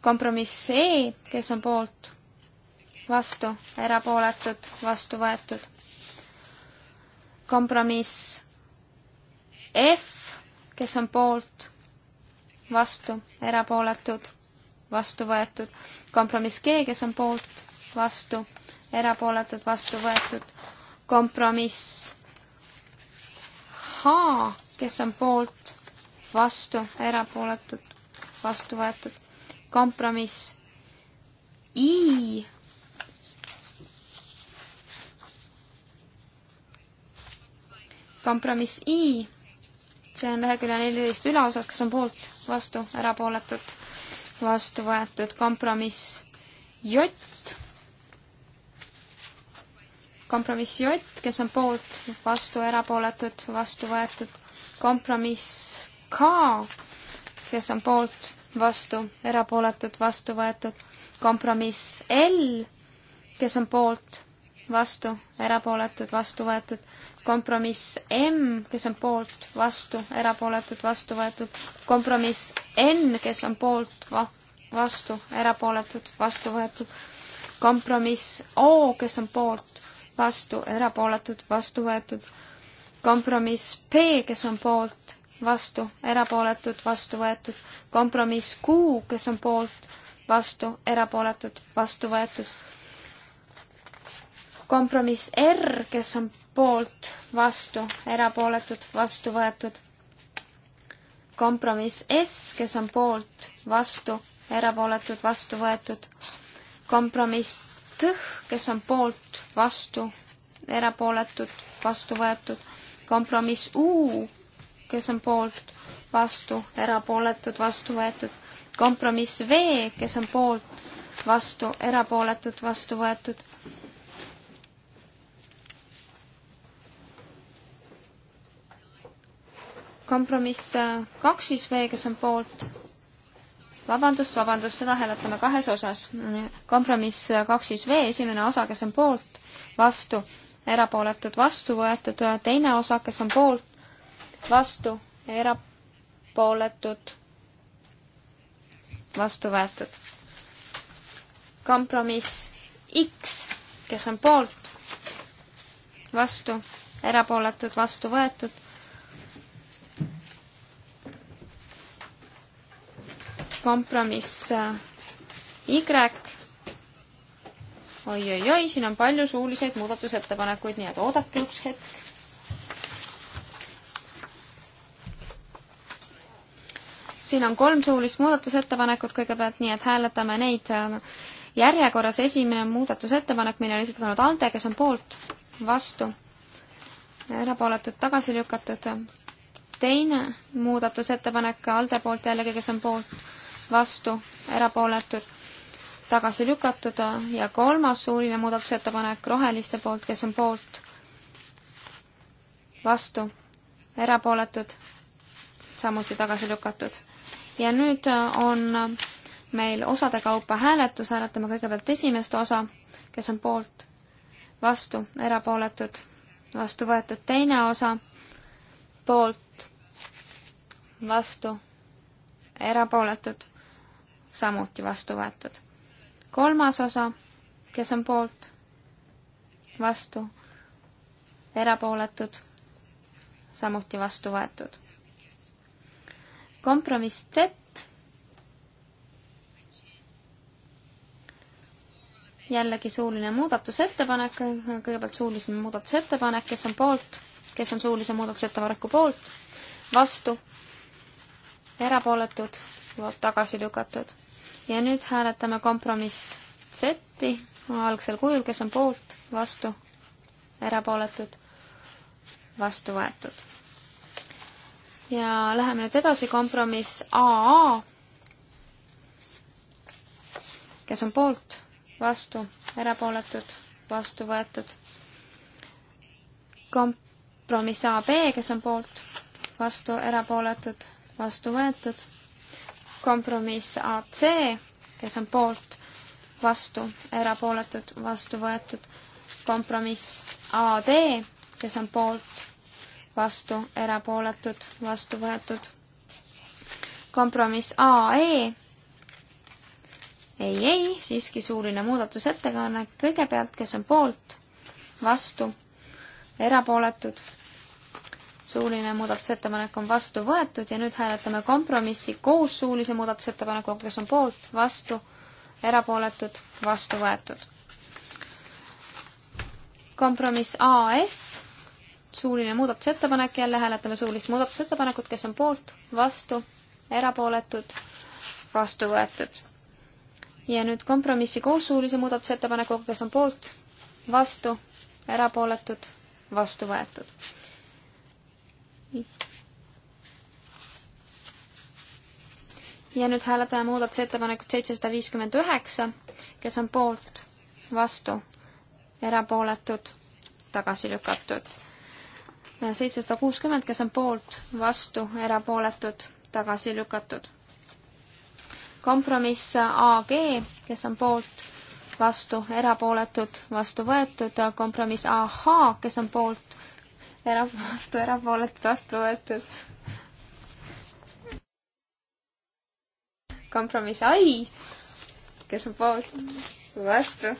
kompromiss E, kes on poolt, vastu, erapooletud, vastu võetud. kompromiss F, kes on poolt, vastu, erapooletud, vastu võetud. kompromiss G, kes on poolt, vastu, erapooletud, vastu võetud. kompromiss H, kes on poolt, vastu, erapooletud, vastu võetud kompromiss I kompromiss I, see on lehekülje neliteist üleosas, kes on poolt, vastu, erapooletud, vastu võetud, kompromiss J, kompromiss J, kes on poolt, vastu, erapooletud, vastu võetud, kompromiss K, kes on poolt, vastu, erapooletud, vastu võetud. kompromiss L, kes on poolt, vastu, erapooletud, vastu võetud. kompromiss M, kes on poolt, vastu, erapooletud, vastu võetud. kompromiss N, kes on poolt va, vastu, erapooletud, vastu võetud. kompromiss O, kes on poolt, vastu, erapooletud, vastu võetud. kompromiss P, kes on poolt, vastu, erapooletud, vastu võetud. kompromiss Q, kes on poolt, vastu, erapooletud, vastu võetud. kompromiss R, kes on poolt, vastu, erapooletud, vastu võetud. kompromiss S, kes on poolt, vastu, erapooletud, vastu võetud. kompromiss T, kes on poolt, vastu, erapooletud, vastu võetud. kompromiss U, kes on poolt, vastu, erapooletud, vastu võetud. kompromiss V, kes on poolt, vastu, erapooletud, vastu võetud. kompromiss äh, kaks siis V, kes on poolt, vabandust, vabandust, seda hääletame kahes osas. kompromiss äh, kaks siis V, esimene osa, kes on poolt, vastu, erapooletud, vastu võetud, teine osa, kes on poolt, vastu, erapooletud, vastu võetud. kompromiss X, kes on poolt, vastu, erapooletud, vastu võetud. kompromiss äh, Y oi-oi-oi, siin on palju suuliseid muudatusettepanekuid, nii et oodake üks hetk. siin on kolm suulist muudatusettepanekut kõigepealt, nii et hääletame neid äh, järjekorras. esimene muudatusettepanek, mille on esitanud ALDE, kes on poolt, vastu, erapooletud, tagasi lükatud. teine muudatusettepanek ALDE poolt jällegi, kes on poolt, vastu, erapooletud, tagasi lükatud ja kolmas suuline muudatusettepanek Roheliste poolt, kes on poolt, vastu, erapooletud, samuti tagasi lükatud ja nüüd äh, on äh, meil osade kaupa hääletus, hääletame kõigepealt esimest osa, kes on poolt, vastu, erapooletud, vastu võetud teine osa, poolt, vastu, erapooletud, samuti vastu võetud. kolmas osa, kes on poolt, vastu, erapooletud, samuti vastu võetud kompromiss Z, jällegi suuline muudatusettepanek, kõigepealt suulise muudatusettepanek, kes on poolt, kes on suulise muudatusettepaneku poolt, vastu, erapooletud, tagasi lükatud. ja nüüd hääletame kompromiss Z-i algsel kujul, kes on poolt, vastu, erapooletud, vastu võetud ja läheme nüüd edasi, kompromiss AA. kes on poolt, vastu, erapooletud, vastu võetud. kompromiss AB, kes on poolt, vastu, erapooletud, vastu võetud. kompromiss AC, kes on poolt, vastu, erapooletud, vastu võetud. kompromiss AD, kes on poolt vastu, erapooletud, vastu võetud. kompromiss AE. ei, ei, siiski suuline muudatusettekanne, kõigepealt, kes on poolt, vastu, erapooletud, suuline muudatusettepanek on vastu võetud ja nüüd hääletame kompromissi koos suulise muudatusettepanekuga, kes on poolt, vastu, erapooletud, vastu võetud. kompromiss AF suuline muudatusettepanek, jälle hääletame suulist muudatusettepanekut, kes on poolt, vastu, erapooletud, vastu võetud. ja nüüd kompromissi koos suulise muudatusettepanekuga, kes on poolt, vastu, erapooletud, vastu võetud. ja nüüd hääletame muudatusettepanekut seitsesada viiskümmend üheksa, kes on poolt, vastu, erapooletud, tagasi lükatud seitsesada kuuskümmend, kes on poolt, vastu, erapooletud, tagasi lükatud. kompromiss AG, kes on poolt, vastu, erapooletud, vastu võetud, kompromiss AH, kes on poolt, era-, vastu, erapooletud, vastu võetud. kompromiss ai, kes on poolt, vastu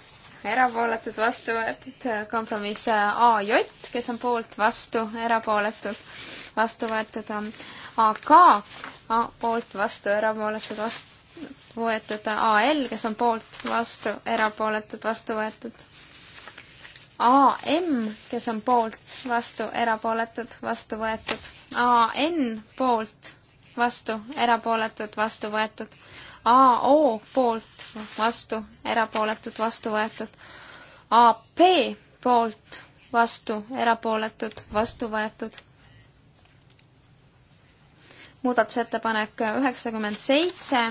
erapooletud, vastu võetud, kompromiss AJ, kes on poolt, vastu, erapooletud, vastu võetud, AK, poolt, vastu, erapooletud, vastu võetud, AL, kes on poolt, vastu, erapooletud, vastu võetud, AM, kes on poolt, vastu, erapooletud, vastu võetud, AN, poolt, vastu, erapooletud, vastu võetud AO poolt vastu, erapooletud, vastu võetud. AP poolt vastu, erapooletud, vastu võetud. muudatusettepanek üheksakümmend seitse.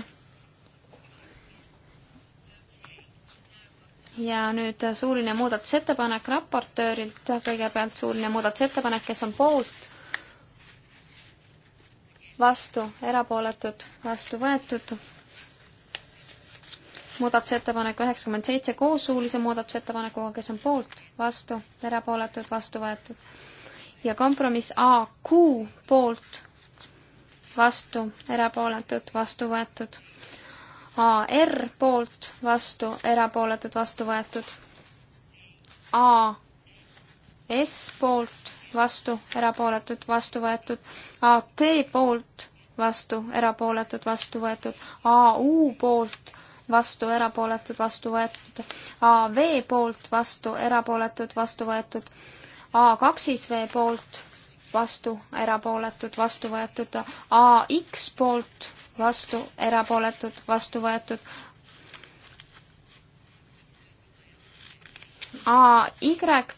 ja nüüd suuline muudatusettepanek raportöörilt, kõigepealt suuline muudatusettepanek, kes on poolt, vastu, erapooletud, vastu võetud muudatusettepanek üheksakümmend seitse koos suulise muudatusettepanekuga, kes on poolt, vastu, erapooletud, vastu võetud. ja kompromiss AQ poolt, vastu, erapooletud, vastu võetud. AR poolt, vastu, erapooletud, vastu võetud. AS poolt, vastu, erapooletud, vastu võetud. AT poolt, vastu, erapooletud, vastu võetud. AU poolt, vastu erapooletud, vastu võetud. AV poolt vastu erapooletud, vastu võetud. A2V poolt vastu erapooletud, vastu võetud. AX poolt vastu erapooletud, vastu võetud. AY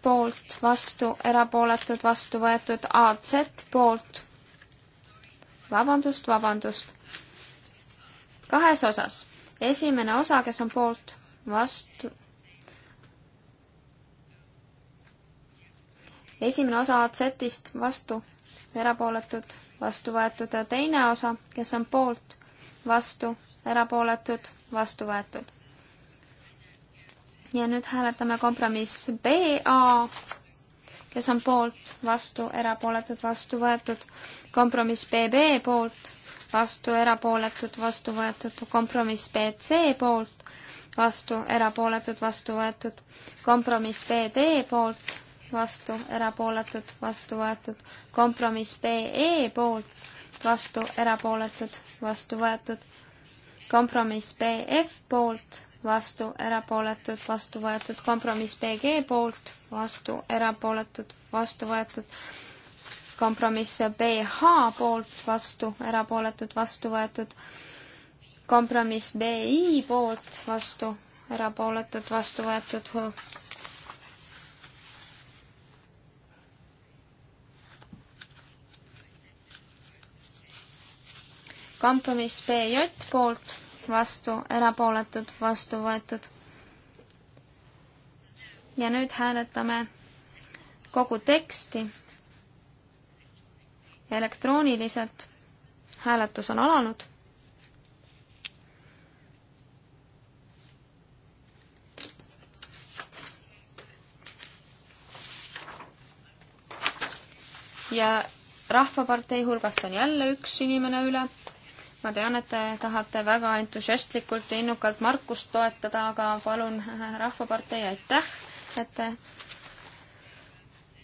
poolt vastu erapooletud, vastu võetud. AZ poolt vabandust, vabandust. kahes osas esimene osa, kes on poolt, vastu. esimene osa AZ-ist vastu, erapooletud, vastu võetud ja teine osa, kes on poolt, vastu, erapooletud, vastu võetud. ja nüüd hääletame kompromiss BA, kes on poolt, vastu, erapooletud, vastu võetud. kompromiss BB poolt vastu erapooletud, vastu võetud, kompromiss BC poolt, vastu erapooletud, vastu võetud, kompromiss BD poolt, vastu erapooletud, vastu võetud, kompromiss BE poolt, vastu erapooletud, vastu võetud, kompromiss BF poolt, vastu erapooletud, vastu võetud, kompromiss BG poolt, vastu erapooletud, vastu võetud, kompromiss BH poolt vastu, erapooletud vastu võetud, kompromiss BI poolt vastu, erapooletud vastu võetud. kompromiss BJ poolt vastu, erapooletud vastu võetud. ja nüüd hääletame kogu teksti elektrooniliselt. hääletus on alanud. ja Rahvapartei hulgast on jälle üks inimene üle. ma tean, et te tahate väga entusiastlikult ja innukalt Markust toetada, aga palun Rahvapartei, aitäh, et te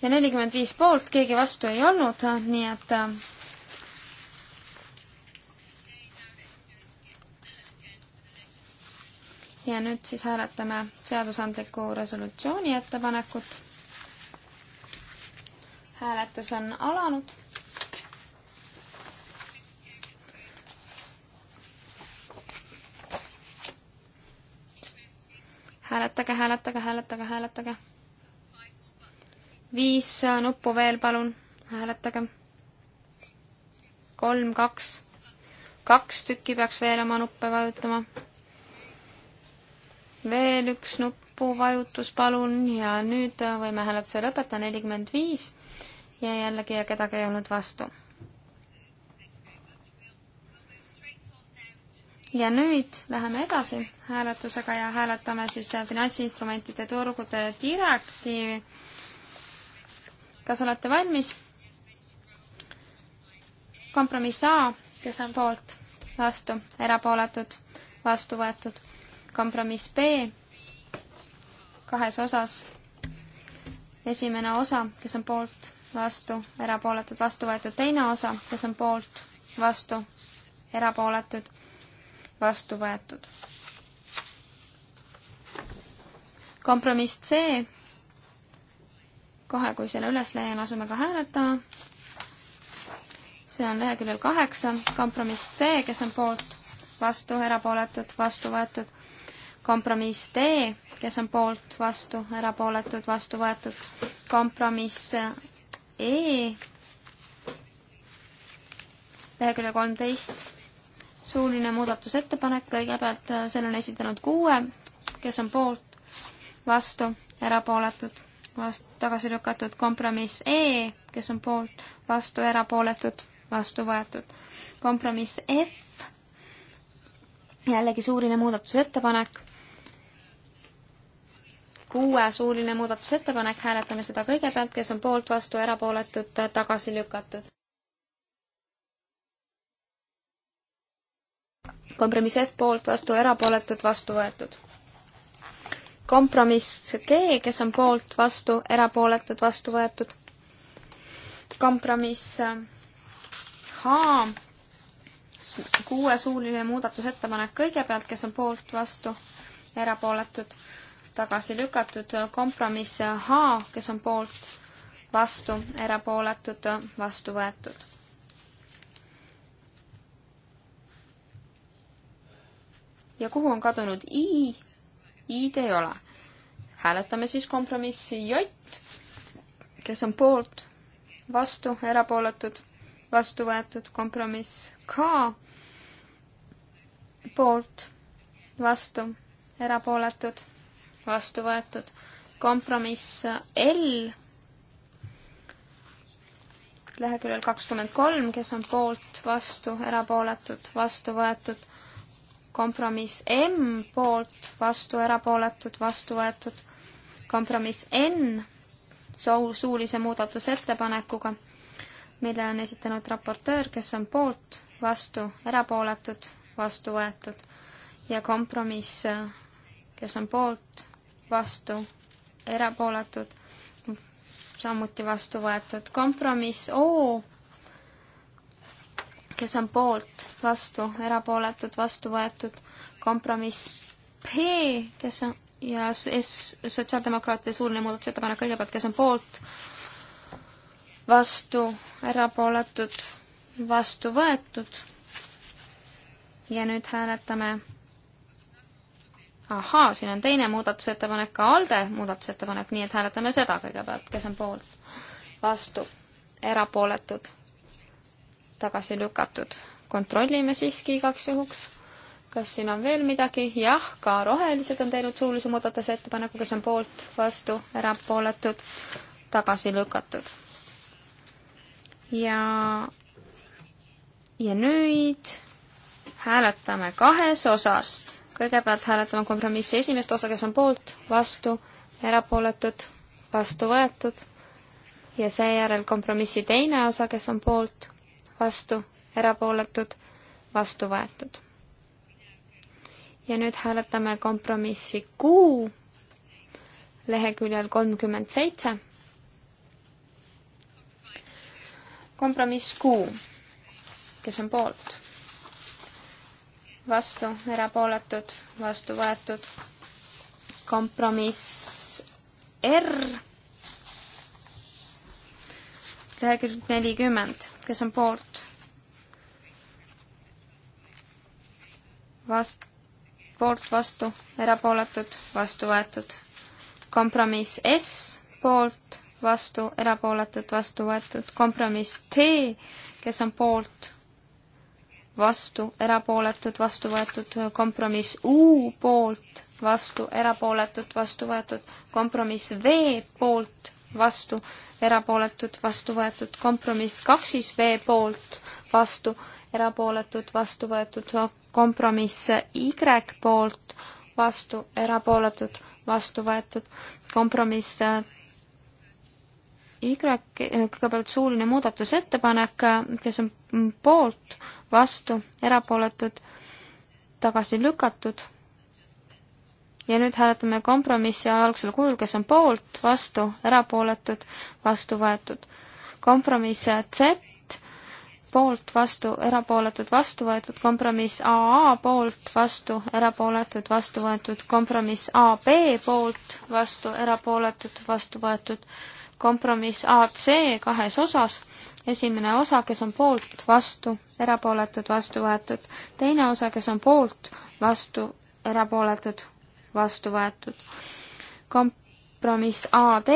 ja nelikümmend viis poolt, keegi vastu ei olnud, nii et äh, ja nüüd siis hääletame seadusandliku resolutsiooni ettepanekut. hääletus on alanud. hääletage, hääletage, hääletage, hääletage viis nuppu veel, palun, hääletage. kolm, kaks, kaks tükki peaks veel oma nuppe vajutama. veel üks nupuvajutus, palun, ja nüüd võime hääletuse lõpetada, nelikümmend viis ja jällegi ja kedagi ei olnud vastu. ja nüüd läheme edasi hääletusega ja hääletame siis finantsinstrumentide turgude direktiivi kas olete valmis? kompromiss A, kes on poolt, vastu, erapooletud, vastu võetud. kompromiss B kahes osas. esimene osa, kes on poolt, vastu, erapooletud, vastu võetud. teine osa, kes on poolt, vastu, erapooletud, vastu võetud. kompromiss C kohe, kui selle üles leian, asume ka hääletama. see on leheküljel kaheksa, kompromiss C, kes on poolt, vastu, erapooletud, vastu võetud. kompromiss D, kes on poolt, vastu, erapooletud, vastu võetud. kompromiss E, lehekülje kolmteist, suuline muudatusettepanek, kõigepealt äh, selle on esitanud kuue, kes on poolt, vastu, erapooletud vast-, tagasi lükatud kompromiss E, kes on poolt, vastu, erapooletud, vastu võetud. kompromiss F, jällegi suuline muudatusettepanek, kuue suuline muudatusettepanek, hääletame seda kõigepealt, kes on poolt, vastu, erapooletud, tagasi lükatud. kompromiss F poolt, vastu, erapooletud, vastu võetud kompromiss G, kes on poolt, vastu, erapooletud, vastu võetud. kompromiss äh, H, kuue suuline muudatusettepanek kõigepealt, kes on poolt, vastu, erapooletud, tagasi lükatud. kompromiss äh, H, kes on poolt, vastu, erapooletud, äh, vastu võetud. ja kuhu on kadunud I? ID ei ole. hääletame siis kompromissi J, kes on poolt, vastu, erapooletud, vastu võetud, kompromiss K, poolt, vastu, erapooletud, vastu võetud, kompromiss L, leheküljel kakskümmend kolm, kes on poolt, vastu, erapooletud, vastu võetud kompromiss M poolt, vastu erapooletud, vastu võetud. kompromiss N soo-, suulise muudatusettepanekuga, mille on esitanud raportöör, kes on poolt, vastu erapooletud, vastu võetud. ja kompromiss, kes on poolt, vastu erapooletud, samuti vastu võetud. kompromiss O kes on poolt, vastu, erapooletud, vastu võetud, kompromiss P, kes on ja S, sotsiaaldemokraatide suurne muudatusettepanek kõigepealt, kes on poolt, vastu, erapooletud, vastu võetud. ja nüüd hääletame. ahaa, siin on teine muudatusettepanek, ka ALDE muudatusettepanek, nii et hääletame seda kõigepealt, kes on poolt, vastu, erapooletud tagasi lükatud. kontrollime siiski igaks juhuks, kas siin on veel midagi, jah, ka rohelised on teinud suulise muudatusettepaneku, kes on poolt, vastu, erapooletud, tagasi lükatud. ja, ja nüüd hääletame kahes osas. kõigepealt hääletame kompromissi esimest osa, kes on poolt, vastu, erapooletud, vastu võetud ja seejärel kompromissi teine osa, kes on poolt, vastu, erapooletud, vastu võetud. ja nüüd hääletame kompromissi Q leheküljel kolmkümmend seitse. kompromiss Q, kes on poolt? vastu, erapooletud, vastu võetud. kompromiss R lehekülg nelikümmend, kes on poolt? Vast-, poolt, vastu, erapooletud, vastu võetud. kompromiss S, poolt, vastu, erapooletud, vastu võetud. kompromiss T, kes on poolt, vastu, erapooletud, vastu võetud. kompromiss U, poolt, vastu, erapooletud, vastu võetud. kompromiss V, poolt vastu, erapooletud, vastu võetud, kompromiss kaks siis V poolt, vastu, erapooletud, vastu võetud, kompromiss Y poolt, vastu, erapooletud, vastu võetud, kompromiss Y, kõigepealt suuline muudatusettepanek, kes on poolt, vastu, erapooletud, tagasi lükatud ja nüüd hääletame kompromissi algsel kujul, kes on poolt, vastu, erapooletud, vastu võetud. kompromiss Z, poolt, vastu, erapooletud, vastu võetud, kompromiss AA poolt, vastu, erapooletud, vastu võetud, kompromiss AB poolt, vastu, erapooletud, vastu võetud, kompromiss AC kahes osas, esimene osa, kes on poolt, vastu, erapooletud, vastu võetud, teine osa, kes on poolt, vastu, erapooletud, vastu võetud. kompromiss AD.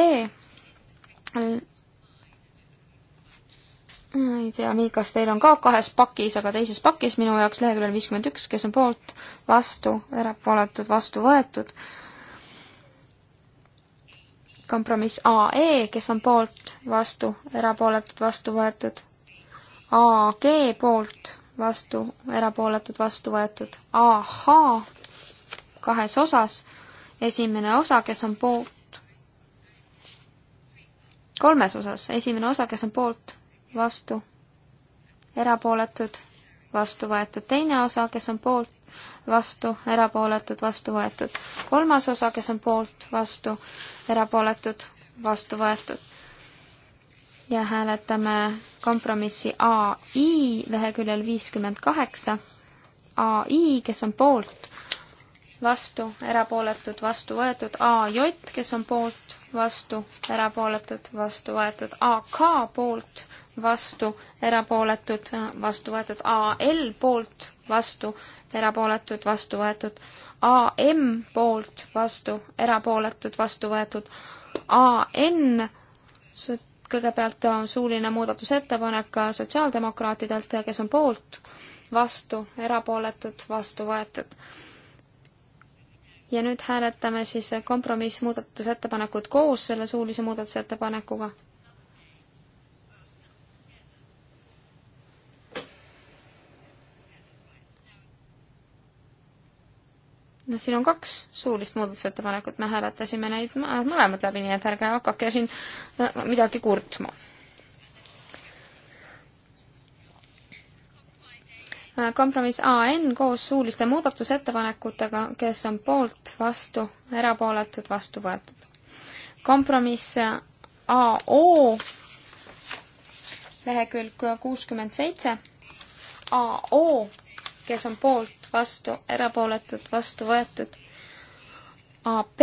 ei tea, kas teil on ka kahes pakis, aga teises pakis minu jaoks leheküljel viiskümmend üks, kes on poolt, vastu, erapooletud, vastu võetud. kompromiss AE, kes on poolt, vastu, erapooletud, vastu võetud. AG poolt, vastu, erapooletud, vastu võetud. ahhaa kahes osas. esimene osa, kes on poolt, kolmes osas, esimene osa, kes on poolt, vastu, erapooletud, vastu võetud, teine osa, kes on poolt, vastu, erapooletud, vastu võetud. kolmas osa, kes on poolt, vastu, erapooletud, vastu võetud. ja hääletame kompromissi ai leheküljel viiskümmend kaheksa. ai, kes on poolt, vastu, erapooletud, vastu võetud, AJ, kes on poolt, vastu, erapooletud, vastu võetud, AK poolt, vastu, erapooletud, vastu võetud, AL poolt, vastu, erapooletud, vastu võetud, AM poolt, vastu, erapooletud, vastu võetud, AN, kõigepealt suuline muudatusettepanek sotsiaaldemokraatidelt, kes on poolt, vastu, erapooletud, vastu võetud ja nüüd hääletame siis kompromissmuudatusettepanekut koos selle suulise muudatusettepanekuga. noh, siin on kaks suulist muudatusettepanekut, me hääletasime neid mõlemad läbi, nii et ärge hakake siin äh, midagi kurtma kompromiss AN koos suuliste muudatusettepanekutega, kes on poolt, vastu, erapooletud, vastu võetud. kompromiss AO lehekülg kuuskümmend seitse, AO, kes on poolt, vastu, erapooletud, vastu võetud, AB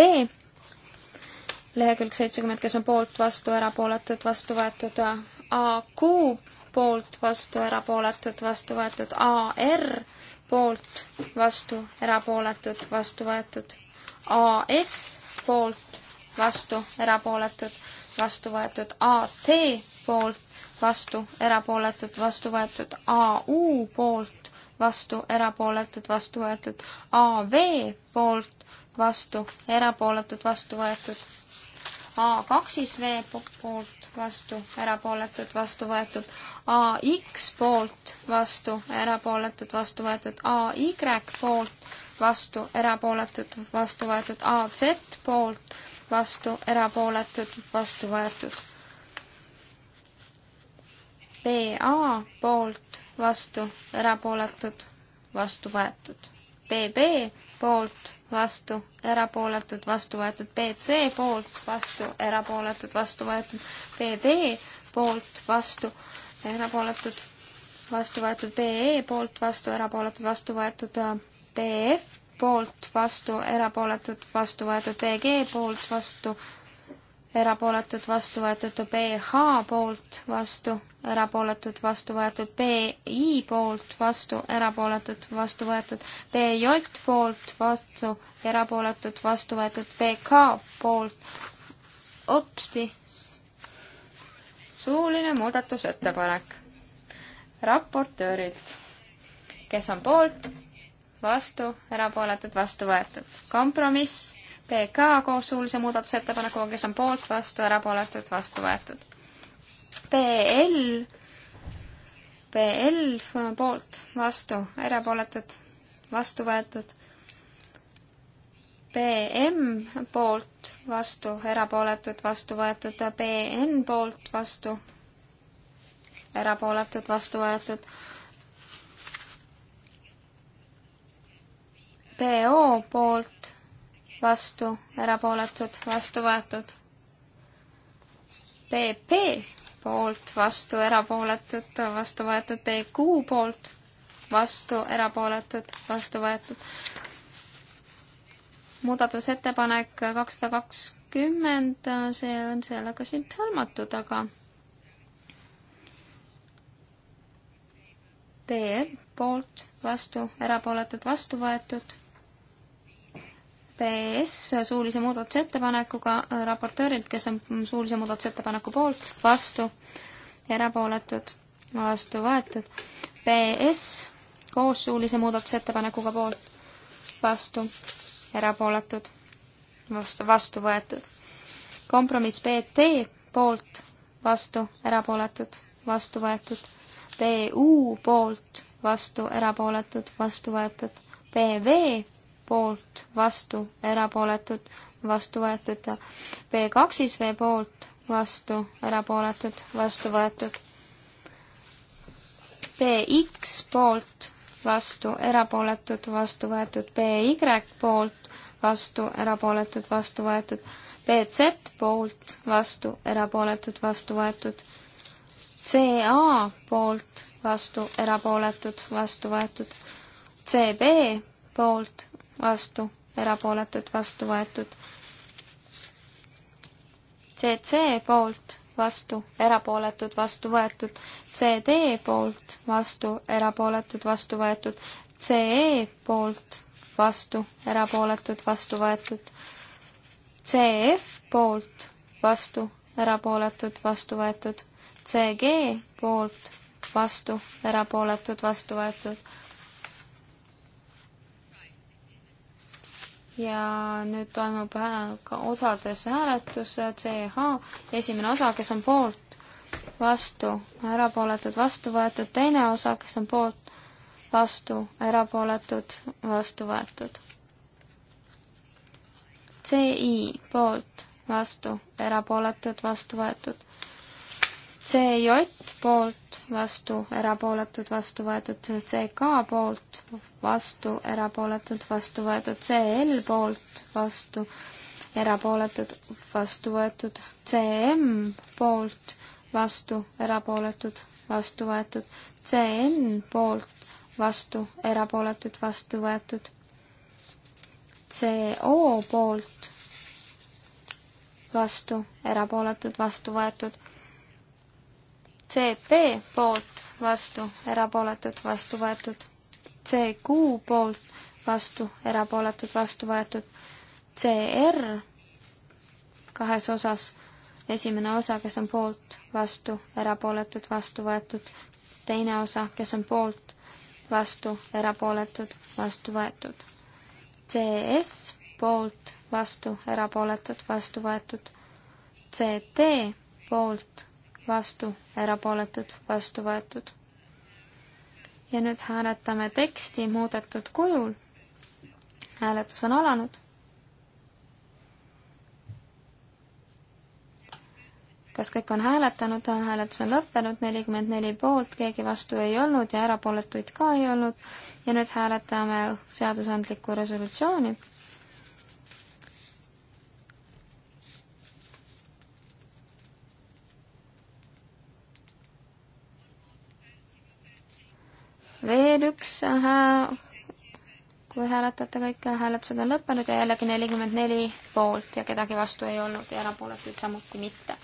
lehekülg seitsekümmend, kes on poolt, vastu, erapooletud, vastu võetud, AQ poolt, vastu, erapooletud, vastu võetud, AR poolt, vastu, erapooletud, vastu võetud, AS poolt, vastu, erapooletud, vastu võetud, AT poolt, vastu, erapooletud, vastu võetud, AU poolt, vastu, erapooletud, vastu võetud, AV poolt, vastu, erapooletud, vastu võetud, A2 V poolt, vastu, erapooletud, vastu võetud. AX poolt, vastu, erapooletud, vastu võetud. AY poolt, vastu, erapooletud, vastu võetud. AZ poolt, vastu, erapooletud, vastu võetud. BA poolt, vastu, erapooletud, vastu võetud BB poolt, vastu, erapooletud, vastu võetud BC poolt, vastu, erapooletud, vastu võetud BD poolt, vastu, erapooletud, vastu võetud BE poolt, vastu, erapooletud, vastu võetud BF poolt, vastu, erapooletud, vastu võetud BG poolt, vastu, erapooletud vastu võetud BH poolt vastu, erapooletud vastu võetud BI poolt vastu, erapooletud vastu võetud BJ poolt vastu, erapooletud vastu võetud BK poolt hopsti suuline muudatusettepanek raportöörilt, kes on poolt, vastu, erapooletud, vastu võetud. kompromiss PK koos suulise muudatusettepanekuga, kes on poolt, vastu, erapooletud, vastu võetud. PL, PL poolt, vastu, erapooletud, vastu võetud. PM poolt, vastu, erapooletud, vastu võetud. PN poolt, vastu, erapooletud, vastu võetud. PO poolt vastu, erapooletud, vastu võetud. PP poolt, vastu, erapooletud, vastu võetud, PQ poolt, vastu, erapooletud, vastu võetud. muudatusettepanek kakssada kakskümmend, see on sellega siit hõlmatud, aga PR poolt, vastu, erapooletud, vastu võetud PS suulise muudatusettepanekuga raportöörilt, kes on suulise muudatusettepaneku poolt, vastu, erapooletud, vastu võetud. PS koos suulise muudatusettepanekuga poolt, vastu, erapooletud, vastu, vastu võetud. kompromiss BT poolt, vastu, erapooletud, vastu võetud. BU poolt, vastu, erapooletud, vastu võetud. PV poolt, vastu, erapooletud, vastu võetud. B2-s V poolt, vastu, erapooletud, vastu võetud. BX poolt, vastu, erapooletud, vastu võetud. BY poolt, vastu, erapooletud, vastu võetud. BZ poolt, vastu, erapooletud, vastu võetud. CA poolt, vastu, erapooletud, vastu võetud. CB poolt, vastu, erapooletud, vastu võetud. CC poolt, vastu, erapooletud, vastu võetud. CD poolt, vastu, erapooletud, vastu võetud. CE poolt, vastu, erapooletud, vastu võetud. CF poolt, vastu, erapooletud, vastu võetud. CG poolt, vastu, erapooletud, vastu võetud ja nüüd toimub äh, ka osades hääletus CH, e esimene osa, kes on poolt, vastu, erapooletud, vastu võetud, teine osa, kes on poolt, vastu, erapooletud, vastu võetud. CI poolt, vastu, erapooletud, vastu võetud. CJ poolt, vastu, erapooletud, vastu võetud, CK poolt, vastu, erapooletud, vastu võetud, CL poolt, vastu, erapooletud, vastu võetud, CM poolt, vastu, erapooletud, vastu võetud, CN poolt, vastu, erapooletud, vastu võetud, CO poolt, vastu, erapooletud, vastu võetud CP poolt vastu, erapooletud, vastu võetud. CQ poolt vastu, erapooletud, vastu võetud. CR kahes osas, esimene osa, kes on poolt, vastu, erapooletud, vastu võetud. teine osa, kes on poolt, vastu, erapooletud, vastu võetud. CS poolt, vastu, erapooletud, vastu võetud. CT poolt, vastu, erapooletud, vastu võetud. ja nüüd hääletame teksti muudetud kujul. hääletus on alanud. kas kõik on hääletanud, hääletus on lõppenud, nelikümmend neli poolt, keegi vastu ei olnud ja erapooletuid ka ei olnud. ja nüüd hääletame seadusandlikku resolutsiooni veel üks hää-, äh, kui hääletate kõik, hääletused on lõppenud ja jällegi nelikümmend neli poolt ja kedagi vastu ei olnud ja erapooletuid samuti mitte.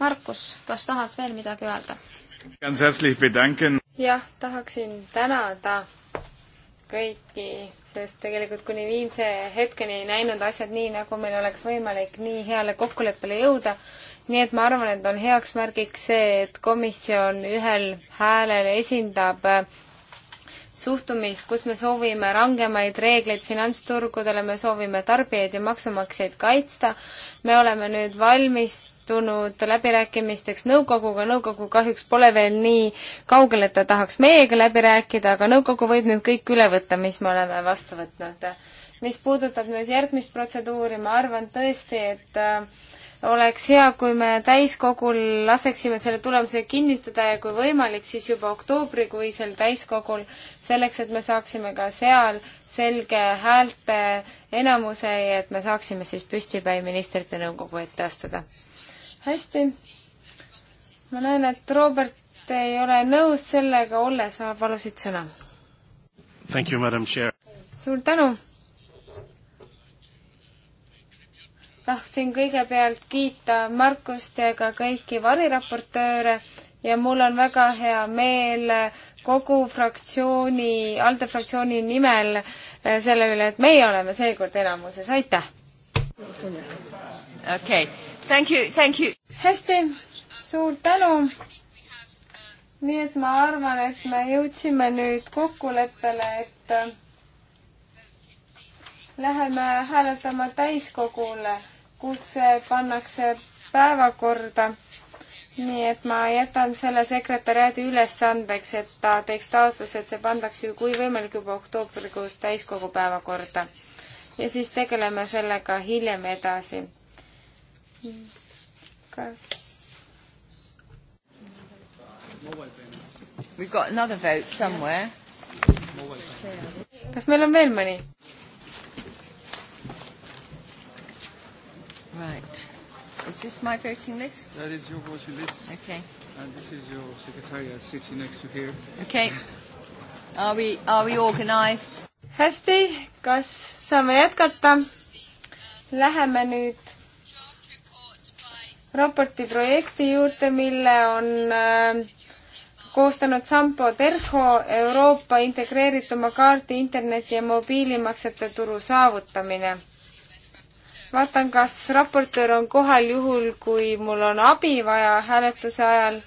Markus, kas tahad veel midagi öelda? jah, tahaksin tänada kõiki, sest tegelikult kuni viimse hetkeni ei näinud asjad nii, nagu meil oleks võimalik nii heale kokkuleppele jõuda nii et ma arvan, et on heaks märgiks see, et komisjon ühel häälel esindab äh, suhtumist, kus me soovime rangemaid reegleid finantsturgudele, me soovime tarbijaid ja maksumaksjaid kaitsta. me oleme nüüd valmistunud läbirääkimisteks nõukoguga, nõukogu kahjuks pole veel nii kaugel, et ta tahaks meiega läbi rääkida, aga nõukogu võib nüüd kõik üle võtta, mis me oleme vastu võtnud. mis puudutab nüüd järgmist protseduuri, ma arvan tõesti, et äh, oleks hea, kui me täiskogul laseksime selle tulemuse kinnitada ja kui võimalik, siis juba oktoobrikuisel täiskogul, selleks et me saaksime ka seal selge häälte enamuse ja et me saaksime siis püstipäi ministrite nõukogu ette astuda. hästi. ma näen, et Robert ei ole nõus sellega, Olle, sa palusid sõna. suur tänu tahtsin kõigepealt kiita Markust ja ka kõiki variraportööre ja mul on väga hea meel kogu fraktsiooni, ALDE fraktsiooni nimel eh, selle üle, et meie oleme seekord enamuses, aitäh! okei okay., thank you, thank you! hästi, suur tänu! nii et ma arvan, et me jõudsime nüüd kokkuleppele, et läheme hääletama täiskogule kus see pannakse päevakorda. nii et ma jätan selle sekretäriaadi ülesandeks, et ta teeks taotluse, et see pandaks ju kui võimalik juba oktoobrikuus täiskogu päevakorda. ja siis tegeleme sellega hiljem edasi. kas? We've got another vote somewhere. kas meil on veel mõni? Right. Is this my voting list? That is your voting list. Okay. And this is your secretariat uh, sitting next to here. Okay. Are we, are we organised? hästi, kas saame jätkata? Läheme nüüd raporti projekti juurde, mille on äh, koostanud Sampo Terho Euroopa integreerituma kaardi interneti ja mobiilimaksete turu saavutamine vaatan, kas raportöör on kohal juhul, kui mul on abi vaja hääletuse ajal.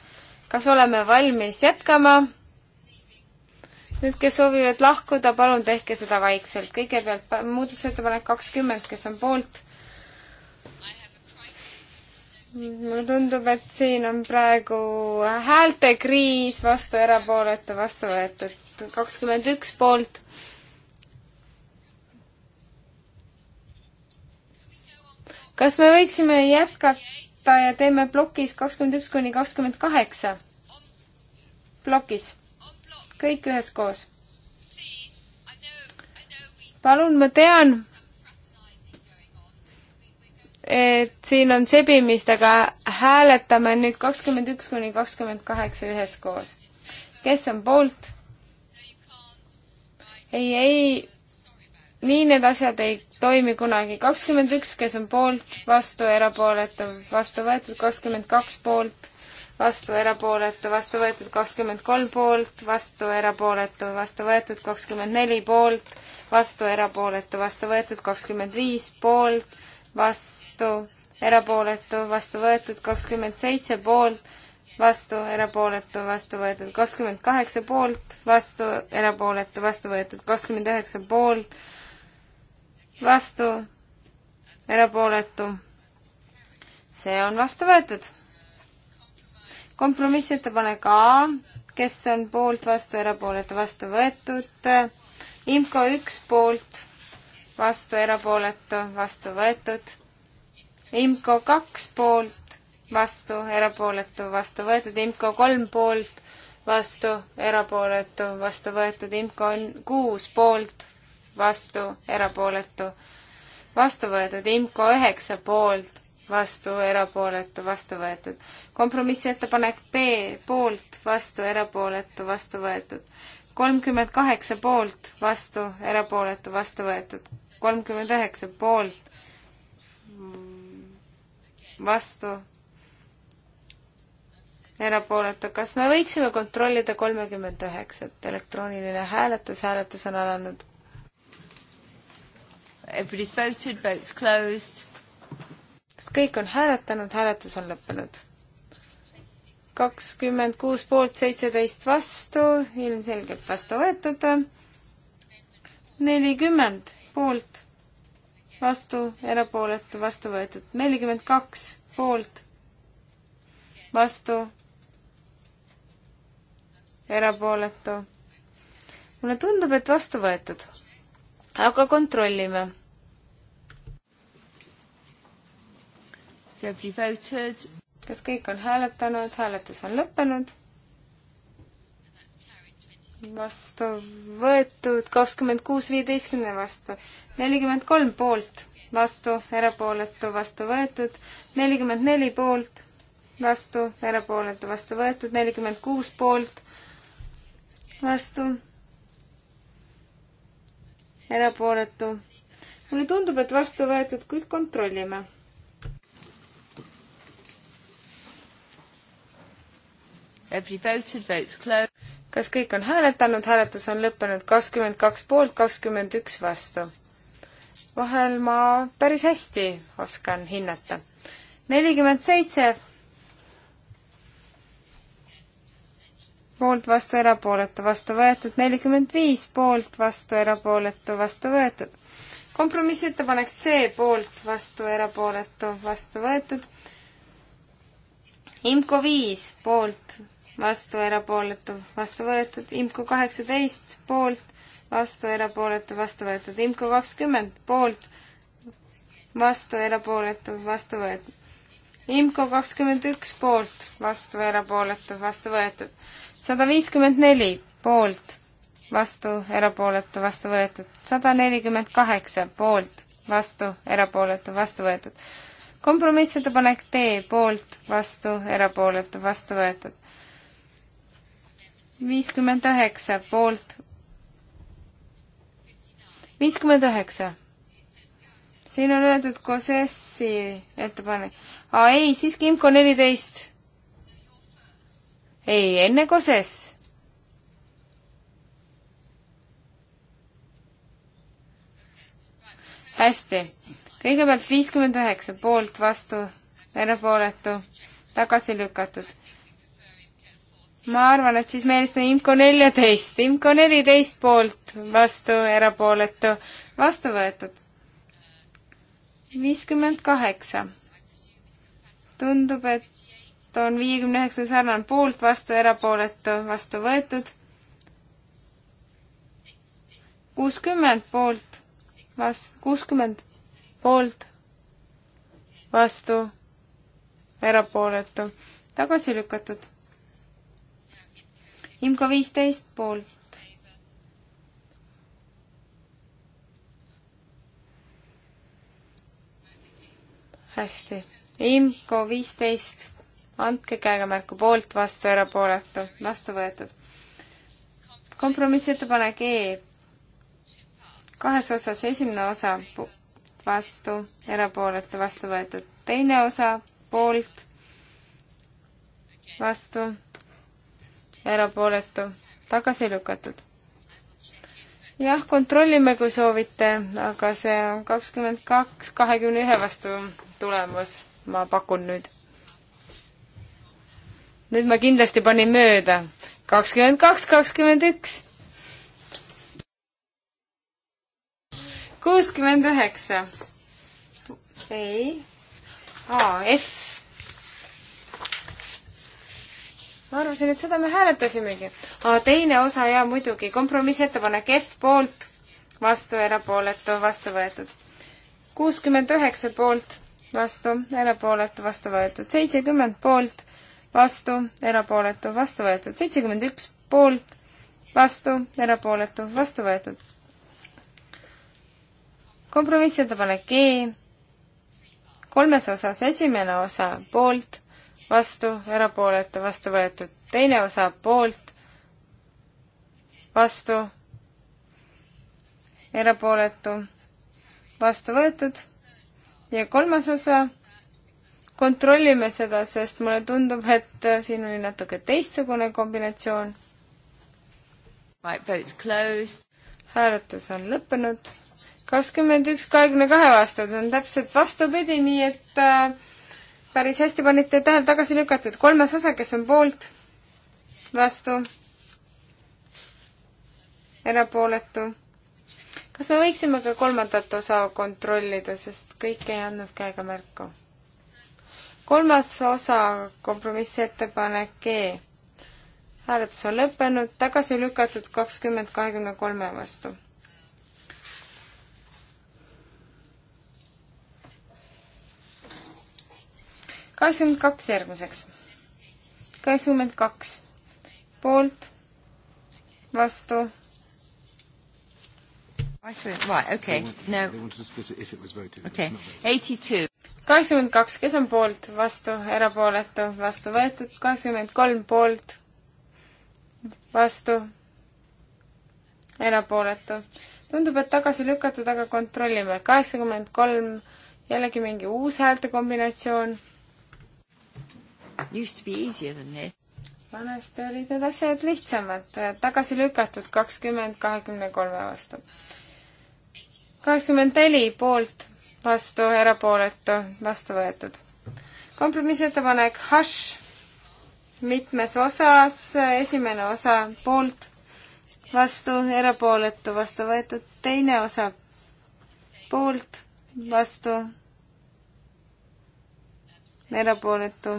kas oleme valmis jätkama? Need, kes soovivad lahkuda, palun tehke seda vaikselt. kõigepealt muudatusettepanek kakskümmend, kes on poolt. mulle tundub, et siin on praegu häältekriis vastu erapooletu vastu võetud. kakskümmend üks poolt kas me võiksime jätkata ja teeme plokis kakskümmend üks kuni kakskümmend kaheksa? plokis. kõik üheskoos. palun, ma tean, et siin on sebimist, aga hääletame nüüd kakskümmend üks kuni kakskümmend kaheksa üheskoos. kes on poolt? ei, ei, nii need asjad ei toimi kunagi. kakskümmend üks, kes on poolt, vastu, erapooletu, vastu võetud, kakskümmend kaks poolt, vastu, erapooletu, vastu võetud, kakskümmend kolm poolt, vastu, erapooletu, vastu võetud, kakskümmend neli poolt, vastu, erapooletu, vastu võetud, kakskümmend viis poolt, vastu, erapooletu, vastu võetud, kakskümmend seitse poolt, vastu, erapooletu, vastu võetud, kakskümmend kaheksa poolt, vastu, erapooletu, vastu võetud, kakskümmend üheksa poolt, vastu, erapooletu. see on vastu võetud. kompromissettepanek A, kes on poolt, vastu, erapooletu, vastu võetud. IMCO üks poolt, vastu, erapooletu, vastu võetud. IMCO kaks poolt, vastu, erapooletu, vastu võetud. IMCO kolm poolt, vastu, erapooletu, vastu võetud. IMCO kuus poolt, vastu, erapooletu, vastu võetud, IMCO üheksa poolt, vastu, erapooletu, vastu võetud. kompromissettepanek B poolt, vastu, erapooletu, vastu võetud. kolmkümmend kaheksa poolt, vastu, erapooletu, vastu võetud. kolmkümmend üheksa poolt, vastu, erapooletu. kas me võiksime kontrollida kolmekümmet üheksat? elektrooniline hääletus, hääletus on alanud Everybody's voted, votes closed. kas kõik on hääletanud, hääletus on lõppenud? kakskümmend kuus poolt, seitseteist vastu, ilmselgelt vastu võetud. nelikümmend poolt, vastu, erapooletu, vastu võetud. nelikümmend kaks poolt, vastu, erapooletu. mulle tundub, et vastu võetud aga kontrollime. kas kõik on hääletanud, hääletus on lõppenud? vastu võetud kakskümmend kuus viieteistkümne vastu, nelikümmend kolm poolt vastu, erapooletu, vastu võetud, nelikümmend neli poolt, vastu, erapooletu, vastu võetud, nelikümmend kuus poolt, vastu, erapooletu. mulle tundub, et vastu võetud, kuid kontrollime. kas kõik on hääletanud, hääletus on lõppenud kakskümmend kaks poolt, kakskümmend üks vastu. vahel ma päris hästi oskan hinnata. nelikümmend seitse poolt, vastu, erapooletu, vastu võetud, nelikümmend viis poolt, vastu, erapooletu, vastu võetud. kompromissettepanek C poolt, vastu, erapooletu, vastu võetud. IMCO viis poolt, vastu, erapooletu, vastu võetud. IMCO kaheksateist poolt, vastu, erapooletu, vastu võetud. IMCO kakskümmend poolt, vastu, erapooletu, vastu võetud. IMCO kakskümmend üks poolt, vastu, erapooletu, vastu võetud sada viiskümmend neli poolt, vastu, erapooletu, vastu võetud. sada nelikümmend kaheksa poolt, vastu, erapooletu, vastu võetud. kompromissettepanek D poolt, vastu, erapooletu, vastu võetud. viiskümmend üheksa poolt, viiskümmend üheksa. siin on öeldud koos S-i ettepanek. aa ei, siiski IMCO neliteist ei, enne Koses. hästi, kõigepealt viiskümmend üheksa poolt, vastu, erapooletu, tagasi lükatud. ma arvan, et siis me eelistame IMCO neljateist, IMCO neliteist poolt, vastu, erapooletu, vastu võetud. viiskümmend kaheksa tundub, et on viiekümne üheksa sarnane poolt, vastu, erapooletu, vastu võetud. kuuskümmend poolt, vas-, kuuskümmend poolt, vastu, erapooletu, tagasi lükatud. IMCO viisteist poolt. hästi, IMCO viisteist andke käega märku poolt, vastu, erapooletu, vastu võetud. kompromissettepanek E kahes osas, esimene osa vastu, erapooletu, vastu võetud, teine osa poolt, vastu, erapooletu, tagasi lükatud. jah, kontrollime, kui soovite, aga see on kakskümmend kaks, kahekümne ühe vastu tulemus, ma pakun nüüd nüüd ma kindlasti panin mööda. kakskümmend kaks, kakskümmend üks. kuuskümmend üheksa. ei. aa, F. ma arvasin, et seda me hääletasimegi. aa, teine osa ja muidugi kompromissettepanek F poolt, vastu, erapooletu, vastu võetud. kuuskümmend üheksa poolt, vastu, erapooletu, vastu võetud. seitsekümmend poolt vastu, erapooletu, vastu võetud. seitsekümmend üks poolt, vastu, erapooletu, vastu võetud. kompromissettepanek E kolmes osas. esimene osa poolt, vastu, erapooletu, vastu võetud. teine osa poolt, vastu, erapooletu, vastu võetud. ja kolmas osa kontrollime seda, sest mulle tundub, et äh, siin oli natuke teistsugune kombinatsioon. hääletus on lõppenud. kakskümmend üks, kahekümne kahe vastu, see on täpselt vastupidi, nii et äh, päris hästi panite tähele tagasi lükatud. kolmas osa, kes on poolt, vastu, erapooletu. kas me võiksime ka kolmandat osa kontrollida, sest kõik ei andnud käega märku? kolmas osa, kompromissettepanek G. E. hääletus on lõppenud, tagasi lükatud kakskümmend kahekümne kolme vastu. kaheksakümmend kaks järgmiseks. kaheksakümmend kaks poolt, vastu. okei, no. okei, eighty two kaheksakümmend kaks, kes on poolt, vastu, erapooletu, vastu võetud, kaheksakümmend kolm poolt, vastu, erapooletu. tundub, et tagasi lükatud, aga kontrollime. kaheksakümmend kolm, jällegi mingi uus häälte kombinatsioon. Used to be easier than this. vanasti olid need asjad lihtsamad. tagasi lükatud kakskümmend kahekümne kolme vastu. kaheksakümmend neli poolt vastu, erapooletu, vastu võetud. kompromissettepanek Hush mitmes osas, esimene osa poolt, vastu, erapooletu, vastu võetud, teine osa poolt, vastu, erapooletu.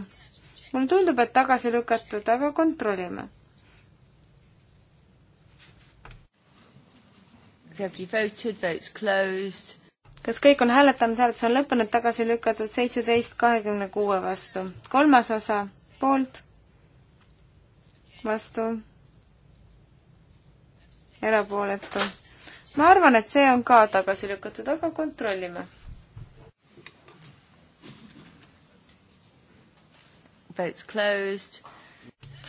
mulle tundub, et tagasi lükatud, aga kontrollime. Has everybody voted? Votes closed kas kõik on hääletanud, hääletus on lõppenud, tagasi lükatud seitseteist kahekümne kuue vastu. kolmas osa poolt, vastu, erapooletu. ma arvan, et see on ka tagasi lükatud, aga kontrollime. Votes closed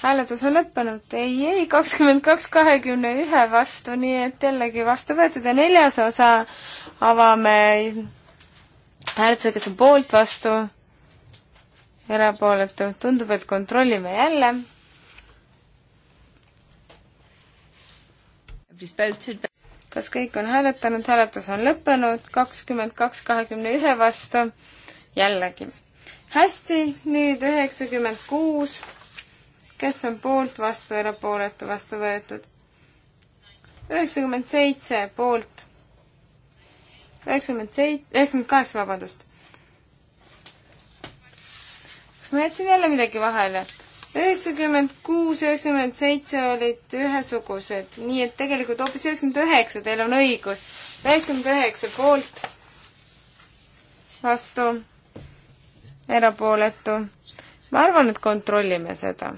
hääletus on lõppenud. ei, ei, kakskümmend kaks kahekümne ühe vastu, nii et jällegi vastu võetud ja neljas osa avame hääletuse, kes on poolt, vastu, erapooletu. tundub, et kontrollime jälle. kas kõik on hääletanud, hääletus on lõppenud, kakskümmend kaks kahekümne ühe vastu, jällegi. hästi, nüüd üheksakümmend kuus, kes on poolt, vastu, erapooletu, vastu võetud. üheksakümmend seitse poolt üheksakümmend seit-, üheksakümmend kaheksa, vabandust. kas ma jätsin jälle midagi vahele? üheksakümmend kuus, üheksakümmend seitse olid ühesugused, nii et tegelikult hoopis üheksakümmend üheksa, teil on õigus. üheksakümmend üheksa poolt, vastu, erapooletu. ma arvan, et kontrollime seda.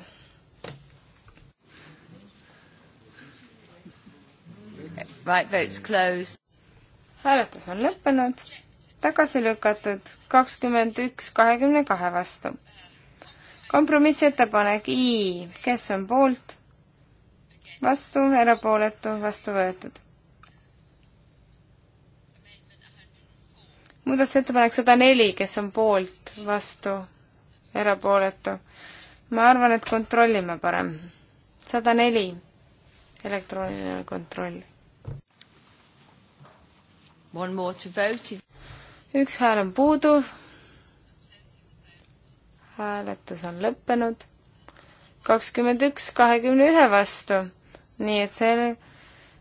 Right, votes closed hääletus on lõppenud, tagasi lükatud kakskümmend üks kahekümne kahe vastu. kompromissettepanek I, kes on poolt, vastu, erapooletu, vastu võetud. muudatusettepanek sada neli, kes on poolt, vastu, erapooletu. ma arvan, et kontrollime parem. sada neli, elektrooniline kontroll üks hääl on puudu. hääletus on lõppenud. kakskümmend üks kahekümne ühe vastu, nii et see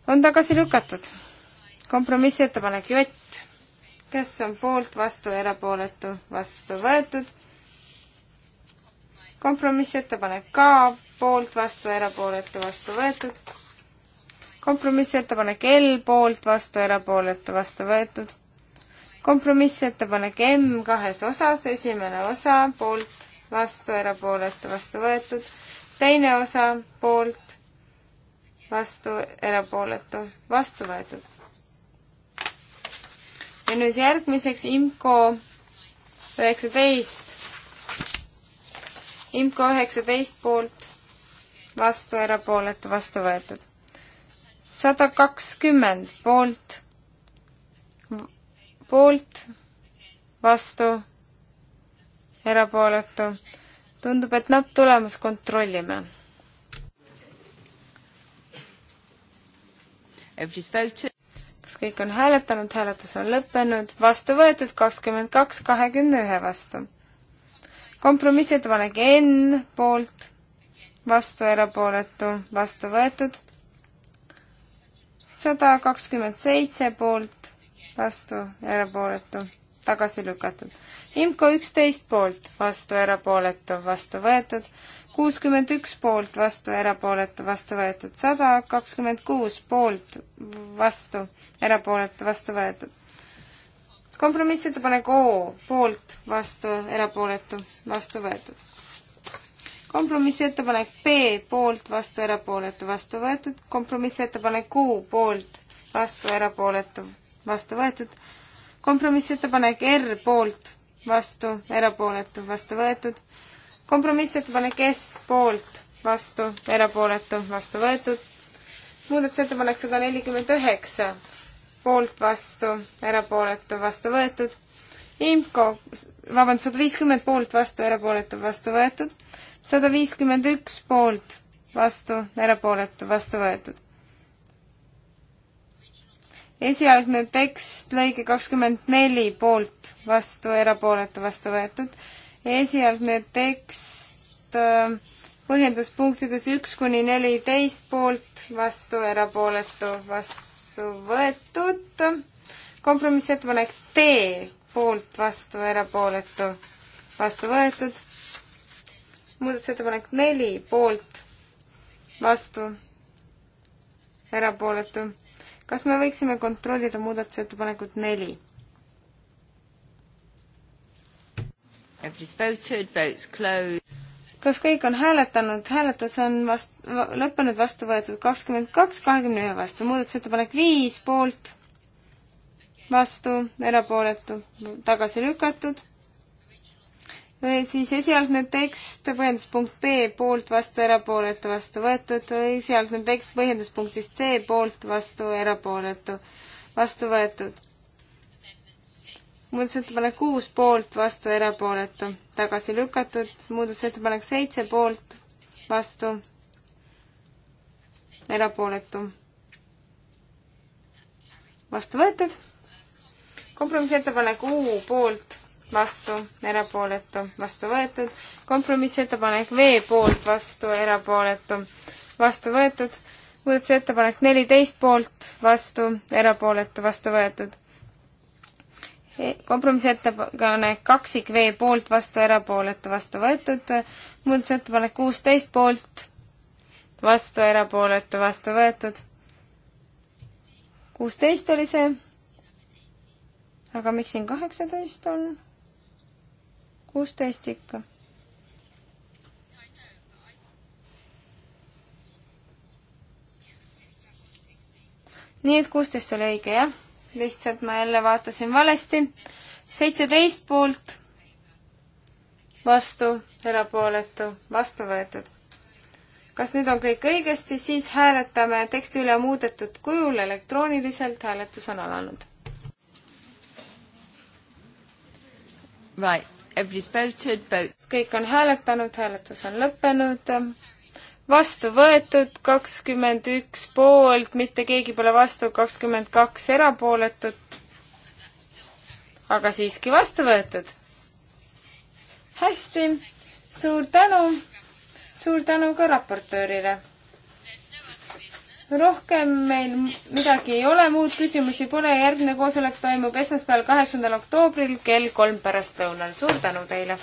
on tagasi lükatud. kompromissettepanek J, kes on poolt, vastu, erapooletu, vastu võetud. kompromissettepanek K, poolt, vastu, erapooletu, vastu võetud kompromissettepanek L poolt, vastu, erapooletu, vastu võetud. kompromissettepanek M kahes osas, esimene osa poolt, vastu, erapooletu, vastu võetud. teine osa poolt, vastu, erapooletu, vastu võetud. ja nüüd järgmiseks IMCO üheksateist. IMCO üheksateist poolt, vastu, erapooletu, vastu võetud sada kakskümmend poolt, poolt, vastu, erapooletu. tundub, et napp tulemus, kontrollime. kas kõik on hääletanud, hääletus on lõppenud, vastu võetud kakskümmend kaks, kahekümne ühe vastu. kompromissettepanek N poolt, vastu erapooletu, vastu võetud sada kakskümmend seitse poolt, vastu, erapooletu, tagasi lükatud. IMCO üksteist poolt, vastu, erapooletu, vastu võetud. kuuskümmend üks poolt, vastu, erapooletu, vastu võetud. sada kakskümmend kuus poolt, vastu, erapooletu, vastu võetud. kompromissettepanek O, poolt, vastu, erapooletu, vastu võetud kompromissettepanek B poolt, vastu, erapooletu, vastu võetud, kompromissettepanek Q poolt, vastu, erapooletu, vastu võetud, kompromissettepanek R poolt, vastu, erapooletu, vastu võetud, kompromissettepanek S poolt, vastu, erapooletu, vastu võetud, muudatusettepanek sada nelikümmend üheksa, poolt, vastu, erapooletu, vastu võetud, IMCO, vabandust, sada viiskümmend poolt, vastu, erapooletu, vastu võetud, sada viiskümmend üks poolt, vastu, erapooletu, vastu võetud. esialgne tekst, lõige kakskümmend neli poolt, vastu, erapooletu, vastu võetud. esialgne tekst äh, põhjenduspunktides üks kuni neliteist poolt, vastu erapooletu, vastu võetud. kompromissettepanek D poolt, vastu erapooletu, vastu võetud muudatusettepanek neli poolt, vastu, erapooletu. kas me võiksime kontrollida muudatusettepanekut neli? kas kõik on hääletanud? hääletus on vast-, lõppenud, vastu võetud kakskümmend kaks, kahekümne ühe vastu. muudatusettepanek viis poolt, vastu, erapooletu, tagasi lükatud siis esialgne tekst põhjenduspunkt B poolt vastu, erapooletu vastu võetud, esialgne tekst põhjenduspunktist C poolt vastu, erapooletu vastu võetud. muudatusettepanek kuus poolt vastu, erapooletu tagasi lükatud, muudatusettepanek seitse poolt vastu, erapooletu vastu võetud, kompromissettepanek U poolt vastu, erapooletu, vastu võetud. kompromissettepanek V poolt, vastu, erapooletu, vastu võetud. muudatusettepanek neliteist poolt, vastu, erapooletu, vastu võetud. E, kompromissettepanek kaksik V poolt, vastu, erapooletu, vastu võetud. muudatusettepanek kuusteist poolt, vastu, erapooletu, vastu võetud. kuusteist oli see aga miks siin kaheksateist on? kuusteist ikka. nii et kuusteist oli õige, jah? lihtsalt ma jälle vaatasin valesti. seitseteist poolt, vastu, erapooletu, vastu võetud. kas nüüd on kõik õigesti, siis hääletame teksti üle muudetud kujul elektrooniliselt, hääletus on alanud. Right kõik on hääletanud, hääletus on lõppenud. vastu võetud kakskümmend üks poolt, mitte keegi pole vastu, kakskümmend kaks erapooletut. aga siiski vastu võetud. hästi, suur tänu, suur tänu ka raportöörile rohkem meil midagi ei ole, muud küsimusi pole, järgmine koosolek toimub esmaspäeval, kaheksandal oktoobril kell kolm pärastlõunal. suur tänu teile!